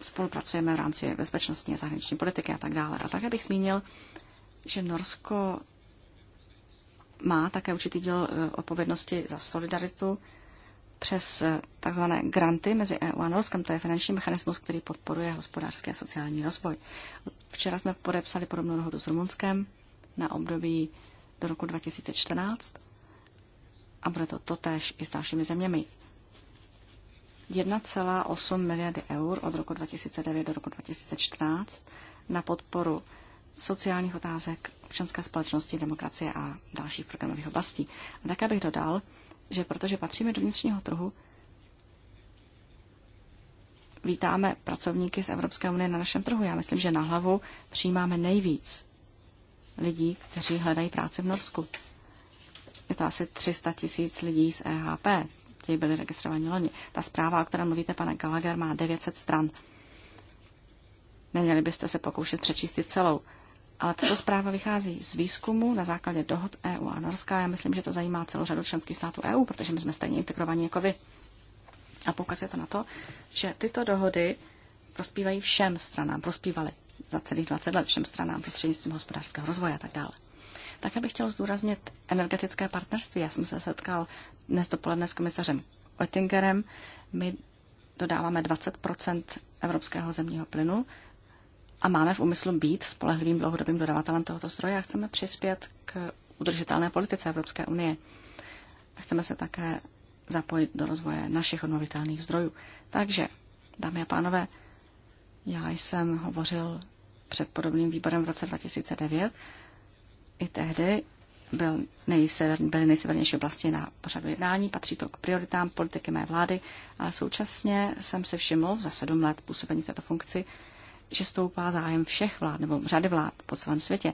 spolupracujeme v rámci bezpečnostní a zahraniční politiky a tak dále. A také bych zmínil, že Norsko má také určitý díl eh, odpovědnosti za solidaritu přes eh, takzvané granty mezi EU a Norskem. To je finanční mechanismus, který podporuje hospodářský a sociální rozvoj. Včera jsme podepsali podobnou dohodu s Rumunskem na období do roku 2014 a bude to totéž i s dalšími zeměmi. 1,8 miliardy eur od roku 2009 do roku 2014 na podporu sociálních otázek, občanské společnosti, demokracie a dalších programových oblastí. A také bych dodal, že protože patříme do vnitřního trhu, vítáme pracovníky z Evropské unie na našem trhu. Já myslím, že na hlavu přijímáme nejvíc lidí, kteří hledají práci v Norsku. Je to asi 300 tisíc lidí z EHP, kteří byli registrovaní loni. Ta zpráva, o které mluvíte, pane Gallagher, má 900 stran. Neměli byste se pokoušet přečíst celou. Ale tato zpráva vychází z výzkumu na základě dohod EU a Norska. Já myslím, že to zajímá celou řadu členských států EU, protože my jsme stejně integrovaní jako vy. A poukazuje to na to, že tyto dohody prospívají všem stranám, prospívaly za celých 20 let všem stranám prostřednictvím hospodářského rozvoje a tak dále. Také bych chtěl zdůraznit energetické partnerství. Já jsem se setkal dnes dopoledne s komisařem Oettingerem. My dodáváme 20 evropského zemního plynu a máme v úmyslu být spolehlivým dlouhodobým dodavatelem tohoto zdroje a chceme přispět k udržitelné politice Evropské unie. A chceme se také zapojit do rozvoje našich obnovitelných zdrojů. Takže, dámy a pánové, já jsem hovořil před podobným výborem v roce 2009. I tehdy byl nejseverní, byly nejsevernější oblasti na pořadu jednání, patří to k prioritám politiky mé vlády, ale současně jsem si všiml za sedm let působení v této funkci, že stoupá zájem všech vlád, nebo řady vlád po celém světě.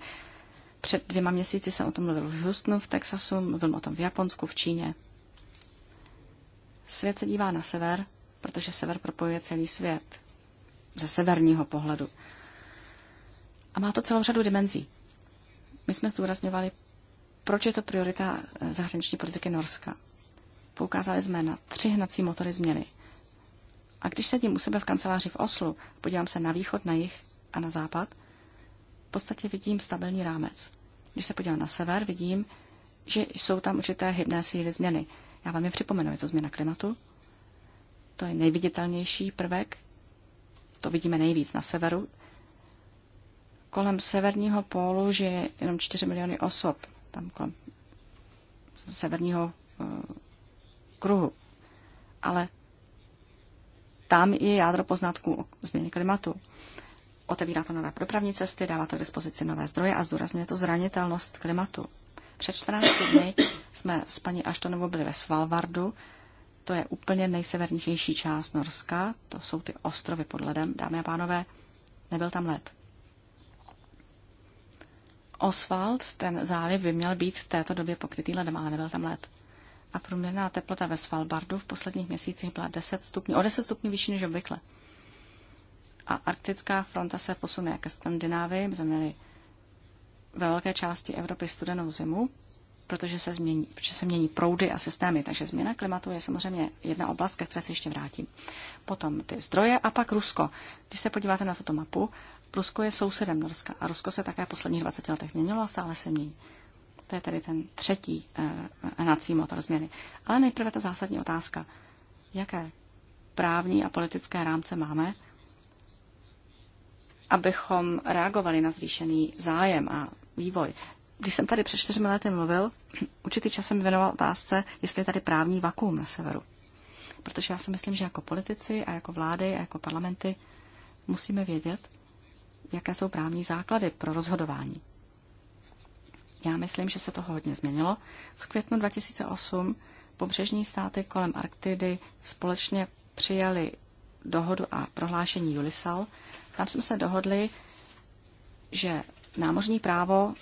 Před dvěma měsíci jsem o tom mluvil v Houstonu, v Texasu, mluvil o tom v Japonsku, v Číně. Svět se dívá na sever, protože sever propojuje celý svět ze severního pohledu. A má to celou řadu dimenzí. My jsme zdůrazňovali, proč je to priorita eh, zahraniční politiky Norska. Poukázali jsme na tři hnací motory změny. A když sedím u sebe v kanceláři v Oslu, podívám se na východ, na jih a na západ, v podstatě vidím stabilní rámec. Když se podívám na sever, vidím, že jsou tam určité hybné síly změny. Já vám je připomenu, je to změna klimatu, to je nejviditelnější prvek, to vidíme nejvíc na severu. Kolem severního pólu žije jenom 4 miliony osob, tam kolem severního uh, kruhu. Ale tam je jádro poznatků o změně klimatu. Otevírá to nové dopravní cesty, dává to k dispozici nové zdroje a zdůrazňuje to zranitelnost klimatu. Před 14 dny jsme s paní Aštonovou byli ve Svalvardu, to je úplně nejsevernější část Norska, to jsou ty ostrovy pod ledem, dámy a pánové, nebyl tam led. Osvald ten záliv by měl být v této době pokrytý ledem, ale nebyl tam led a průměrná teplota ve Svalbardu v posledních měsících byla 10 stupňů, o 10 stupňů vyšší než obvykle. A arktická fronta se posune ke Skandinávii. My jsme měli ve velké části Evropy studenou zimu, protože se, změní, protože se mění proudy a systémy. Takže změna klimatu je samozřejmě jedna oblast, ke které se ještě vrátím. Potom ty zdroje a pak Rusko. Když se podíváte na tuto mapu, Rusko je sousedem Norska a Rusko se také v posledních 20 letech měnilo a stále se mění. To je tedy ten třetí eh, hnací motor změny. Ale nejprve ta zásadní otázka. Jaké právní a politické rámce máme, abychom reagovali na zvýšený zájem a vývoj. Když jsem tady před čtyřmi lety mluvil, určitý čas jsem věnoval otázce, jestli je tady právní vakuum na severu. Protože já si myslím, že jako politici a jako vlády a jako parlamenty musíme vědět, jaké jsou právní základy pro rozhodování. Já myslím, že se toho hodně změnilo. V květnu 2008 pobřežní státy kolem Arktidy společně přijali dohodu a prohlášení Julisal. Tam jsme se dohodli, že námořní právo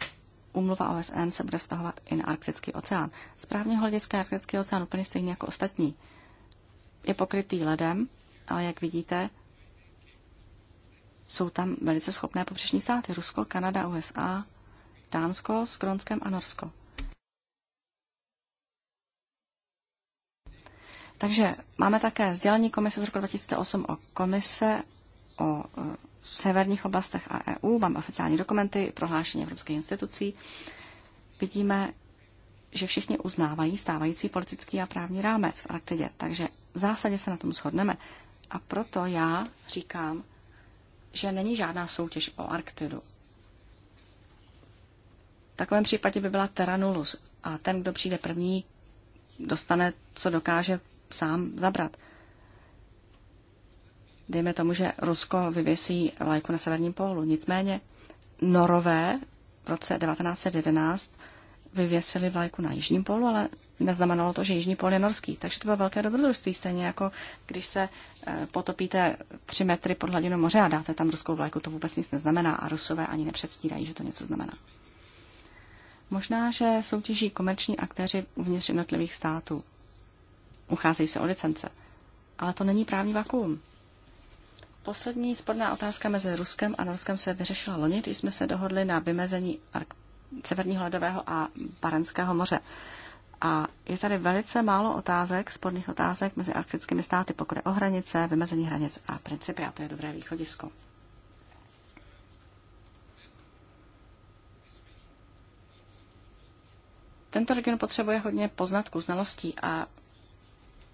umluva OSN se bude vztahovat i na Arktický oceán. Správně, hlediska je Arktický oceán úplně stejně jako ostatní. Je pokrytý ledem, ale jak vidíte, jsou tam velice schopné pobřežní státy. Rusko, Kanada, USA, Dánsko, s a Norsko. Takže máme také sdělení komise z roku 2008 o komise o e, severních oblastech a EU. Máme oficiální dokumenty, prohlášení evropských institucí. Vidíme, že všichni uznávají stávající politický a právní rámec v Arktidě, takže v zásadě se na tom shodneme. A proto já říkám, že není žádná soutěž o Arktidu. V takovém případě by byla teranulus a ten, kdo přijde první, dostane, co dokáže sám zabrat. Dejme tomu, že Rusko vyvěsí vlajku na severním pólu. Nicméně Norové v roce 1911 vyvěsili vlajku na jižním pólu, ale neznamenalo to, že Jižní pól je norský. Takže to bylo velké dobrodružství, stejně jako když se eh, potopíte tři metry pod hladinou moře a dáte tam ruskou vlajku, to vůbec nic neznamená a rusové ani nepředstírají, že to něco znamená. Možná, že soutěží komerční aktéři uvnitř jednotlivých států. Ucházejí se o licence. Ale to není právní vakuum. Poslední sporná otázka mezi Ruskem a Norskem se vyřešila loni, když jsme se dohodli na vymezení Severního ledového a Barenského moře. A je tady velice málo otázek, sporných otázek mezi arktickými státy, pokud je o hranice, vymezení hranic a principy, a to je dobré východisko. Tento region potřebuje hodně poznatků, znalostí a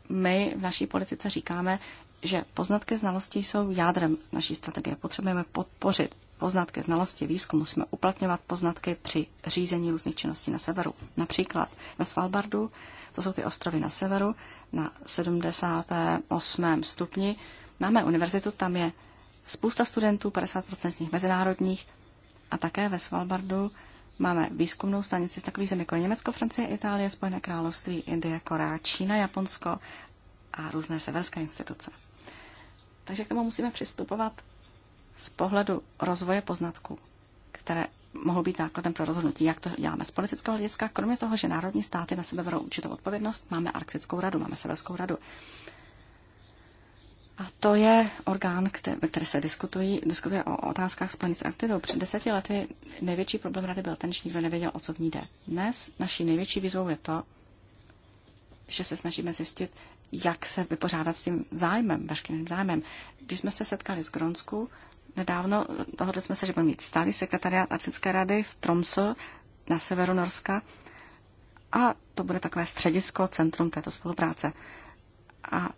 my v naší politice říkáme, že poznatky znalosti jsou jádrem naší strategie. Potřebujeme podpořit poznatky znalosti výzkum. Musíme uplatňovat poznatky při řízení různých činností na severu. Například na Svalbardu, to jsou ty ostrovy na severu, na 78. stupni. Máme univerzitu, tam je spousta studentů, 50% z nich mezinárodních, a také ve Svalbardu Máme výzkumnou stanici z takových zemí jako Německo, Francie, Itálie, Spojené království, Indie, Korea, Čína, Japonsko a různé severské instituce. Takže k tomu musíme přistupovat z pohledu rozvoje poznatků, které mohou být základem pro rozhodnutí, jak to děláme z politického hlediska. Kromě toho, že národní státy na sebe berou určitou odpovědnost, máme Arktickou radu, máme Severskou radu. A to je orgán, který, které se diskutují, diskutuje o otázkách spojených s aktivou. Před deseti lety největší problém rady byl ten, že nikdo nevěděl, o co v ní jde. Dnes naší největší výzvou je to, že se snažíme zjistit, jak se vypořádat s tím zájmem, veškerým zájmem. Když jsme se setkali s Gronsku nedávno, dohodli jsme se, že budeme mít stálý sekretariat Arktické rady v Tromso na severu Norska a to bude takové středisko, centrum této spolupráce. A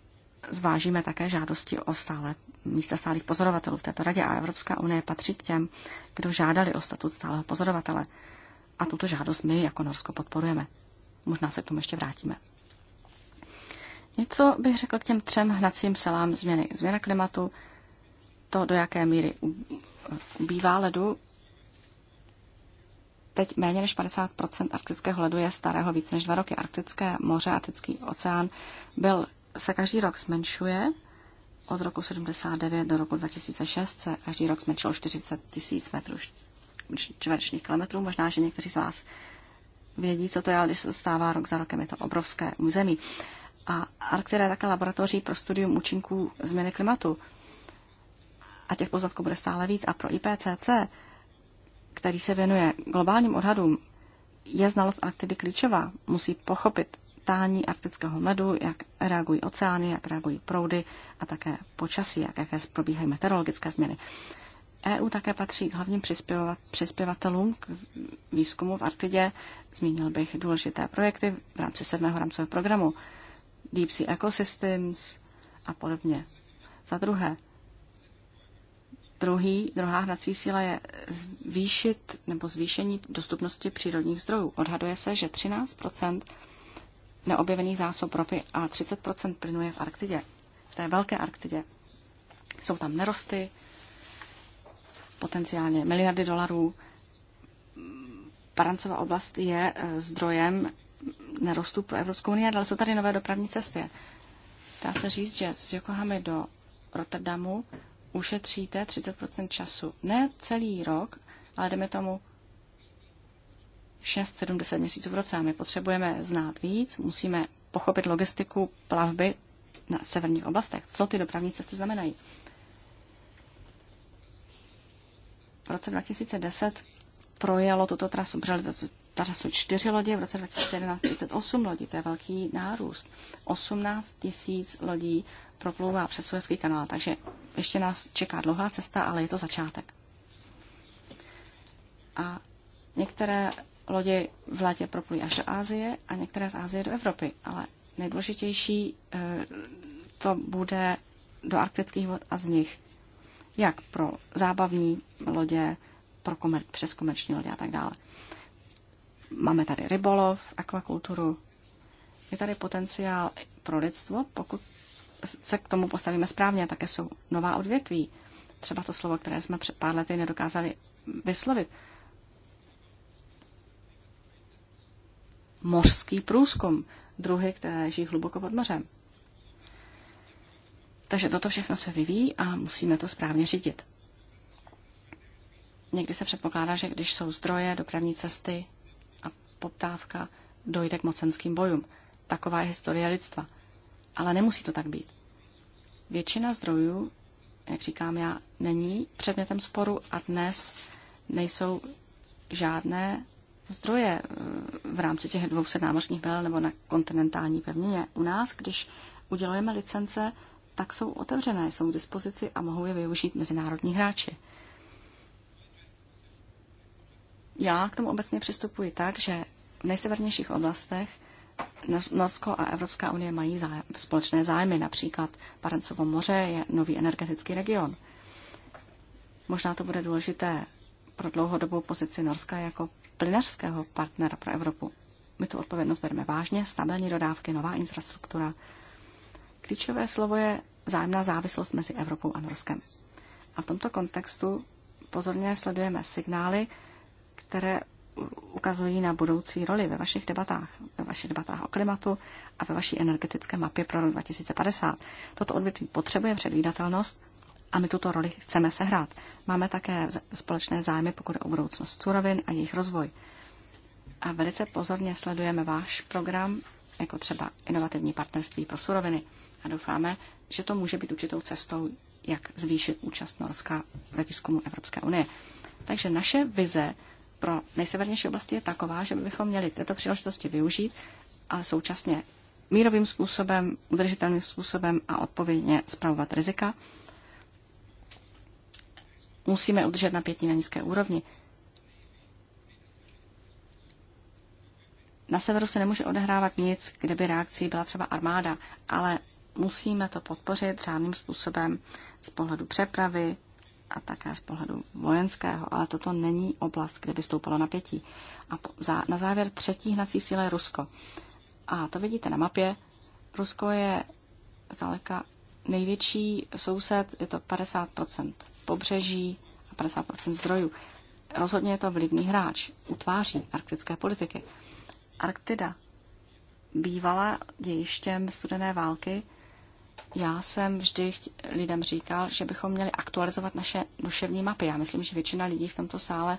zvážíme také žádosti o stále místa stálých pozorovatelů v této radě a Evropská unie patří k těm, kdo žádali o statut stáleho pozorovatele. A tuto žádost my jako Norsko podporujeme. Možná se k tomu ještě vrátíme. Něco bych řekl k těm třem hnacím selám změny. Změna klimatu, to, do jaké míry ubývá ledu. Teď méně než 50 arktického ledu je starého více než dva roky. Arktické moře, Arktický oceán byl se každý rok zmenšuje. Od roku 79 do roku 2006 se každý rok zmenšilo 40 tisíc metrů čtverečních kilometrů. Možná, že někteří z vás vědí, co to je, ale když se stává rok za rokem, je to obrovské území. A Arktida je také laboratoří pro studium účinků změny klimatu. A těch poznatků bude stále víc. A pro IPCC, který se věnuje globálním odhadům, je znalost Arktidy klíčová. Musí pochopit tání arktického ledu, jak reagují oceány, jak reagují proudy a také počasí, jak jaké probíhají meteorologické změny. EU také patří k hlavním přispěvatelům k výzkumu v Arktidě. Zmínil bych důležité projekty v rámci sedmého rámcového programu Deep Sea Ecosystems a podobně. Za druhé, Druhý, druhá hnací síla je zvýšit nebo zvýšení dostupnosti přírodních zdrojů. Odhaduje se, že 13 neobjevených zásob ropy a 30 plynu je v Arktidě, v té velké Arktidě. Jsou tam nerosty, potenciálně miliardy dolarů. Parancová oblast je eh, zdrojem nerostů pro Evropskou unii, ale jsou tady nové dopravní cesty. Dá se říct, že z Jokohamy do Rotterdamu ušetříte 30 času. Ne celý rok, ale jdeme tomu 6-7 10 měsíců v roce. A my potřebujeme znát víc, musíme pochopit logistiku plavby na severních oblastech. Co ty dopravní cesty znamenají? V roce 2010 projelo tuto trasu, přijeli to trasu čtyři lodi. v roce 2011 38 lodí, to je velký nárůst. 18 tisíc lodí proplouvá přes Suezký kanál, takže ještě nás čeká dlouhá cesta, ale je to začátek. A některé Lodě v létě proplují až do Ázie a některé z Ázie do Evropy, ale nejdůležitější eh, to bude do arktických vod a z nich, jak pro zábavní lodě, pro komer- přes komerční lodě a tak dále. Máme tady rybolov, akvakulturu. Je tady potenciál pro lidstvo, pokud se k tomu postavíme správně. Také jsou nová odvětví. Třeba to slovo, které jsme před pár lety nedokázali vyslovit. mořský průzkum, druhy, které žijí hluboko pod mořem. Takže toto všechno se vyvíjí a musíme to správně řídit. Někdy se předpokládá, že když jsou zdroje, dopravní cesty a poptávka, dojde k mocenským bojům. Taková je historie lidstva. Ale nemusí to tak být. Většina zdrojů, jak říkám já, není předmětem sporu a dnes nejsou žádné zdroje eh, v rámci těch 200 námořních bel nebo na kontinentální pevnině. U nás, když udělujeme licence, tak jsou otevřené, jsou k dispozici a mohou je využít mezinárodní hráči. Já k tomu obecně přistupuji tak, že v nejsevernějších oblastech Norsko a Evropská unie mají zájem, společné zájmy. Například Parencovo moře je nový energetický region. Možná to bude důležité pro dlouhodobou pozici Norska jako plynařského partnera pro Evropu. My tu odpovědnost bereme vážně, stabilní dodávky, nová infrastruktura. Klíčové slovo je zájemná závislost mezi Evropou a Norskem. A v tomto kontextu pozorně sledujeme signály, které ukazují na budoucí roli ve vašich debatách, ve vašich debatách o klimatu a ve vaší energetické mapě pro rok 2050. Toto odvětví potřebuje předvídatelnost a my tuto roli chceme sehrát. Máme také společné zájmy, pokud je o budoucnost surovin a jejich rozvoj. A velice pozorně sledujeme váš program, jako třeba inovativní partnerství pro suroviny. A doufáme, že to může být určitou cestou, jak zvýšit účast Norska ve výzkumu Evropské unie. Takže naše vize pro nejsevernější oblasti je taková, že bychom měli této příležitosti využít, ale současně mírovým způsobem, udržitelným způsobem a odpovědně zpravovat rizika Musíme udržet napětí na nízké úrovni. Na severu se nemůže odehrávat nic, kde by reakcí byla třeba armáda, ale musíme to podpořit řádným způsobem z pohledu přepravy a také z pohledu vojenského, ale toto není oblast, kde by stoupalo napětí. A na závěr třetí hnací síla je Rusko. A to vidíte na mapě. Rusko je zdaleka největší soused, je to 50 pobřeží a 50 zdrojů. Rozhodně je to vlivný hráč, utváří arktické politiky. Arktida bývala dějištěm studené války. Já jsem vždy lidem říkal, že bychom měli aktualizovat naše duševní mapy. Já myslím, že většina lidí v tomto sále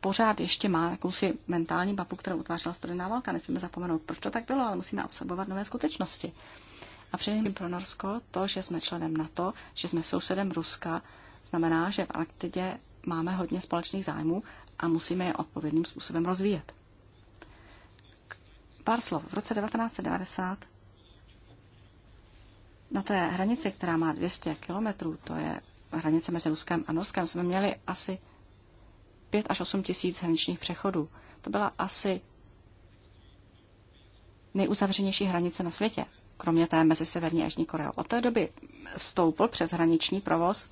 pořád ještě má jakousi mentální mapu, kterou utvářela studená válka. Nesmíme zapomenout, proč to tak bylo, ale musíme absorbovat nové skutečnosti. A především pro Norsko to, že jsme členem NATO, že jsme sousedem Ruska, Znamená, že v Arktidě máme hodně společných zájmů a musíme je odpovědným způsobem rozvíjet. Pár slov. V roce 1990 na té hranici, která má 200 kilometrů, to je hranice mezi Ruskem a Norskem, jsme měli asi 5 až 8 tisíc hraničních přechodů. To byla asi nejuzavřenější hranice na světě, kromě té mezi Severní a Jižní Koreou. Od té doby vstoupil přes hraniční provoz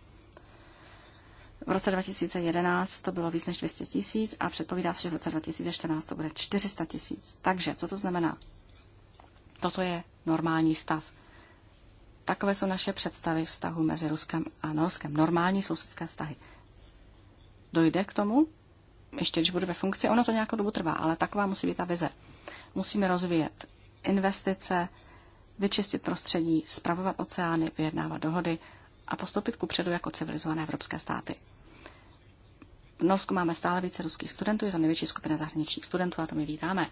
v roce 2011 to bylo víc než 200 tisíc a předpovídá se, že v roce 2014 to bude 400 tisíc. Takže co to znamená? Toto je normální stav. Takové jsou naše představy vztahu mezi Ruskem a Norskem. Normální sousedské vztahy. Dojde k tomu, ještě když budu ve funkci, ono to nějakou dobu trvá, ale taková musí být ta vize. Musíme rozvíjet investice, vyčistit prostředí, spravovat oceány, vyjednávat dohody a postoupit kupředu jako civilizované evropské státy. V Norsku máme stále více ruských studentů, je to největší skupina zahraničních studentů a to my vítáme.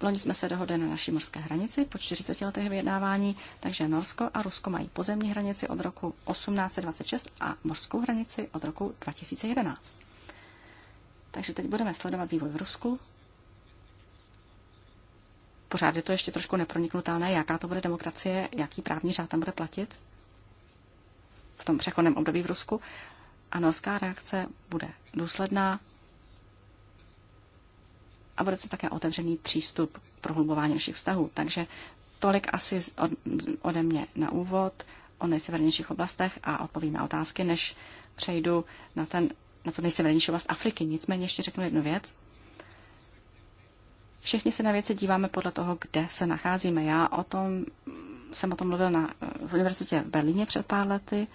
Loni jsme se dohodli na naší mořské hranici po 40 letech vyjednávání, takže Norsko a Rusko mají pozemní hranici od roku 1826 a mořskou hranici od roku 2011. Takže teď budeme sledovat vývoj v Rusku. Pořád je to ještě trošku neproniknutelné, jaká to bude demokracie, jaký právní řád tam bude platit v tom přechodném období v Rusku a norská reakce bude důsledná a bude to také otevřený přístup k prohlubování našich vztahů. Takže tolik asi ode mě na úvod o nejsevernějších oblastech a odpovím na otázky, než přejdu na, ten, na tu nejsevernější oblast Afriky. Nicméně ještě řeknu jednu věc. Všichni se na věci díváme podle toho, kde se nacházíme. Já o tom, jsem o tom mluvil na eh, v univerzitě v Berlíně před pár lety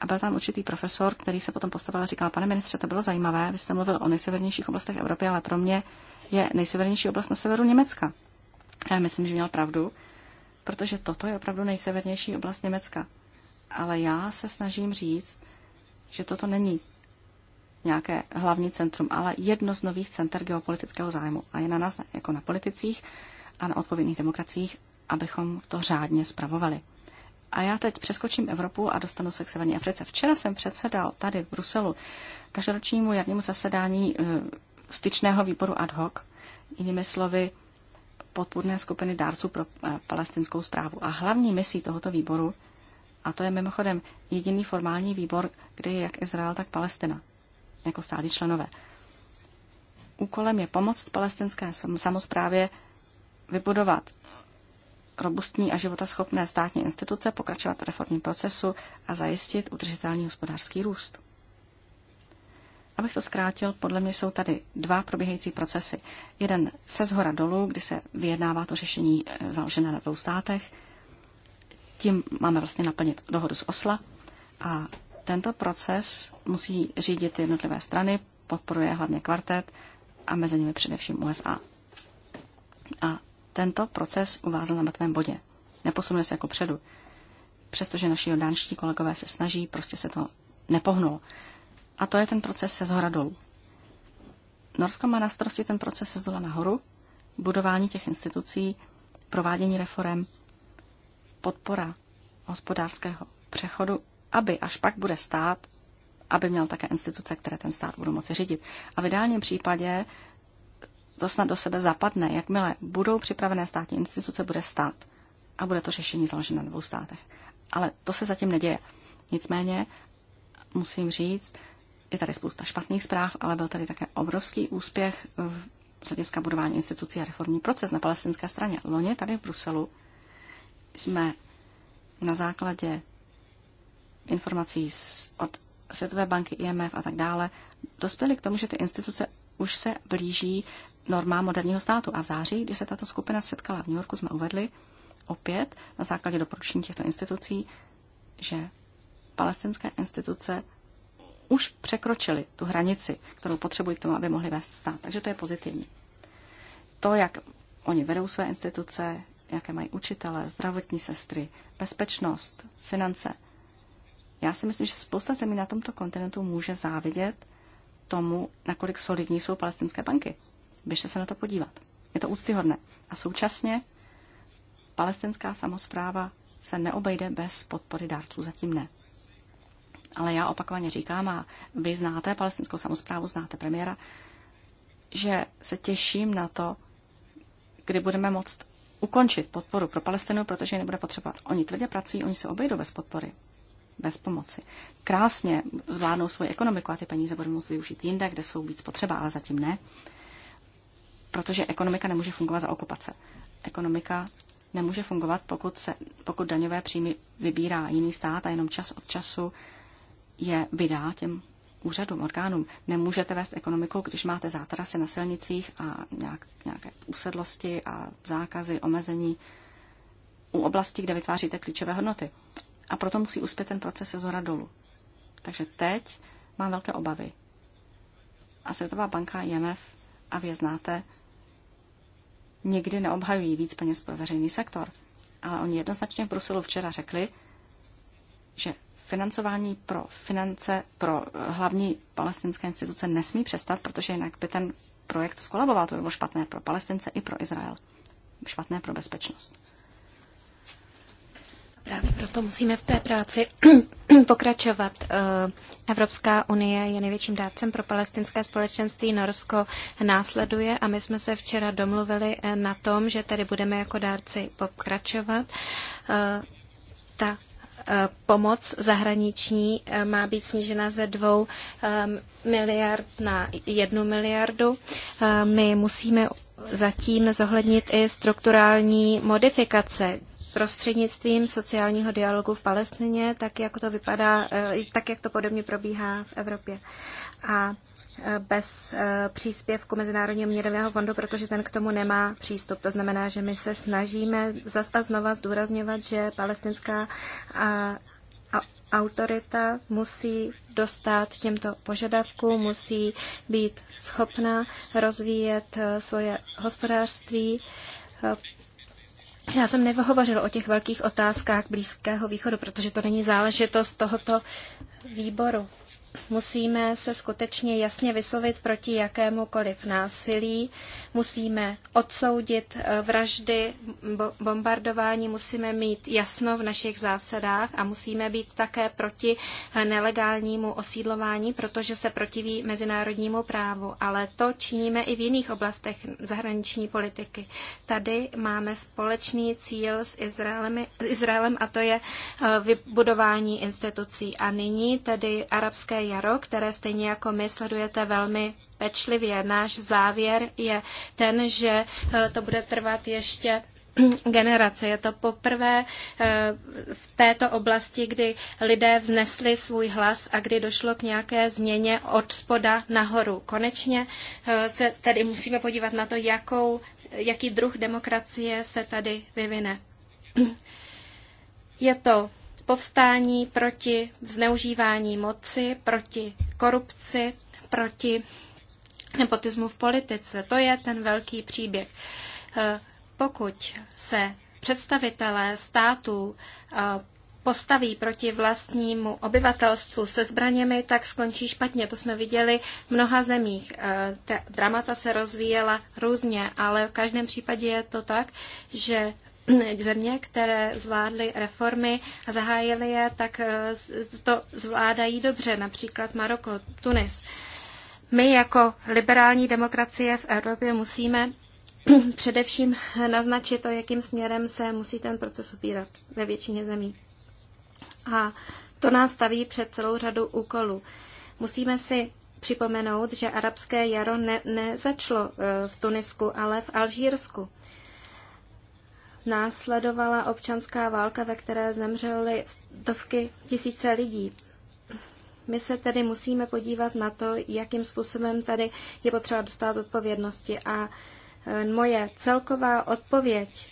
a byl tam určitý profesor, který se potom postavil a říkal, pane ministře, to bylo zajímavé, vy jste mluvil o nejsevernějších oblastech Evropy, ale pro mě je nejsevernější oblast na severu Německa. A já myslím, že měl pravdu, protože toto je opravdu nejsevernější oblast Německa. Ale já se snažím říct, že toto není nějaké hlavní centrum, ale jedno z nových center geopolitického zájmu. A je na nás jako na politicích a na odpovědných demokraciích, abychom to řádně spravovali. A já teď přeskočím Evropu a dostanu se k Severní Africe. Včera jsem předsedal tady v Bruselu každoročnímu jarnímu zasedání eh, styčného výboru ad hoc, jinými slovy podpůrné skupiny dárců pro eh, palestinskou zprávu. A hlavní misí tohoto výboru, a to je mimochodem jediný formální výbor, kde je jak Izrael, tak Palestina, jako stálí členové. Úkolem je pomoct palestinské samozprávě vybudovat robustní a životaschopné státní instituce pokračovat v reformním procesu a zajistit udržitelný hospodářský růst. Abych to zkrátil, podle mě jsou tady dva probíhající procesy. Jeden se zhora dolů, kdy se vyjednává to řešení eh, založené na dvou státech. Tím máme vlastně naplnit dohodu z Osla. A tento proces musí řídit jednotlivé strany, podporuje hlavně kvartet a mezi nimi především USA. A tento proces uvázl na mrtvém bodě. Neposunuje se jako předu. Přestože naši jordánští kolegové se snaží, prostě se to nepohnulo. A to je ten proces se zhora dolů. Norsko má na starosti ten proces se zdola nahoru, budování těch institucí, provádění reform, podpora hospodářského přechodu, aby až pak bude stát, aby měl také instituce, které ten stát budou moci řídit. A v ideálním případě to snad do sebe zapadne. Jakmile budou připravené státní instituce, bude stát. A bude to řešení založeno na dvou státech. Ale to se zatím neděje. Nicméně musím říct, je tady spousta špatných zpráv, ale byl tady také obrovský úspěch v hlediska budování institucí a reformní proces na palestinské straně. Loni tady v Bruselu jsme na základě informací od Světové banky, IMF a tak dále, dospěli k tomu, že ty instituce už se blíží normám moderního státu. A v září, když se tato skupina setkala v New Yorku, jsme uvedli opět na základě doporučení těchto institucí, že palestinské instituce už překročily tu hranici, kterou potřebují k tomu, aby mohli vést stát. Takže to je pozitivní. To, jak oni vedou své instituce, jaké mají učitele, zdravotní sestry, bezpečnost, finance. Já si myslím, že spousta zemí na tomto kontinentu může závidět tomu, nakolik solidní jsou palestinské banky. Běžte se na to podívat. Je to úctyhodné. A současně palestinská samozpráva se neobejde bez podpory dárců, zatím ne. Ale já opakovaně říkám, a vy znáte palestinskou samozprávu, znáte premiéra, že se těším na to, kdy budeme moct ukončit podporu pro Palestinu, protože ji nebude potřebovat. Oni tvrdě pracují, oni se obejdou bez podpory, bez pomoci. Krásně zvládnou svoji ekonomiku a ty peníze budou moct využít jinde, kde jsou víc potřeba, ale zatím ne protože ekonomika nemůže fungovat za okupace. Ekonomika nemůže fungovat, pokud, se, pokud daňové příjmy vybírá jiný stát a jenom čas od času je vydá těm úřadům, orgánům. Nemůžete vést ekonomiku, když máte zátrasy na silnicích a nějak, nějaké usedlosti a zákazy, omezení u oblasti, kde vytváříte klíčové hodnoty. A proto musí uspět ten proces se zhora dolů. Takže teď mám velké obavy. A Světová banka, IMF a vy je znáte, nikdy neobhajují víc peněz pro veřejný sektor. Ale oni jednoznačně v Bruselu včera řekli, že financování pro finance pro eh, hlavní palestinské instituce nesmí přestat, protože jinak by ten projekt skolaboval. To by bylo špatné pro Palestince i pro Izrael. Špatné pro bezpečnost. Právě proto musíme v té práci pokračovat. Eh, Evropská unie je největším dárcem pro palestinské společenství, Norsko následuje a my jsme se včera domluvili eh, na tom, že tady budeme jako dárci pokračovat. Eh, ta pomoc zahraniční má být snížena ze dvou ehm, miliard na jednu miliardu. My musíme zatím zohlednit i strukturální modifikace prostřednictvím sociálního dialogu v Palestině, tak jak to vypadá, eh, tak jak to podobně probíhá v Evropě. A eh, bez eh, příspěvku Mezinárodního měrového fondu, protože ten k tomu nemá přístup. To znamená, že my se snažíme zase a znova zdůrazňovat, že palestinská autorita musí dostat těmto požadavkům, musí být schopna rozvíjet svoje hospodářství já jsem nehovořil o těch velkých otázkách Blízkého východu, protože to není záležitost tohoto výboru. Musíme se skutečně jasně vyslovit proti jakémukoliv násilí, musíme odsoudit eh, vraždy, bombardování, musíme mít jasno v našich zásadách a musíme být také proti eh, nelegálnímu osídlování, protože se protiví mezinárodnímu právu. Ale to činíme i v jiných oblastech zahraniční politiky. Tady máme společný cíl s Izraelem, Izraelem a to je eh, vybudování institucí. A nyní tedy arabské jaro, které stejně jako my sledujete velmi pečlivě. Náš závěr je ten, že eh, to bude trvat ještě generace. Je to poprvé eh, v této oblasti, kdy lidé vznesli svůj hlas a kdy došlo k nějaké změně od spoda nahoru. Konečně eh, se tedy musíme podívat na to, jakou, jaký druh demokracie se tady vyvine. Je to povstání proti zneužívání moci, proti korupci, proti nepotismu v politice. To je ten velký příběh. Eh, pokud se představitelé států eh, postaví proti vlastnímu obyvatelstvu se zbraněmi, tak skončí špatně. To jsme viděli v mnoha zemích. Eh, ta dramata se rozvíjela různě, ale v každém případě je to tak, že země, které zvládly reformy a zahájily je, tak eh, to zvládají dobře, například Maroko, Tunis. My jako liberální demokracie v Evropě musíme především naznačit to, jakým směrem se musí ten proces upírat ve většině zemí. A to nás staví před celou řadu úkolů. Musíme si připomenout, že arabské jaro ne, nezačlo eh, v Tunisku, ale v Alžírsku následovala občanská válka, ve které zemřely stovky tisíce lidí. My se tedy musíme podívat na to, jakým způsobem tady je potřeba dostat odpovědnosti. A e, moje celková odpověď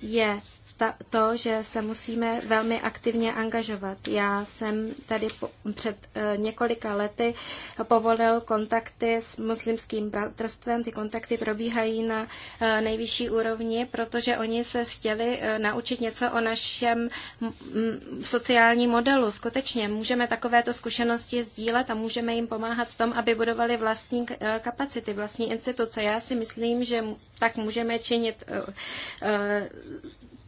je ta, to, že se musíme velmi aktivně angažovat. Já jsem tady po, před e, několika lety povolil kontakty s muslimským bratrstvem. Ty kontakty probíhají na e, nejvyšší úrovni, protože oni se chtěli e, naučit něco o našem m, m, sociálním modelu. Skutečně můžeme takovéto zkušenosti sdílet a můžeme jim pomáhat v tom, aby budovali vlastní e, kapacity, vlastní instituce. Já si myslím, že tak můžeme činit. E, e,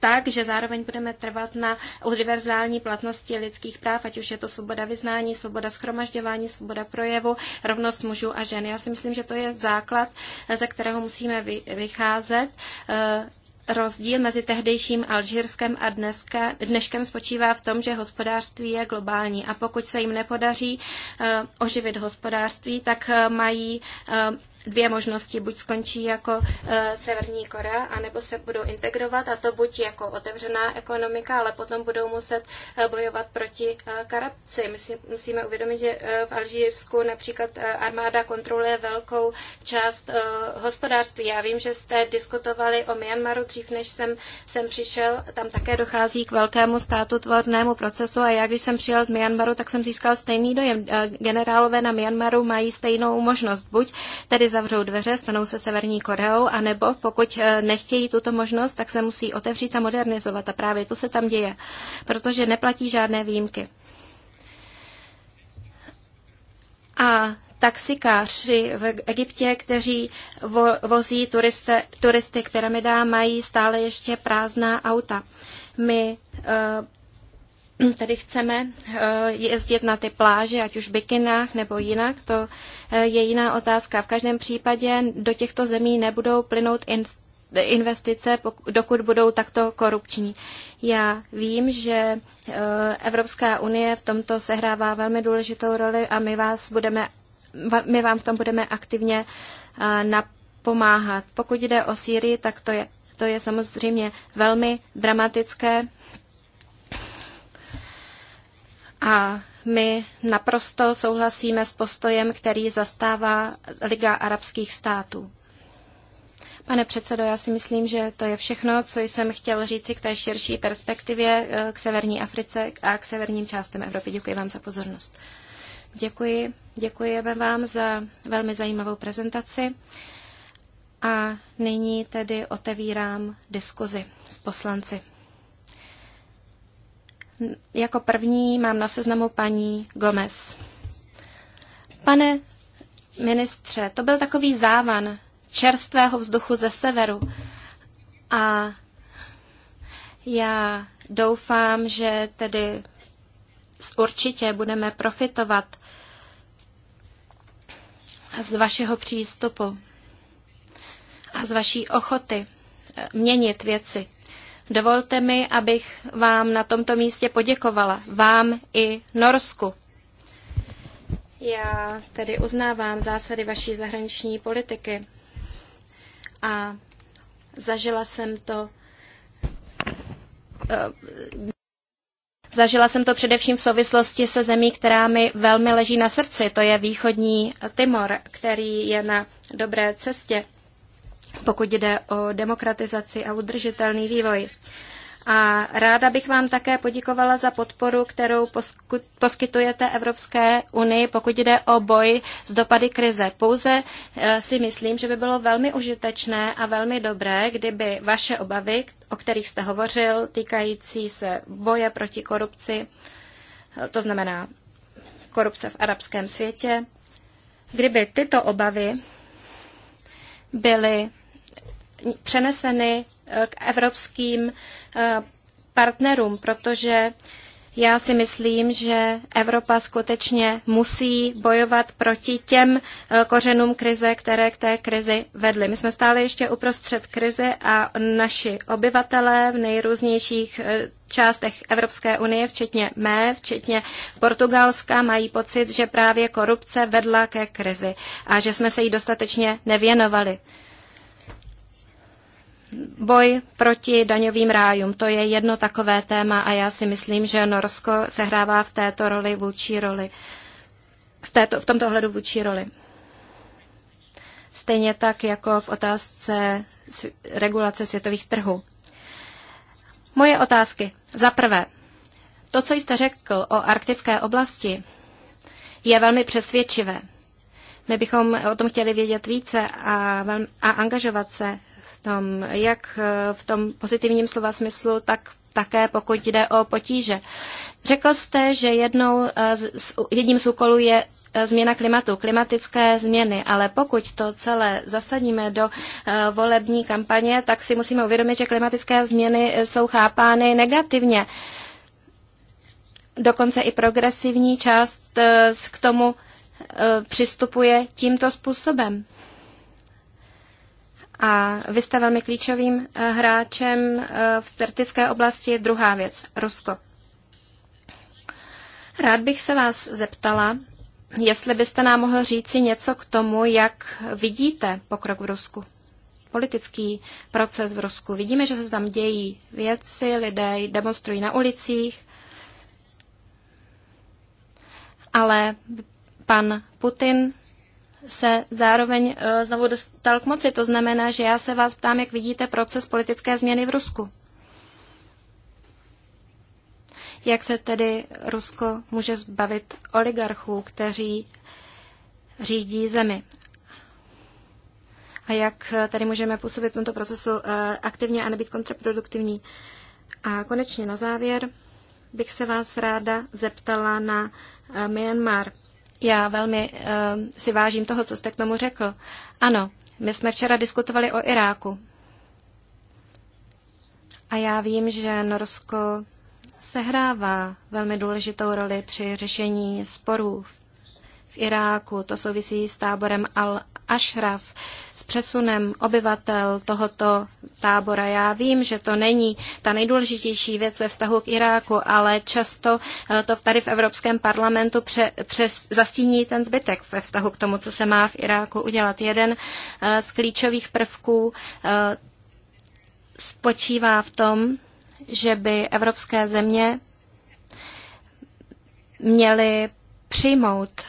tak, že zároveň budeme trvat na univerzální platnosti lidských práv, ať už je to svoboda vyznání, svoboda schromažďování, svoboda projevu, rovnost mužů a žen. Já si myslím, že to je základ, ze kterého musíme vycházet. Eh, rozdíl mezi tehdejším Alžírskem a dneska, dneškem spočívá v tom, že hospodářství je globální a pokud se jim nepodaří uh, oživit hospodářství, tak uh, mají uh, dvě možnosti. Buď skončí jako e, Severní Korea, anebo se budou integrovat a to buď jako otevřená ekonomika, ale potom budou muset e, bojovat proti e, karabci. My si musíme uvědomit, že v Alžírsku například armáda kontroluje velkou část hospodářství. Já vím, že jste diskutovali o Myanmaru dřív, než jsem jsem přišel. Tam také dochází k velkému státu tvornému procesu a já, když jsem přijel z Myanmaru, tak jsem získal stejný dojem. Generálové na Myanmaru mají stejnou možnost. Buď tedy zavřou dveře, stanou se Severní Koreou, anebo pokud eh, nechtějí tuto možnost, tak se musí otevřít a modernizovat. A právě to se tam děje, protože neplatí žádné výjimky. A taxikáři v Egyptě, kteří vo, vozí turiste, turisty k pyramidám, mají stále ještě prázdná auta. My uh, tedy chceme eh, jezdit na ty pláže, ať už v bikinách nebo jinak, to eh, je jiná otázka. V každém případě do těchto zemí nebudou plynout investice, dokud budou takto korupční. Já vím, že eh, Evropská unie v tomto sehrává velmi důležitou roli a my, vás budeme, my vám v tom budeme aktivně napomáhat. Pokud jde o Sýrii, tak to je, to je samozřejmě velmi dramatické a my naprosto souhlasíme s postojem, který zastává Liga arabských států. Pane předsedo, já si myslím, že to je všechno, co jsem chtěl říci k té širší perspektivě eh, k severní Africe a k severním částem Evropy. Děkuji vám za pozornost. Děkuji. Děkujeme vám za velmi zajímavou prezentaci. A nyní tedy otevírám diskuzi s poslanci. Jako první mám na seznamu paní Gomez. Pane ministře, to byl takový závan čerstvého vzduchu ze severu. A já doufám, že tedy určitě budeme profitovat z vašeho přístupu a z vaší ochoty měnit věci. Dovolte mi, abych vám na tomto místě poděkovala, vám i Norsku. Já tedy uznávám zásady vaší zahraniční politiky a zažila jsem to. Eh, zažila jsem to především v souvislosti se zemí, která mi velmi leží na srdci. To je východní Timor, který je na dobré cestě pokud jde o demokratizaci a udržitelný vývoj. A ráda bych vám také poděkovala za podporu, kterou poskytujete Evropské unii, pokud jde o boj s dopady krize. Pouze eh, si myslím, že by bylo velmi užitečné a velmi dobré, kdyby vaše obavy, o kterých jste hovořil, týkající se boje proti korupci, eh, to znamená korupce v arabském světě, kdyby tyto obavy byly přeneseny eh, k evropským eh, partnerům, protože já si myslím, že Evropa skutečně musí bojovat proti těm eh, kořenům krize, které k té krizi vedly. My jsme stále ještě uprostřed krize a naši obyvatelé v nejrůznějších částech Evropské unie, včetně mé, včetně Portugalska, mají pocit, že právě korupce vedla ke krizi a že jsme se jí dostatečně nevěnovali. Boj proti daňovým rájům, to je jedno takové téma a já si myslím, že Norsko sehrává v této roli vůči roli. V, této, v tomto ohledu vůči roli. Stejně tak jako v otázce regulace světových trhů. Moje otázky. Za prvé, to, co jste řekl o arktické oblasti, je velmi přesvědčivé. My bychom o tom chtěli vědět více a, a angažovat se tom, jak eh, v tom pozitivním slova smyslu, tak také pokud jde o potíže. Řekl jste, že jednou eh, z, jedním z úkolů je eh, změna klimatu, klimatické změny, ale pokud to celé zasadíme do volební kampaně, tak si musíme uvědomit, že klimatické změny jsou chápány negativně. Dokonce i progresivní část k tomu přistupuje tímto způsobem. A vy jste velmi klíčovým eh, hráčem eh, v tertické oblasti. Druhá věc, Rusko. Rád bych se vás zeptala, jestli byste nám mohl říci něco k tomu, jak vidíte pokrok v Rusku. Politický proces v Rusku. Vidíme, že se tam dějí věci, lidé demonstrují na ulicích, ale pan Putin se zároveň eh, znovu dostal k moci. To znamená, že já se vás ptám, jak vidíte proces politické změny v Rusku. Jak se tedy Rusko může zbavit oligarchů, kteří řídí zemi? A jak eh, tady můžeme působit v tomto procesu eh, aktivně a nebýt kontraproduktivní? A konečně na závěr bych se vás ráda zeptala na Myanmar. Já velmi uh, si vážím toho, co jste k tomu řekl. Ano, my jsme včera diskutovali o Iráku. A já vím, že Norsko sehrává velmi důležitou roli při řešení sporů v Iráku. To souvisí s táborem al Ashraf s přesunem obyvatel tohoto tábora. Já vím, že to není ta nejdůležitější věc ve vztahu k Iráku, ale často eh, to tady v Evropském parlamentu pře, přes, zastíní ten zbytek ve vztahu k tomu, co se má v Iráku udělat. Jeden eh, z klíčových prvků eh, spočívá v tom, že by evropské země měly přijmout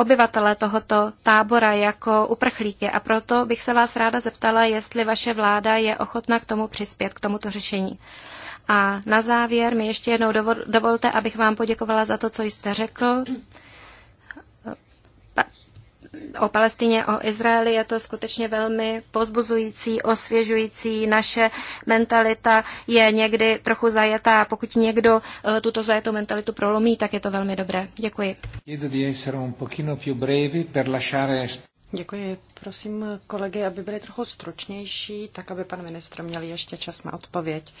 obyvatele tohoto tábora jako uprchlíky a proto bych se vás ráda zeptala, jestli vaše vláda je ochotna k tomu přispět, k tomuto řešení. A na závěr mi ještě jednou dovolte, abych vám poděkovala za to, co jste řekl o Palestině, o Izraeli. Je to skutečně velmi pozbuzující, osvěžující. Naše mentalita je někdy trochu zajetá. Pokud někdo eh, tuto zajetou mentalitu prolomí, tak je to velmi dobré. Děkuji. Děkuji. Prosím kolegy, aby byli trochu stručnější, tak aby pan ministr měl ještě čas na odpověď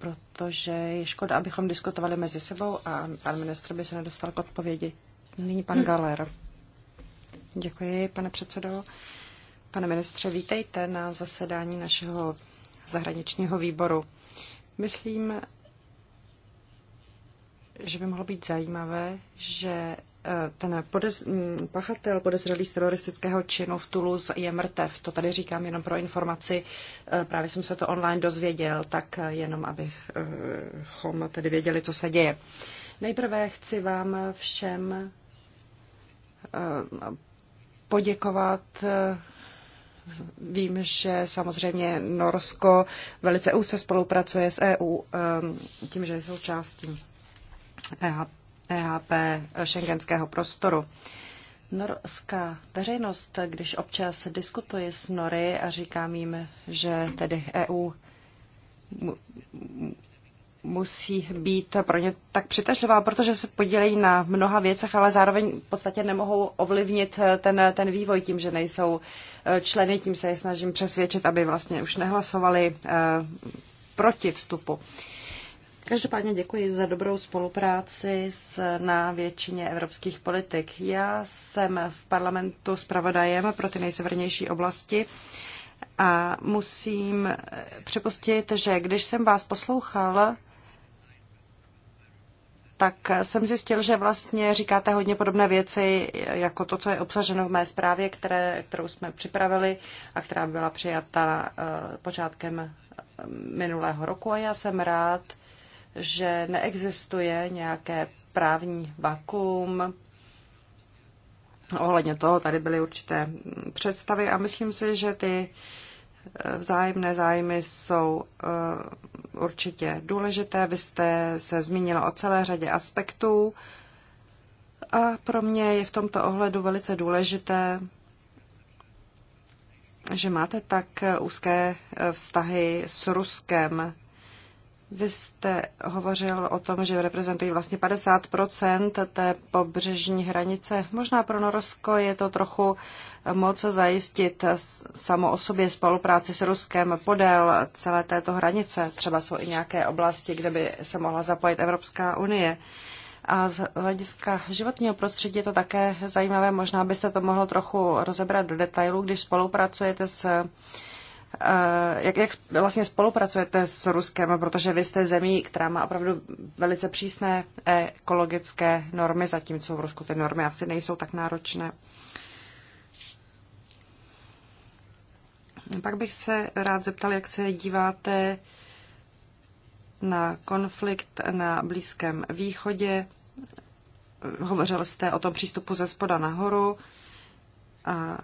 protože je škoda, abychom diskutovali mezi sebou a pan ministr by se nedostal k odpovědi. Nyní pan Galer. Děkuji, pane předsedo. Pane ministře, vítejte na zasedání našeho zahraničního výboru. Myslím, že by mohlo být zajímavé, že eh, ten podez, mm, pachatel podezřelý z teroristického činu v Toulouse je mrtev. To tady říkám jenom pro informaci, eh, právě jsem se to online dozvěděl, tak eh, jenom abychom tedy věděli, co se děje. Nejprve chci vám všem poděkovat. Vím, že samozřejmě Norsko velice úzce spolupracuje s EU tím, že jsou částí EHP šengenského e prostoru. Norská veřejnost, když občas diskutuje s Nory a říkám jim, že tedy EU musí být pro ně tak přitažlivá, protože se podílejí na mnoha věcech, ale zároveň v podstatě nemohou ovlivnit ten, ten vývoj tím, že nejsou eh, členy, tím se je snažím přesvědčit, aby vlastně už nehlasovali eh, proti vstupu. Každopádně děkuji za dobrou spolupráci s, na většině evropských politik. Já jsem v parlamentu zpravodajem pro ty nejsevernější oblasti a musím eh, připustit, že když jsem vás poslouchal, tak jsem zjistil, že vlastně říkáte hodně podobné věci, jako to, co je obsaženo v mé zprávě, které, kterou jsme připravili a která byla přijata eh, počátkem eh, minulého roku. A já jsem rád, že neexistuje nějaké právní vakuum. Ohledně toho tady byly určité představy a myslím si, že ty uh, Vzájemné zájmy jsou eh, určitě důležité. Vy jste se zmínila o celé řadě aspektů a pro mě je v tomto ohledu velice důležité, že máte tak úzké eh, vztahy s Ruskem. Vy jste hovořil o tom, že reprezentují vlastně 50 té pobřežní hranice. Možná pro Norsko je to trochu moc zajistit samo o sobě spolupráci s Ruskem podél celé této hranice. Třeba jsou i nějaké oblasti, kde by se mohla zapojit Evropská unie. A z hlediska životního prostředí je to také zajímavé. Možná byste to mohlo trochu rozebrat do detailu, když spolupracujete s Eh, jak, jak vlastně spolupracujete s Ruskem, protože vy jste zemí, která má opravdu velice přísné ekologické normy, zatímco v Rusku ty normy asi nejsou tak náročné. Pak bych se rád zeptal, jak se díváte na konflikt na Blízkém východě. Hovořil jste o tom přístupu ze spoda nahoru. A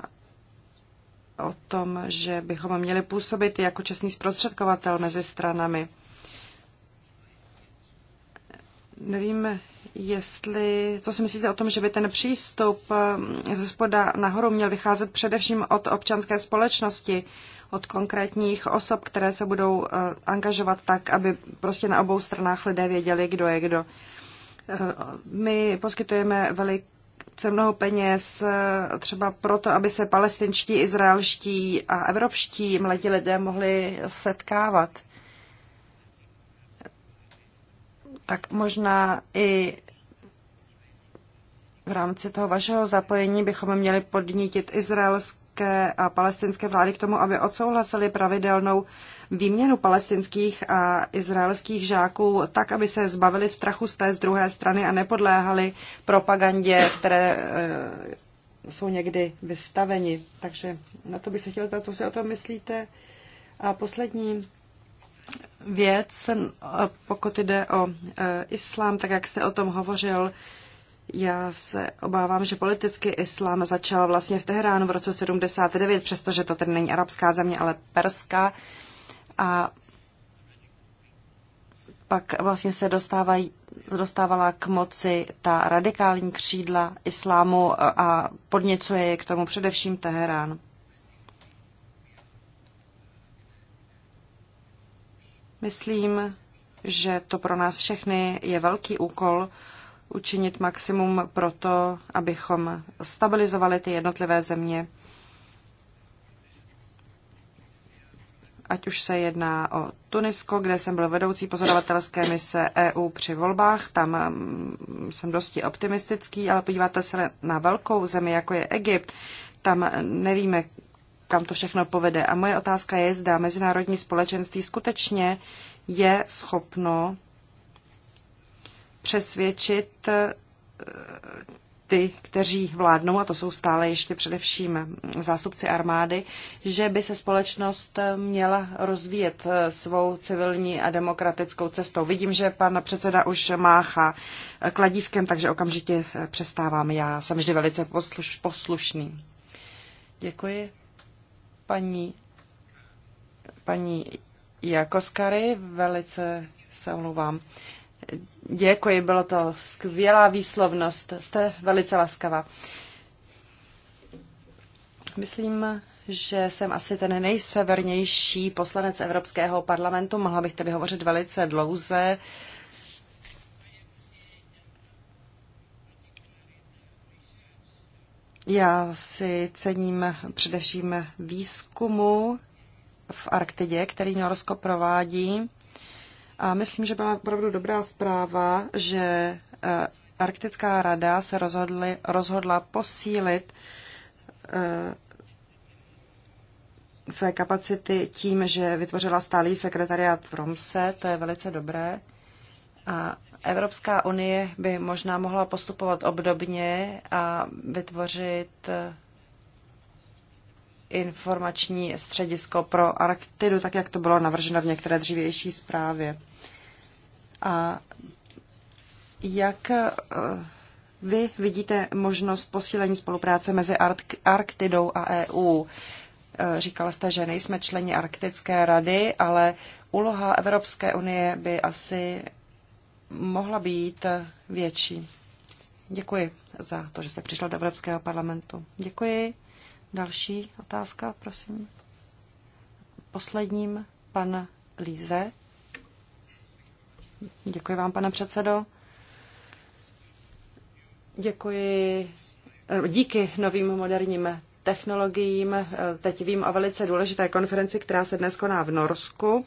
o tom, že bychom měli působit jako čestný zprostředkovatel mezi stranami. Nevím, jestli, co si myslíte o tom, že by ten přístup mm, ze spoda nahoru měl vycházet především od občanské společnosti, od konkrétních osob, které se budou eh, angažovat tak, aby prostě na obou stranách lidé věděli, kdo je kdo. Eh, my poskytujeme velik chce mnoho peněz eh, třeba proto, aby se palestinští, izraelští a evropští mladí lidé mohli setkávat. Tak možná i v rámci toho vašeho zapojení bychom měli podnítit izraelské a palestinské vlády k tomu, aby odsouhlasili pravidelnou výměnu palestinských a izraelských žáků tak, aby se zbavili strachu z té z druhé strany a nepodléhali propagandě, které eh, jsou někdy vystaveni. Takže na to bych se chtěla zeptat, co si o tom myslíte. A poslední věc, pokud jde o eh, islám, tak jak jste o tom hovořil, já se obávám, že politicky islám začal vlastně v Teheránu v roce 79, přestože to tedy není arabská země, ale perská a pak vlastně se dostávají, dostávala k moci ta radikální křídla islámu a podněcuje je k tomu především Teherán. Myslím, že to pro nás všechny je velký úkol učinit maximum pro to, abychom stabilizovali ty jednotlivé země ať už se jedná o Tunisko, kde jsem byl vedoucí pozorovatelské mise EU při volbách, tam mm, jsem dosti optimistický, ale podíváte se na velkou zemi, jako je Egypt, tam nevíme, kam to všechno povede. A moje otázka je, zda mezinárodní společenství skutečně je schopno přesvědčit eh, ty, kteří vládnou, a to jsou stále ještě především zástupci armády, že by se společnost měla rozvíjet svou civilní a demokratickou cestou. Vidím, že pan předseda už mácha kladívkem, takže okamžitě přestávám. Já jsem vždy velice posluš, poslušný. Děkuji. Paní, paní Jakoskary, velice se omlouvám. Děkuji, bylo to skvělá výslovnost. Jste velice laskavá. Myslím, že jsem asi ten nejsevernější poslanec Evropského parlamentu. Mohla bych tedy hovořit velice dlouze. Já si cením především výzkumu v Arktidě, který Norsko provádí. A myslím, že byla opravdu dobrá zpráva, že eh, Arktická rada se rozhodli, rozhodla posílit eh, své kapacity tím, že vytvořila stálý sekretariát v Romse, to je velice dobré. A Evropská unie by možná mohla postupovat obdobně a vytvořit eh, informační středisko pro Arktidu, tak jak to bylo navrženo v některé dřívější zprávě. A jak eh, vy vidíte možnost posílení spolupráce mezi Arktidou a EU? Eh, říkala jste, že nejsme členi Arktické rady, ale úloha Evropské unie by asi mohla být větší. Děkuji za to, že jste přišla do Evropského parlamentu. Děkuji. Další otázka, prosím. Posledním pan Líze. Děkuji vám, pane předsedo. Děkuji. Eh, díky novým moderním technologiím eh, teď vím o velice důležité konferenci, která se dnes koná v Norsku.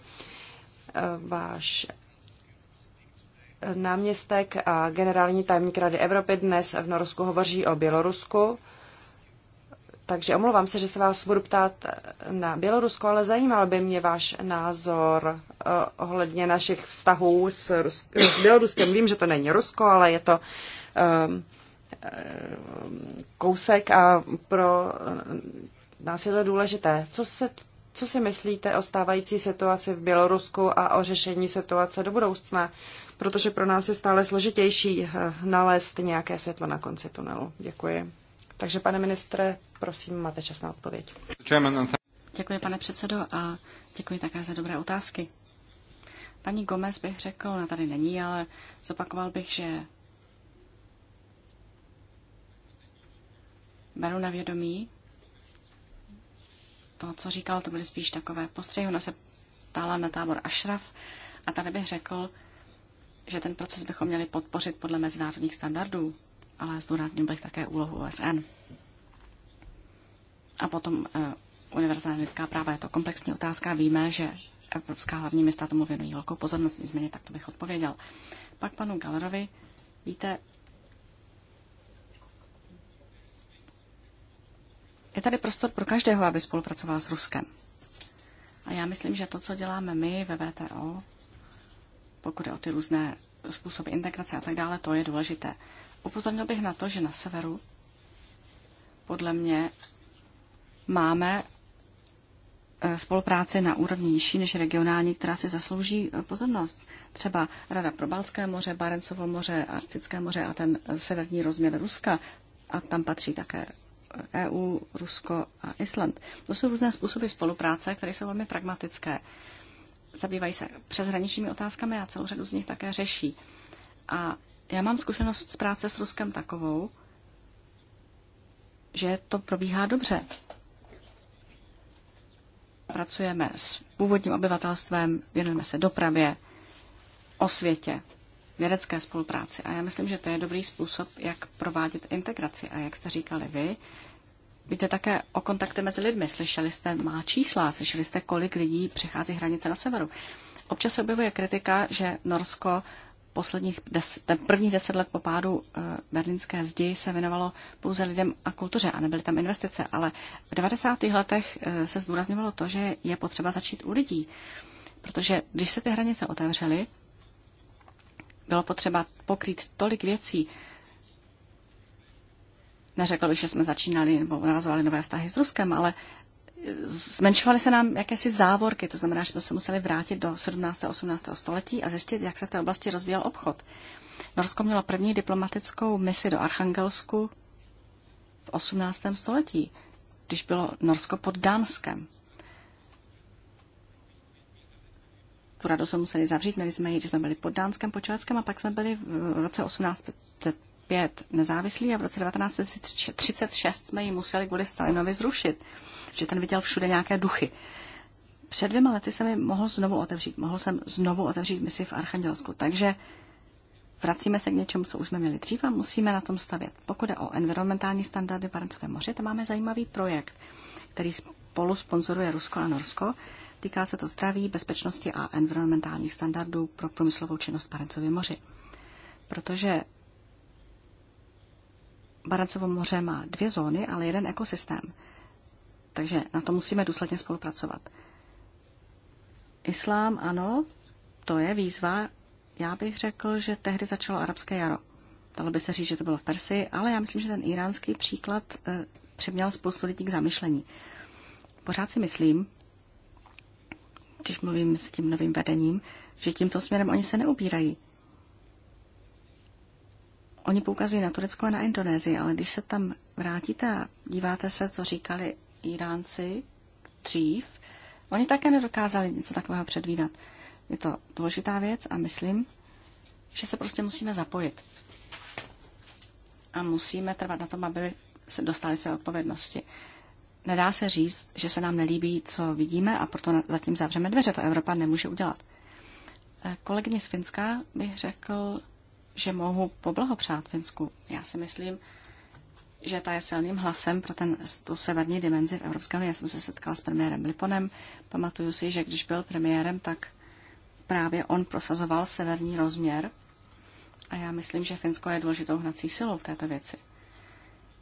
Eh, váš náměstek a generální tajemník Rady Evropy dnes v Norsku hovoří o Bělorusku. Takže omlouvám se, že se vás budu ptát eh, na Bělorusko, ale zajímal by mě váš názor eh, ohledně našich vztahů s, Rus- s Běloruskem. Vím, že to není Rusko, ale je to uh, kousek a pro eh, nás je to důležité. Co, se, co si myslíte o stávající situaci v Bělorusku a o řešení situace do budoucna? Protože pro nás je stále složitější nalézt nějaké světlo na konci tunelu. Děkuji. Takže, pane ministre, prosím, máte čas na odpověď. Děkuji, pane předsedo, a děkuji také za dobré otázky. Paní Gomez bych řekl, na tady není, ale zopakoval bych, že beru na vědomí to, co říkal, to byly spíš takové postřehy. Ona se ptala na tábor Ashraf a tady bych řekl, že ten proces bychom měli podpořit podle mezinárodních standardů, ale zdůraznil bych také úlohu OSN. A potom eh, univerzální lidská práva je to komplexní otázka. Víme, že Evropská hlavní města tomu věnují velkou pozornost, nicméně tak to bych odpověděl. Pak panu Galerovi, víte, je tady prostor pro každého, aby spolupracoval s Ruskem. A já myslím, že to, co děláme my ve VTO, pokud je o ty různé způsoby integrace a tak dále, to je důležité. Upozornil bych na to, že na severu podle mě máme eh, spolupráci na úrovni nižší než regionální, která si zaslouží eh, pozornost. Třeba Rada pro Balské moře, Barencovo moře, Arktické moře a ten eh, severní rozměr Ruska. A tam patří také EU, e Rusko a Island. To jsou různé způsoby spolupráce, které jsou velmi pragmatické. Zabývají se přeshraničními otázkami a celou řadu z nich také řeší. A já mám zkušenost z práce s Ruskem takovou, že to probíhá dobře. Pracujeme s původním obyvatelstvem, věnujeme se dopravě, osvětě, vědecké spolupráci. A já myslím, že to je dobrý způsob, jak provádět integraci. A jak jste říkali vy, víte také o kontakty mezi lidmi. Slyšeli jste má čísla, slyšeli jste, kolik lidí přechází hranice na severu. Občas se objevuje kritika, že Norsko posledních des, ten prvních deset let po pádu eh, berlínské zdi se věnovalo pouze lidem a kultuře a nebyly tam investice, ale v 90. letech eh, se zdůrazňovalo to, že je potřeba začít u lidí, protože když se ty hranice otevřely, bylo potřeba pokrýt tolik věcí, neřekl bych, že jsme začínali nebo navazovali nové vztahy s Ruskem, ale zmenšovaly se nám jakési závorky, to znamená, že jsme se museli vrátit do 17. a 18. století a zjistit, jak se v té oblasti rozvíjel obchod. Norsko mělo první diplomatickou misi do Archangelsku v 18. století, když bylo Norsko pod Dánskem. Tu radu jsme museli zavřít, měli jsme ji, že jsme byli pod Dánskem, pod Švédskem a pak jsme byli v roce 18, 1935 nezávislí a v roce 1936 jsme ji museli kvůli Stalinovi zrušit, že ten viděl všude nějaké duchy. Před dvěma lety jsem ji mohl znovu otevřít. Mohl jsem znovu otevřít misi v Archandělsku. Takže vracíme se k něčemu, co už jsme měli dřív a musíme na tom stavět. Pokud je o environmentální standardy v moře, moři, tam máme zajímavý projekt, který spolu sponzoruje Rusko a Norsko. Týká se to zdraví, bezpečnosti a environmentálních standardů pro průmyslovou činnost v Barentsově moři. Protože Barancovo moře má dvě zóny, ale jeden ekosystém. Takže na to musíme důsledně spolupracovat. Islám, ano, to je výzva. Já bych řekl, že tehdy začalo arabské jaro. Dalo by se říct, že to bylo v Persii, ale já myslím, že ten iránský příklad e, přiměl spoustu lidí k zamyšlení. Pořád si myslím, když mluvím s tím novým vedením, že tímto směrem oni se neubírají. Oni poukazují na Turecko a na Indonésii, ale když se tam vrátíte a díváte se, co říkali Iránci dřív, oni také nedokázali něco takového předvídat. Je to důležitá věc a myslím, že se prostě musíme zapojit. A musíme trvat na tom, aby se dostali své odpovědnosti. Nedá se říct, že se nám nelíbí, co vidíme a proto zatím zavřeme dveře. To Evropa nemůže udělat. Eh, kolegyně z Finska bych řekl, že mohu poblahopřát Finsku. Já si myslím, že ta je silným hlasem pro ten, tu severní dimenzi v Evropské unii. Já jsem se setkala s premiérem Liponem. Pamatuju si, že když byl premiérem, tak právě on prosazoval severní rozměr. A já myslím, že Finsko je důležitou hnací silou v této věci.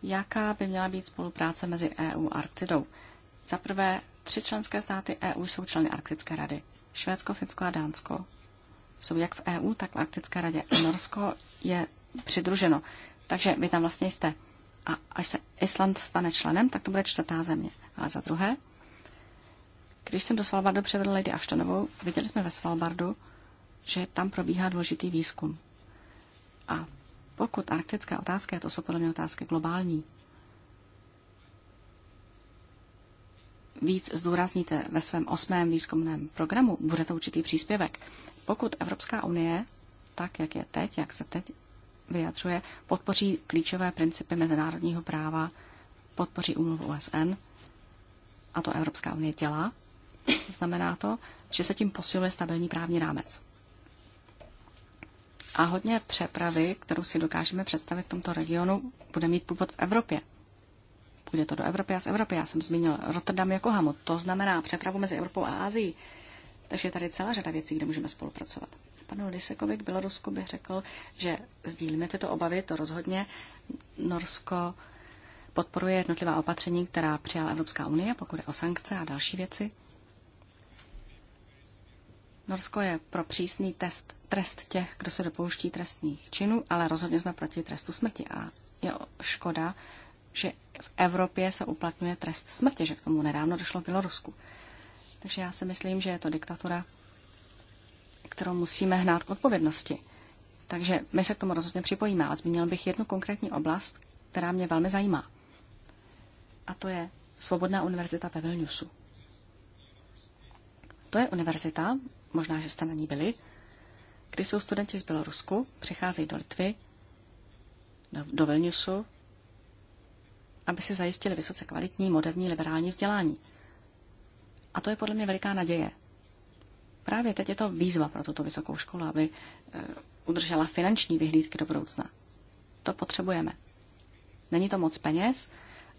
Jaká by měla být spolupráce mezi EU a Arktidou? Za prvé, tři členské státy EU jsou členy Arktické rady. Švédsko, Finsko a Dánsko jsou jak v EU, tak v Arktické radě. A Norsko je přidruženo. Takže vy tam vlastně jste. A až se Island stane členem, tak to bude čtvrtá země. A za druhé, když jsem do Svalbardu převedl Lady Ashtonovou, viděli jsme ve Svalbardu, že tam probíhá důležitý výzkum. A pokud arktické otázky, a to jsou podle mě otázky globální, víc zdůrazníte ve svém osmém výzkumném programu, bude to určitý příspěvek pokud Evropská unie, tak jak je teď, jak se teď vyjadřuje, podpoří klíčové principy mezinárodního práva, podpoří úmluvu OSN, a to Evropská unie dělá, znamená to, že se tím posiluje stabilní právní rámec. A hodně přepravy, kterou si dokážeme představit v tomto regionu, bude mít původ v Evropě. Bude to do Evropy a z Evropy. Já jsem zmínil Rotterdam, Yokohamu. Jako to znamená přepravu mezi Evropou a Ázií. Takže je tady celá řada věcí, kde můžeme spolupracovat. Panu Lisekovi k Bělorusku bych řekl, že sdílíme tyto obavy, to rozhodně. Norsko podporuje jednotlivá opatření, která přijala Evropská unie, pokud je o sankce a další věci. Norsko je pro přísný test, trest těch, kdo se dopouští trestných činů, ale rozhodně jsme proti trestu smrti. A je škoda, že v Evropě se uplatňuje trest smrti, že k tomu nedávno došlo v Bělorusku. Takže já si myslím, že je to diktatura, kterou musíme hnát k odpovědnosti. Takže my se k tomu rozhodně připojíme, ale zmínil bych jednu konkrétní oblast, která mě velmi zajímá. A to je Svobodná univerzita ve Vilniusu. To je univerzita, možná, že jste na ní byli, kdy jsou studenti z Bělorusku, přicházejí do Litvy, do, do Vilniusu, aby si zajistili vysoce kvalitní, moderní, liberální vzdělání. A to je podle mě veliká naděje. Právě teď je to výzva pro tuto vysokou školu, aby eh, udržela finanční vyhlídky do budoucna. To potřebujeme. Není to moc peněz,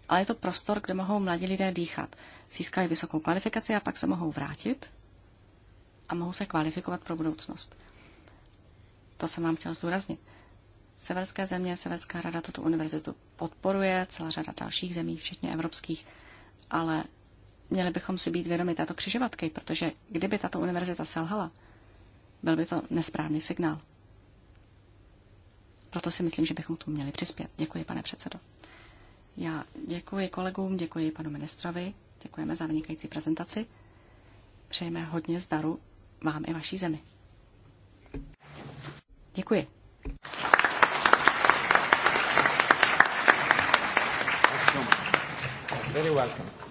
ale je to prostor, kde mohou mladí lidé dýchat. Získají vysokou kvalifikaci a pak se mohou vrátit a mohou se kvalifikovat pro budoucnost. To jsem vám chtěl zdůraznit. Severské země, Severská rada tuto univerzitu podporuje, celá řada dalších zemí, včetně evropských, ale Měli bychom si být vědomi této křižovatky, protože kdyby tato univerzita selhala, byl by to nesprávný signál. Proto si myslím, že bychom tu měli přispět. Děkuji, pane předsedo. Já děkuji kolegům, děkuji panu ministrovi, děkujeme za vynikající prezentaci. Přejeme hodně zdaru vám i vaší zemi. Děkuji. Very welcome.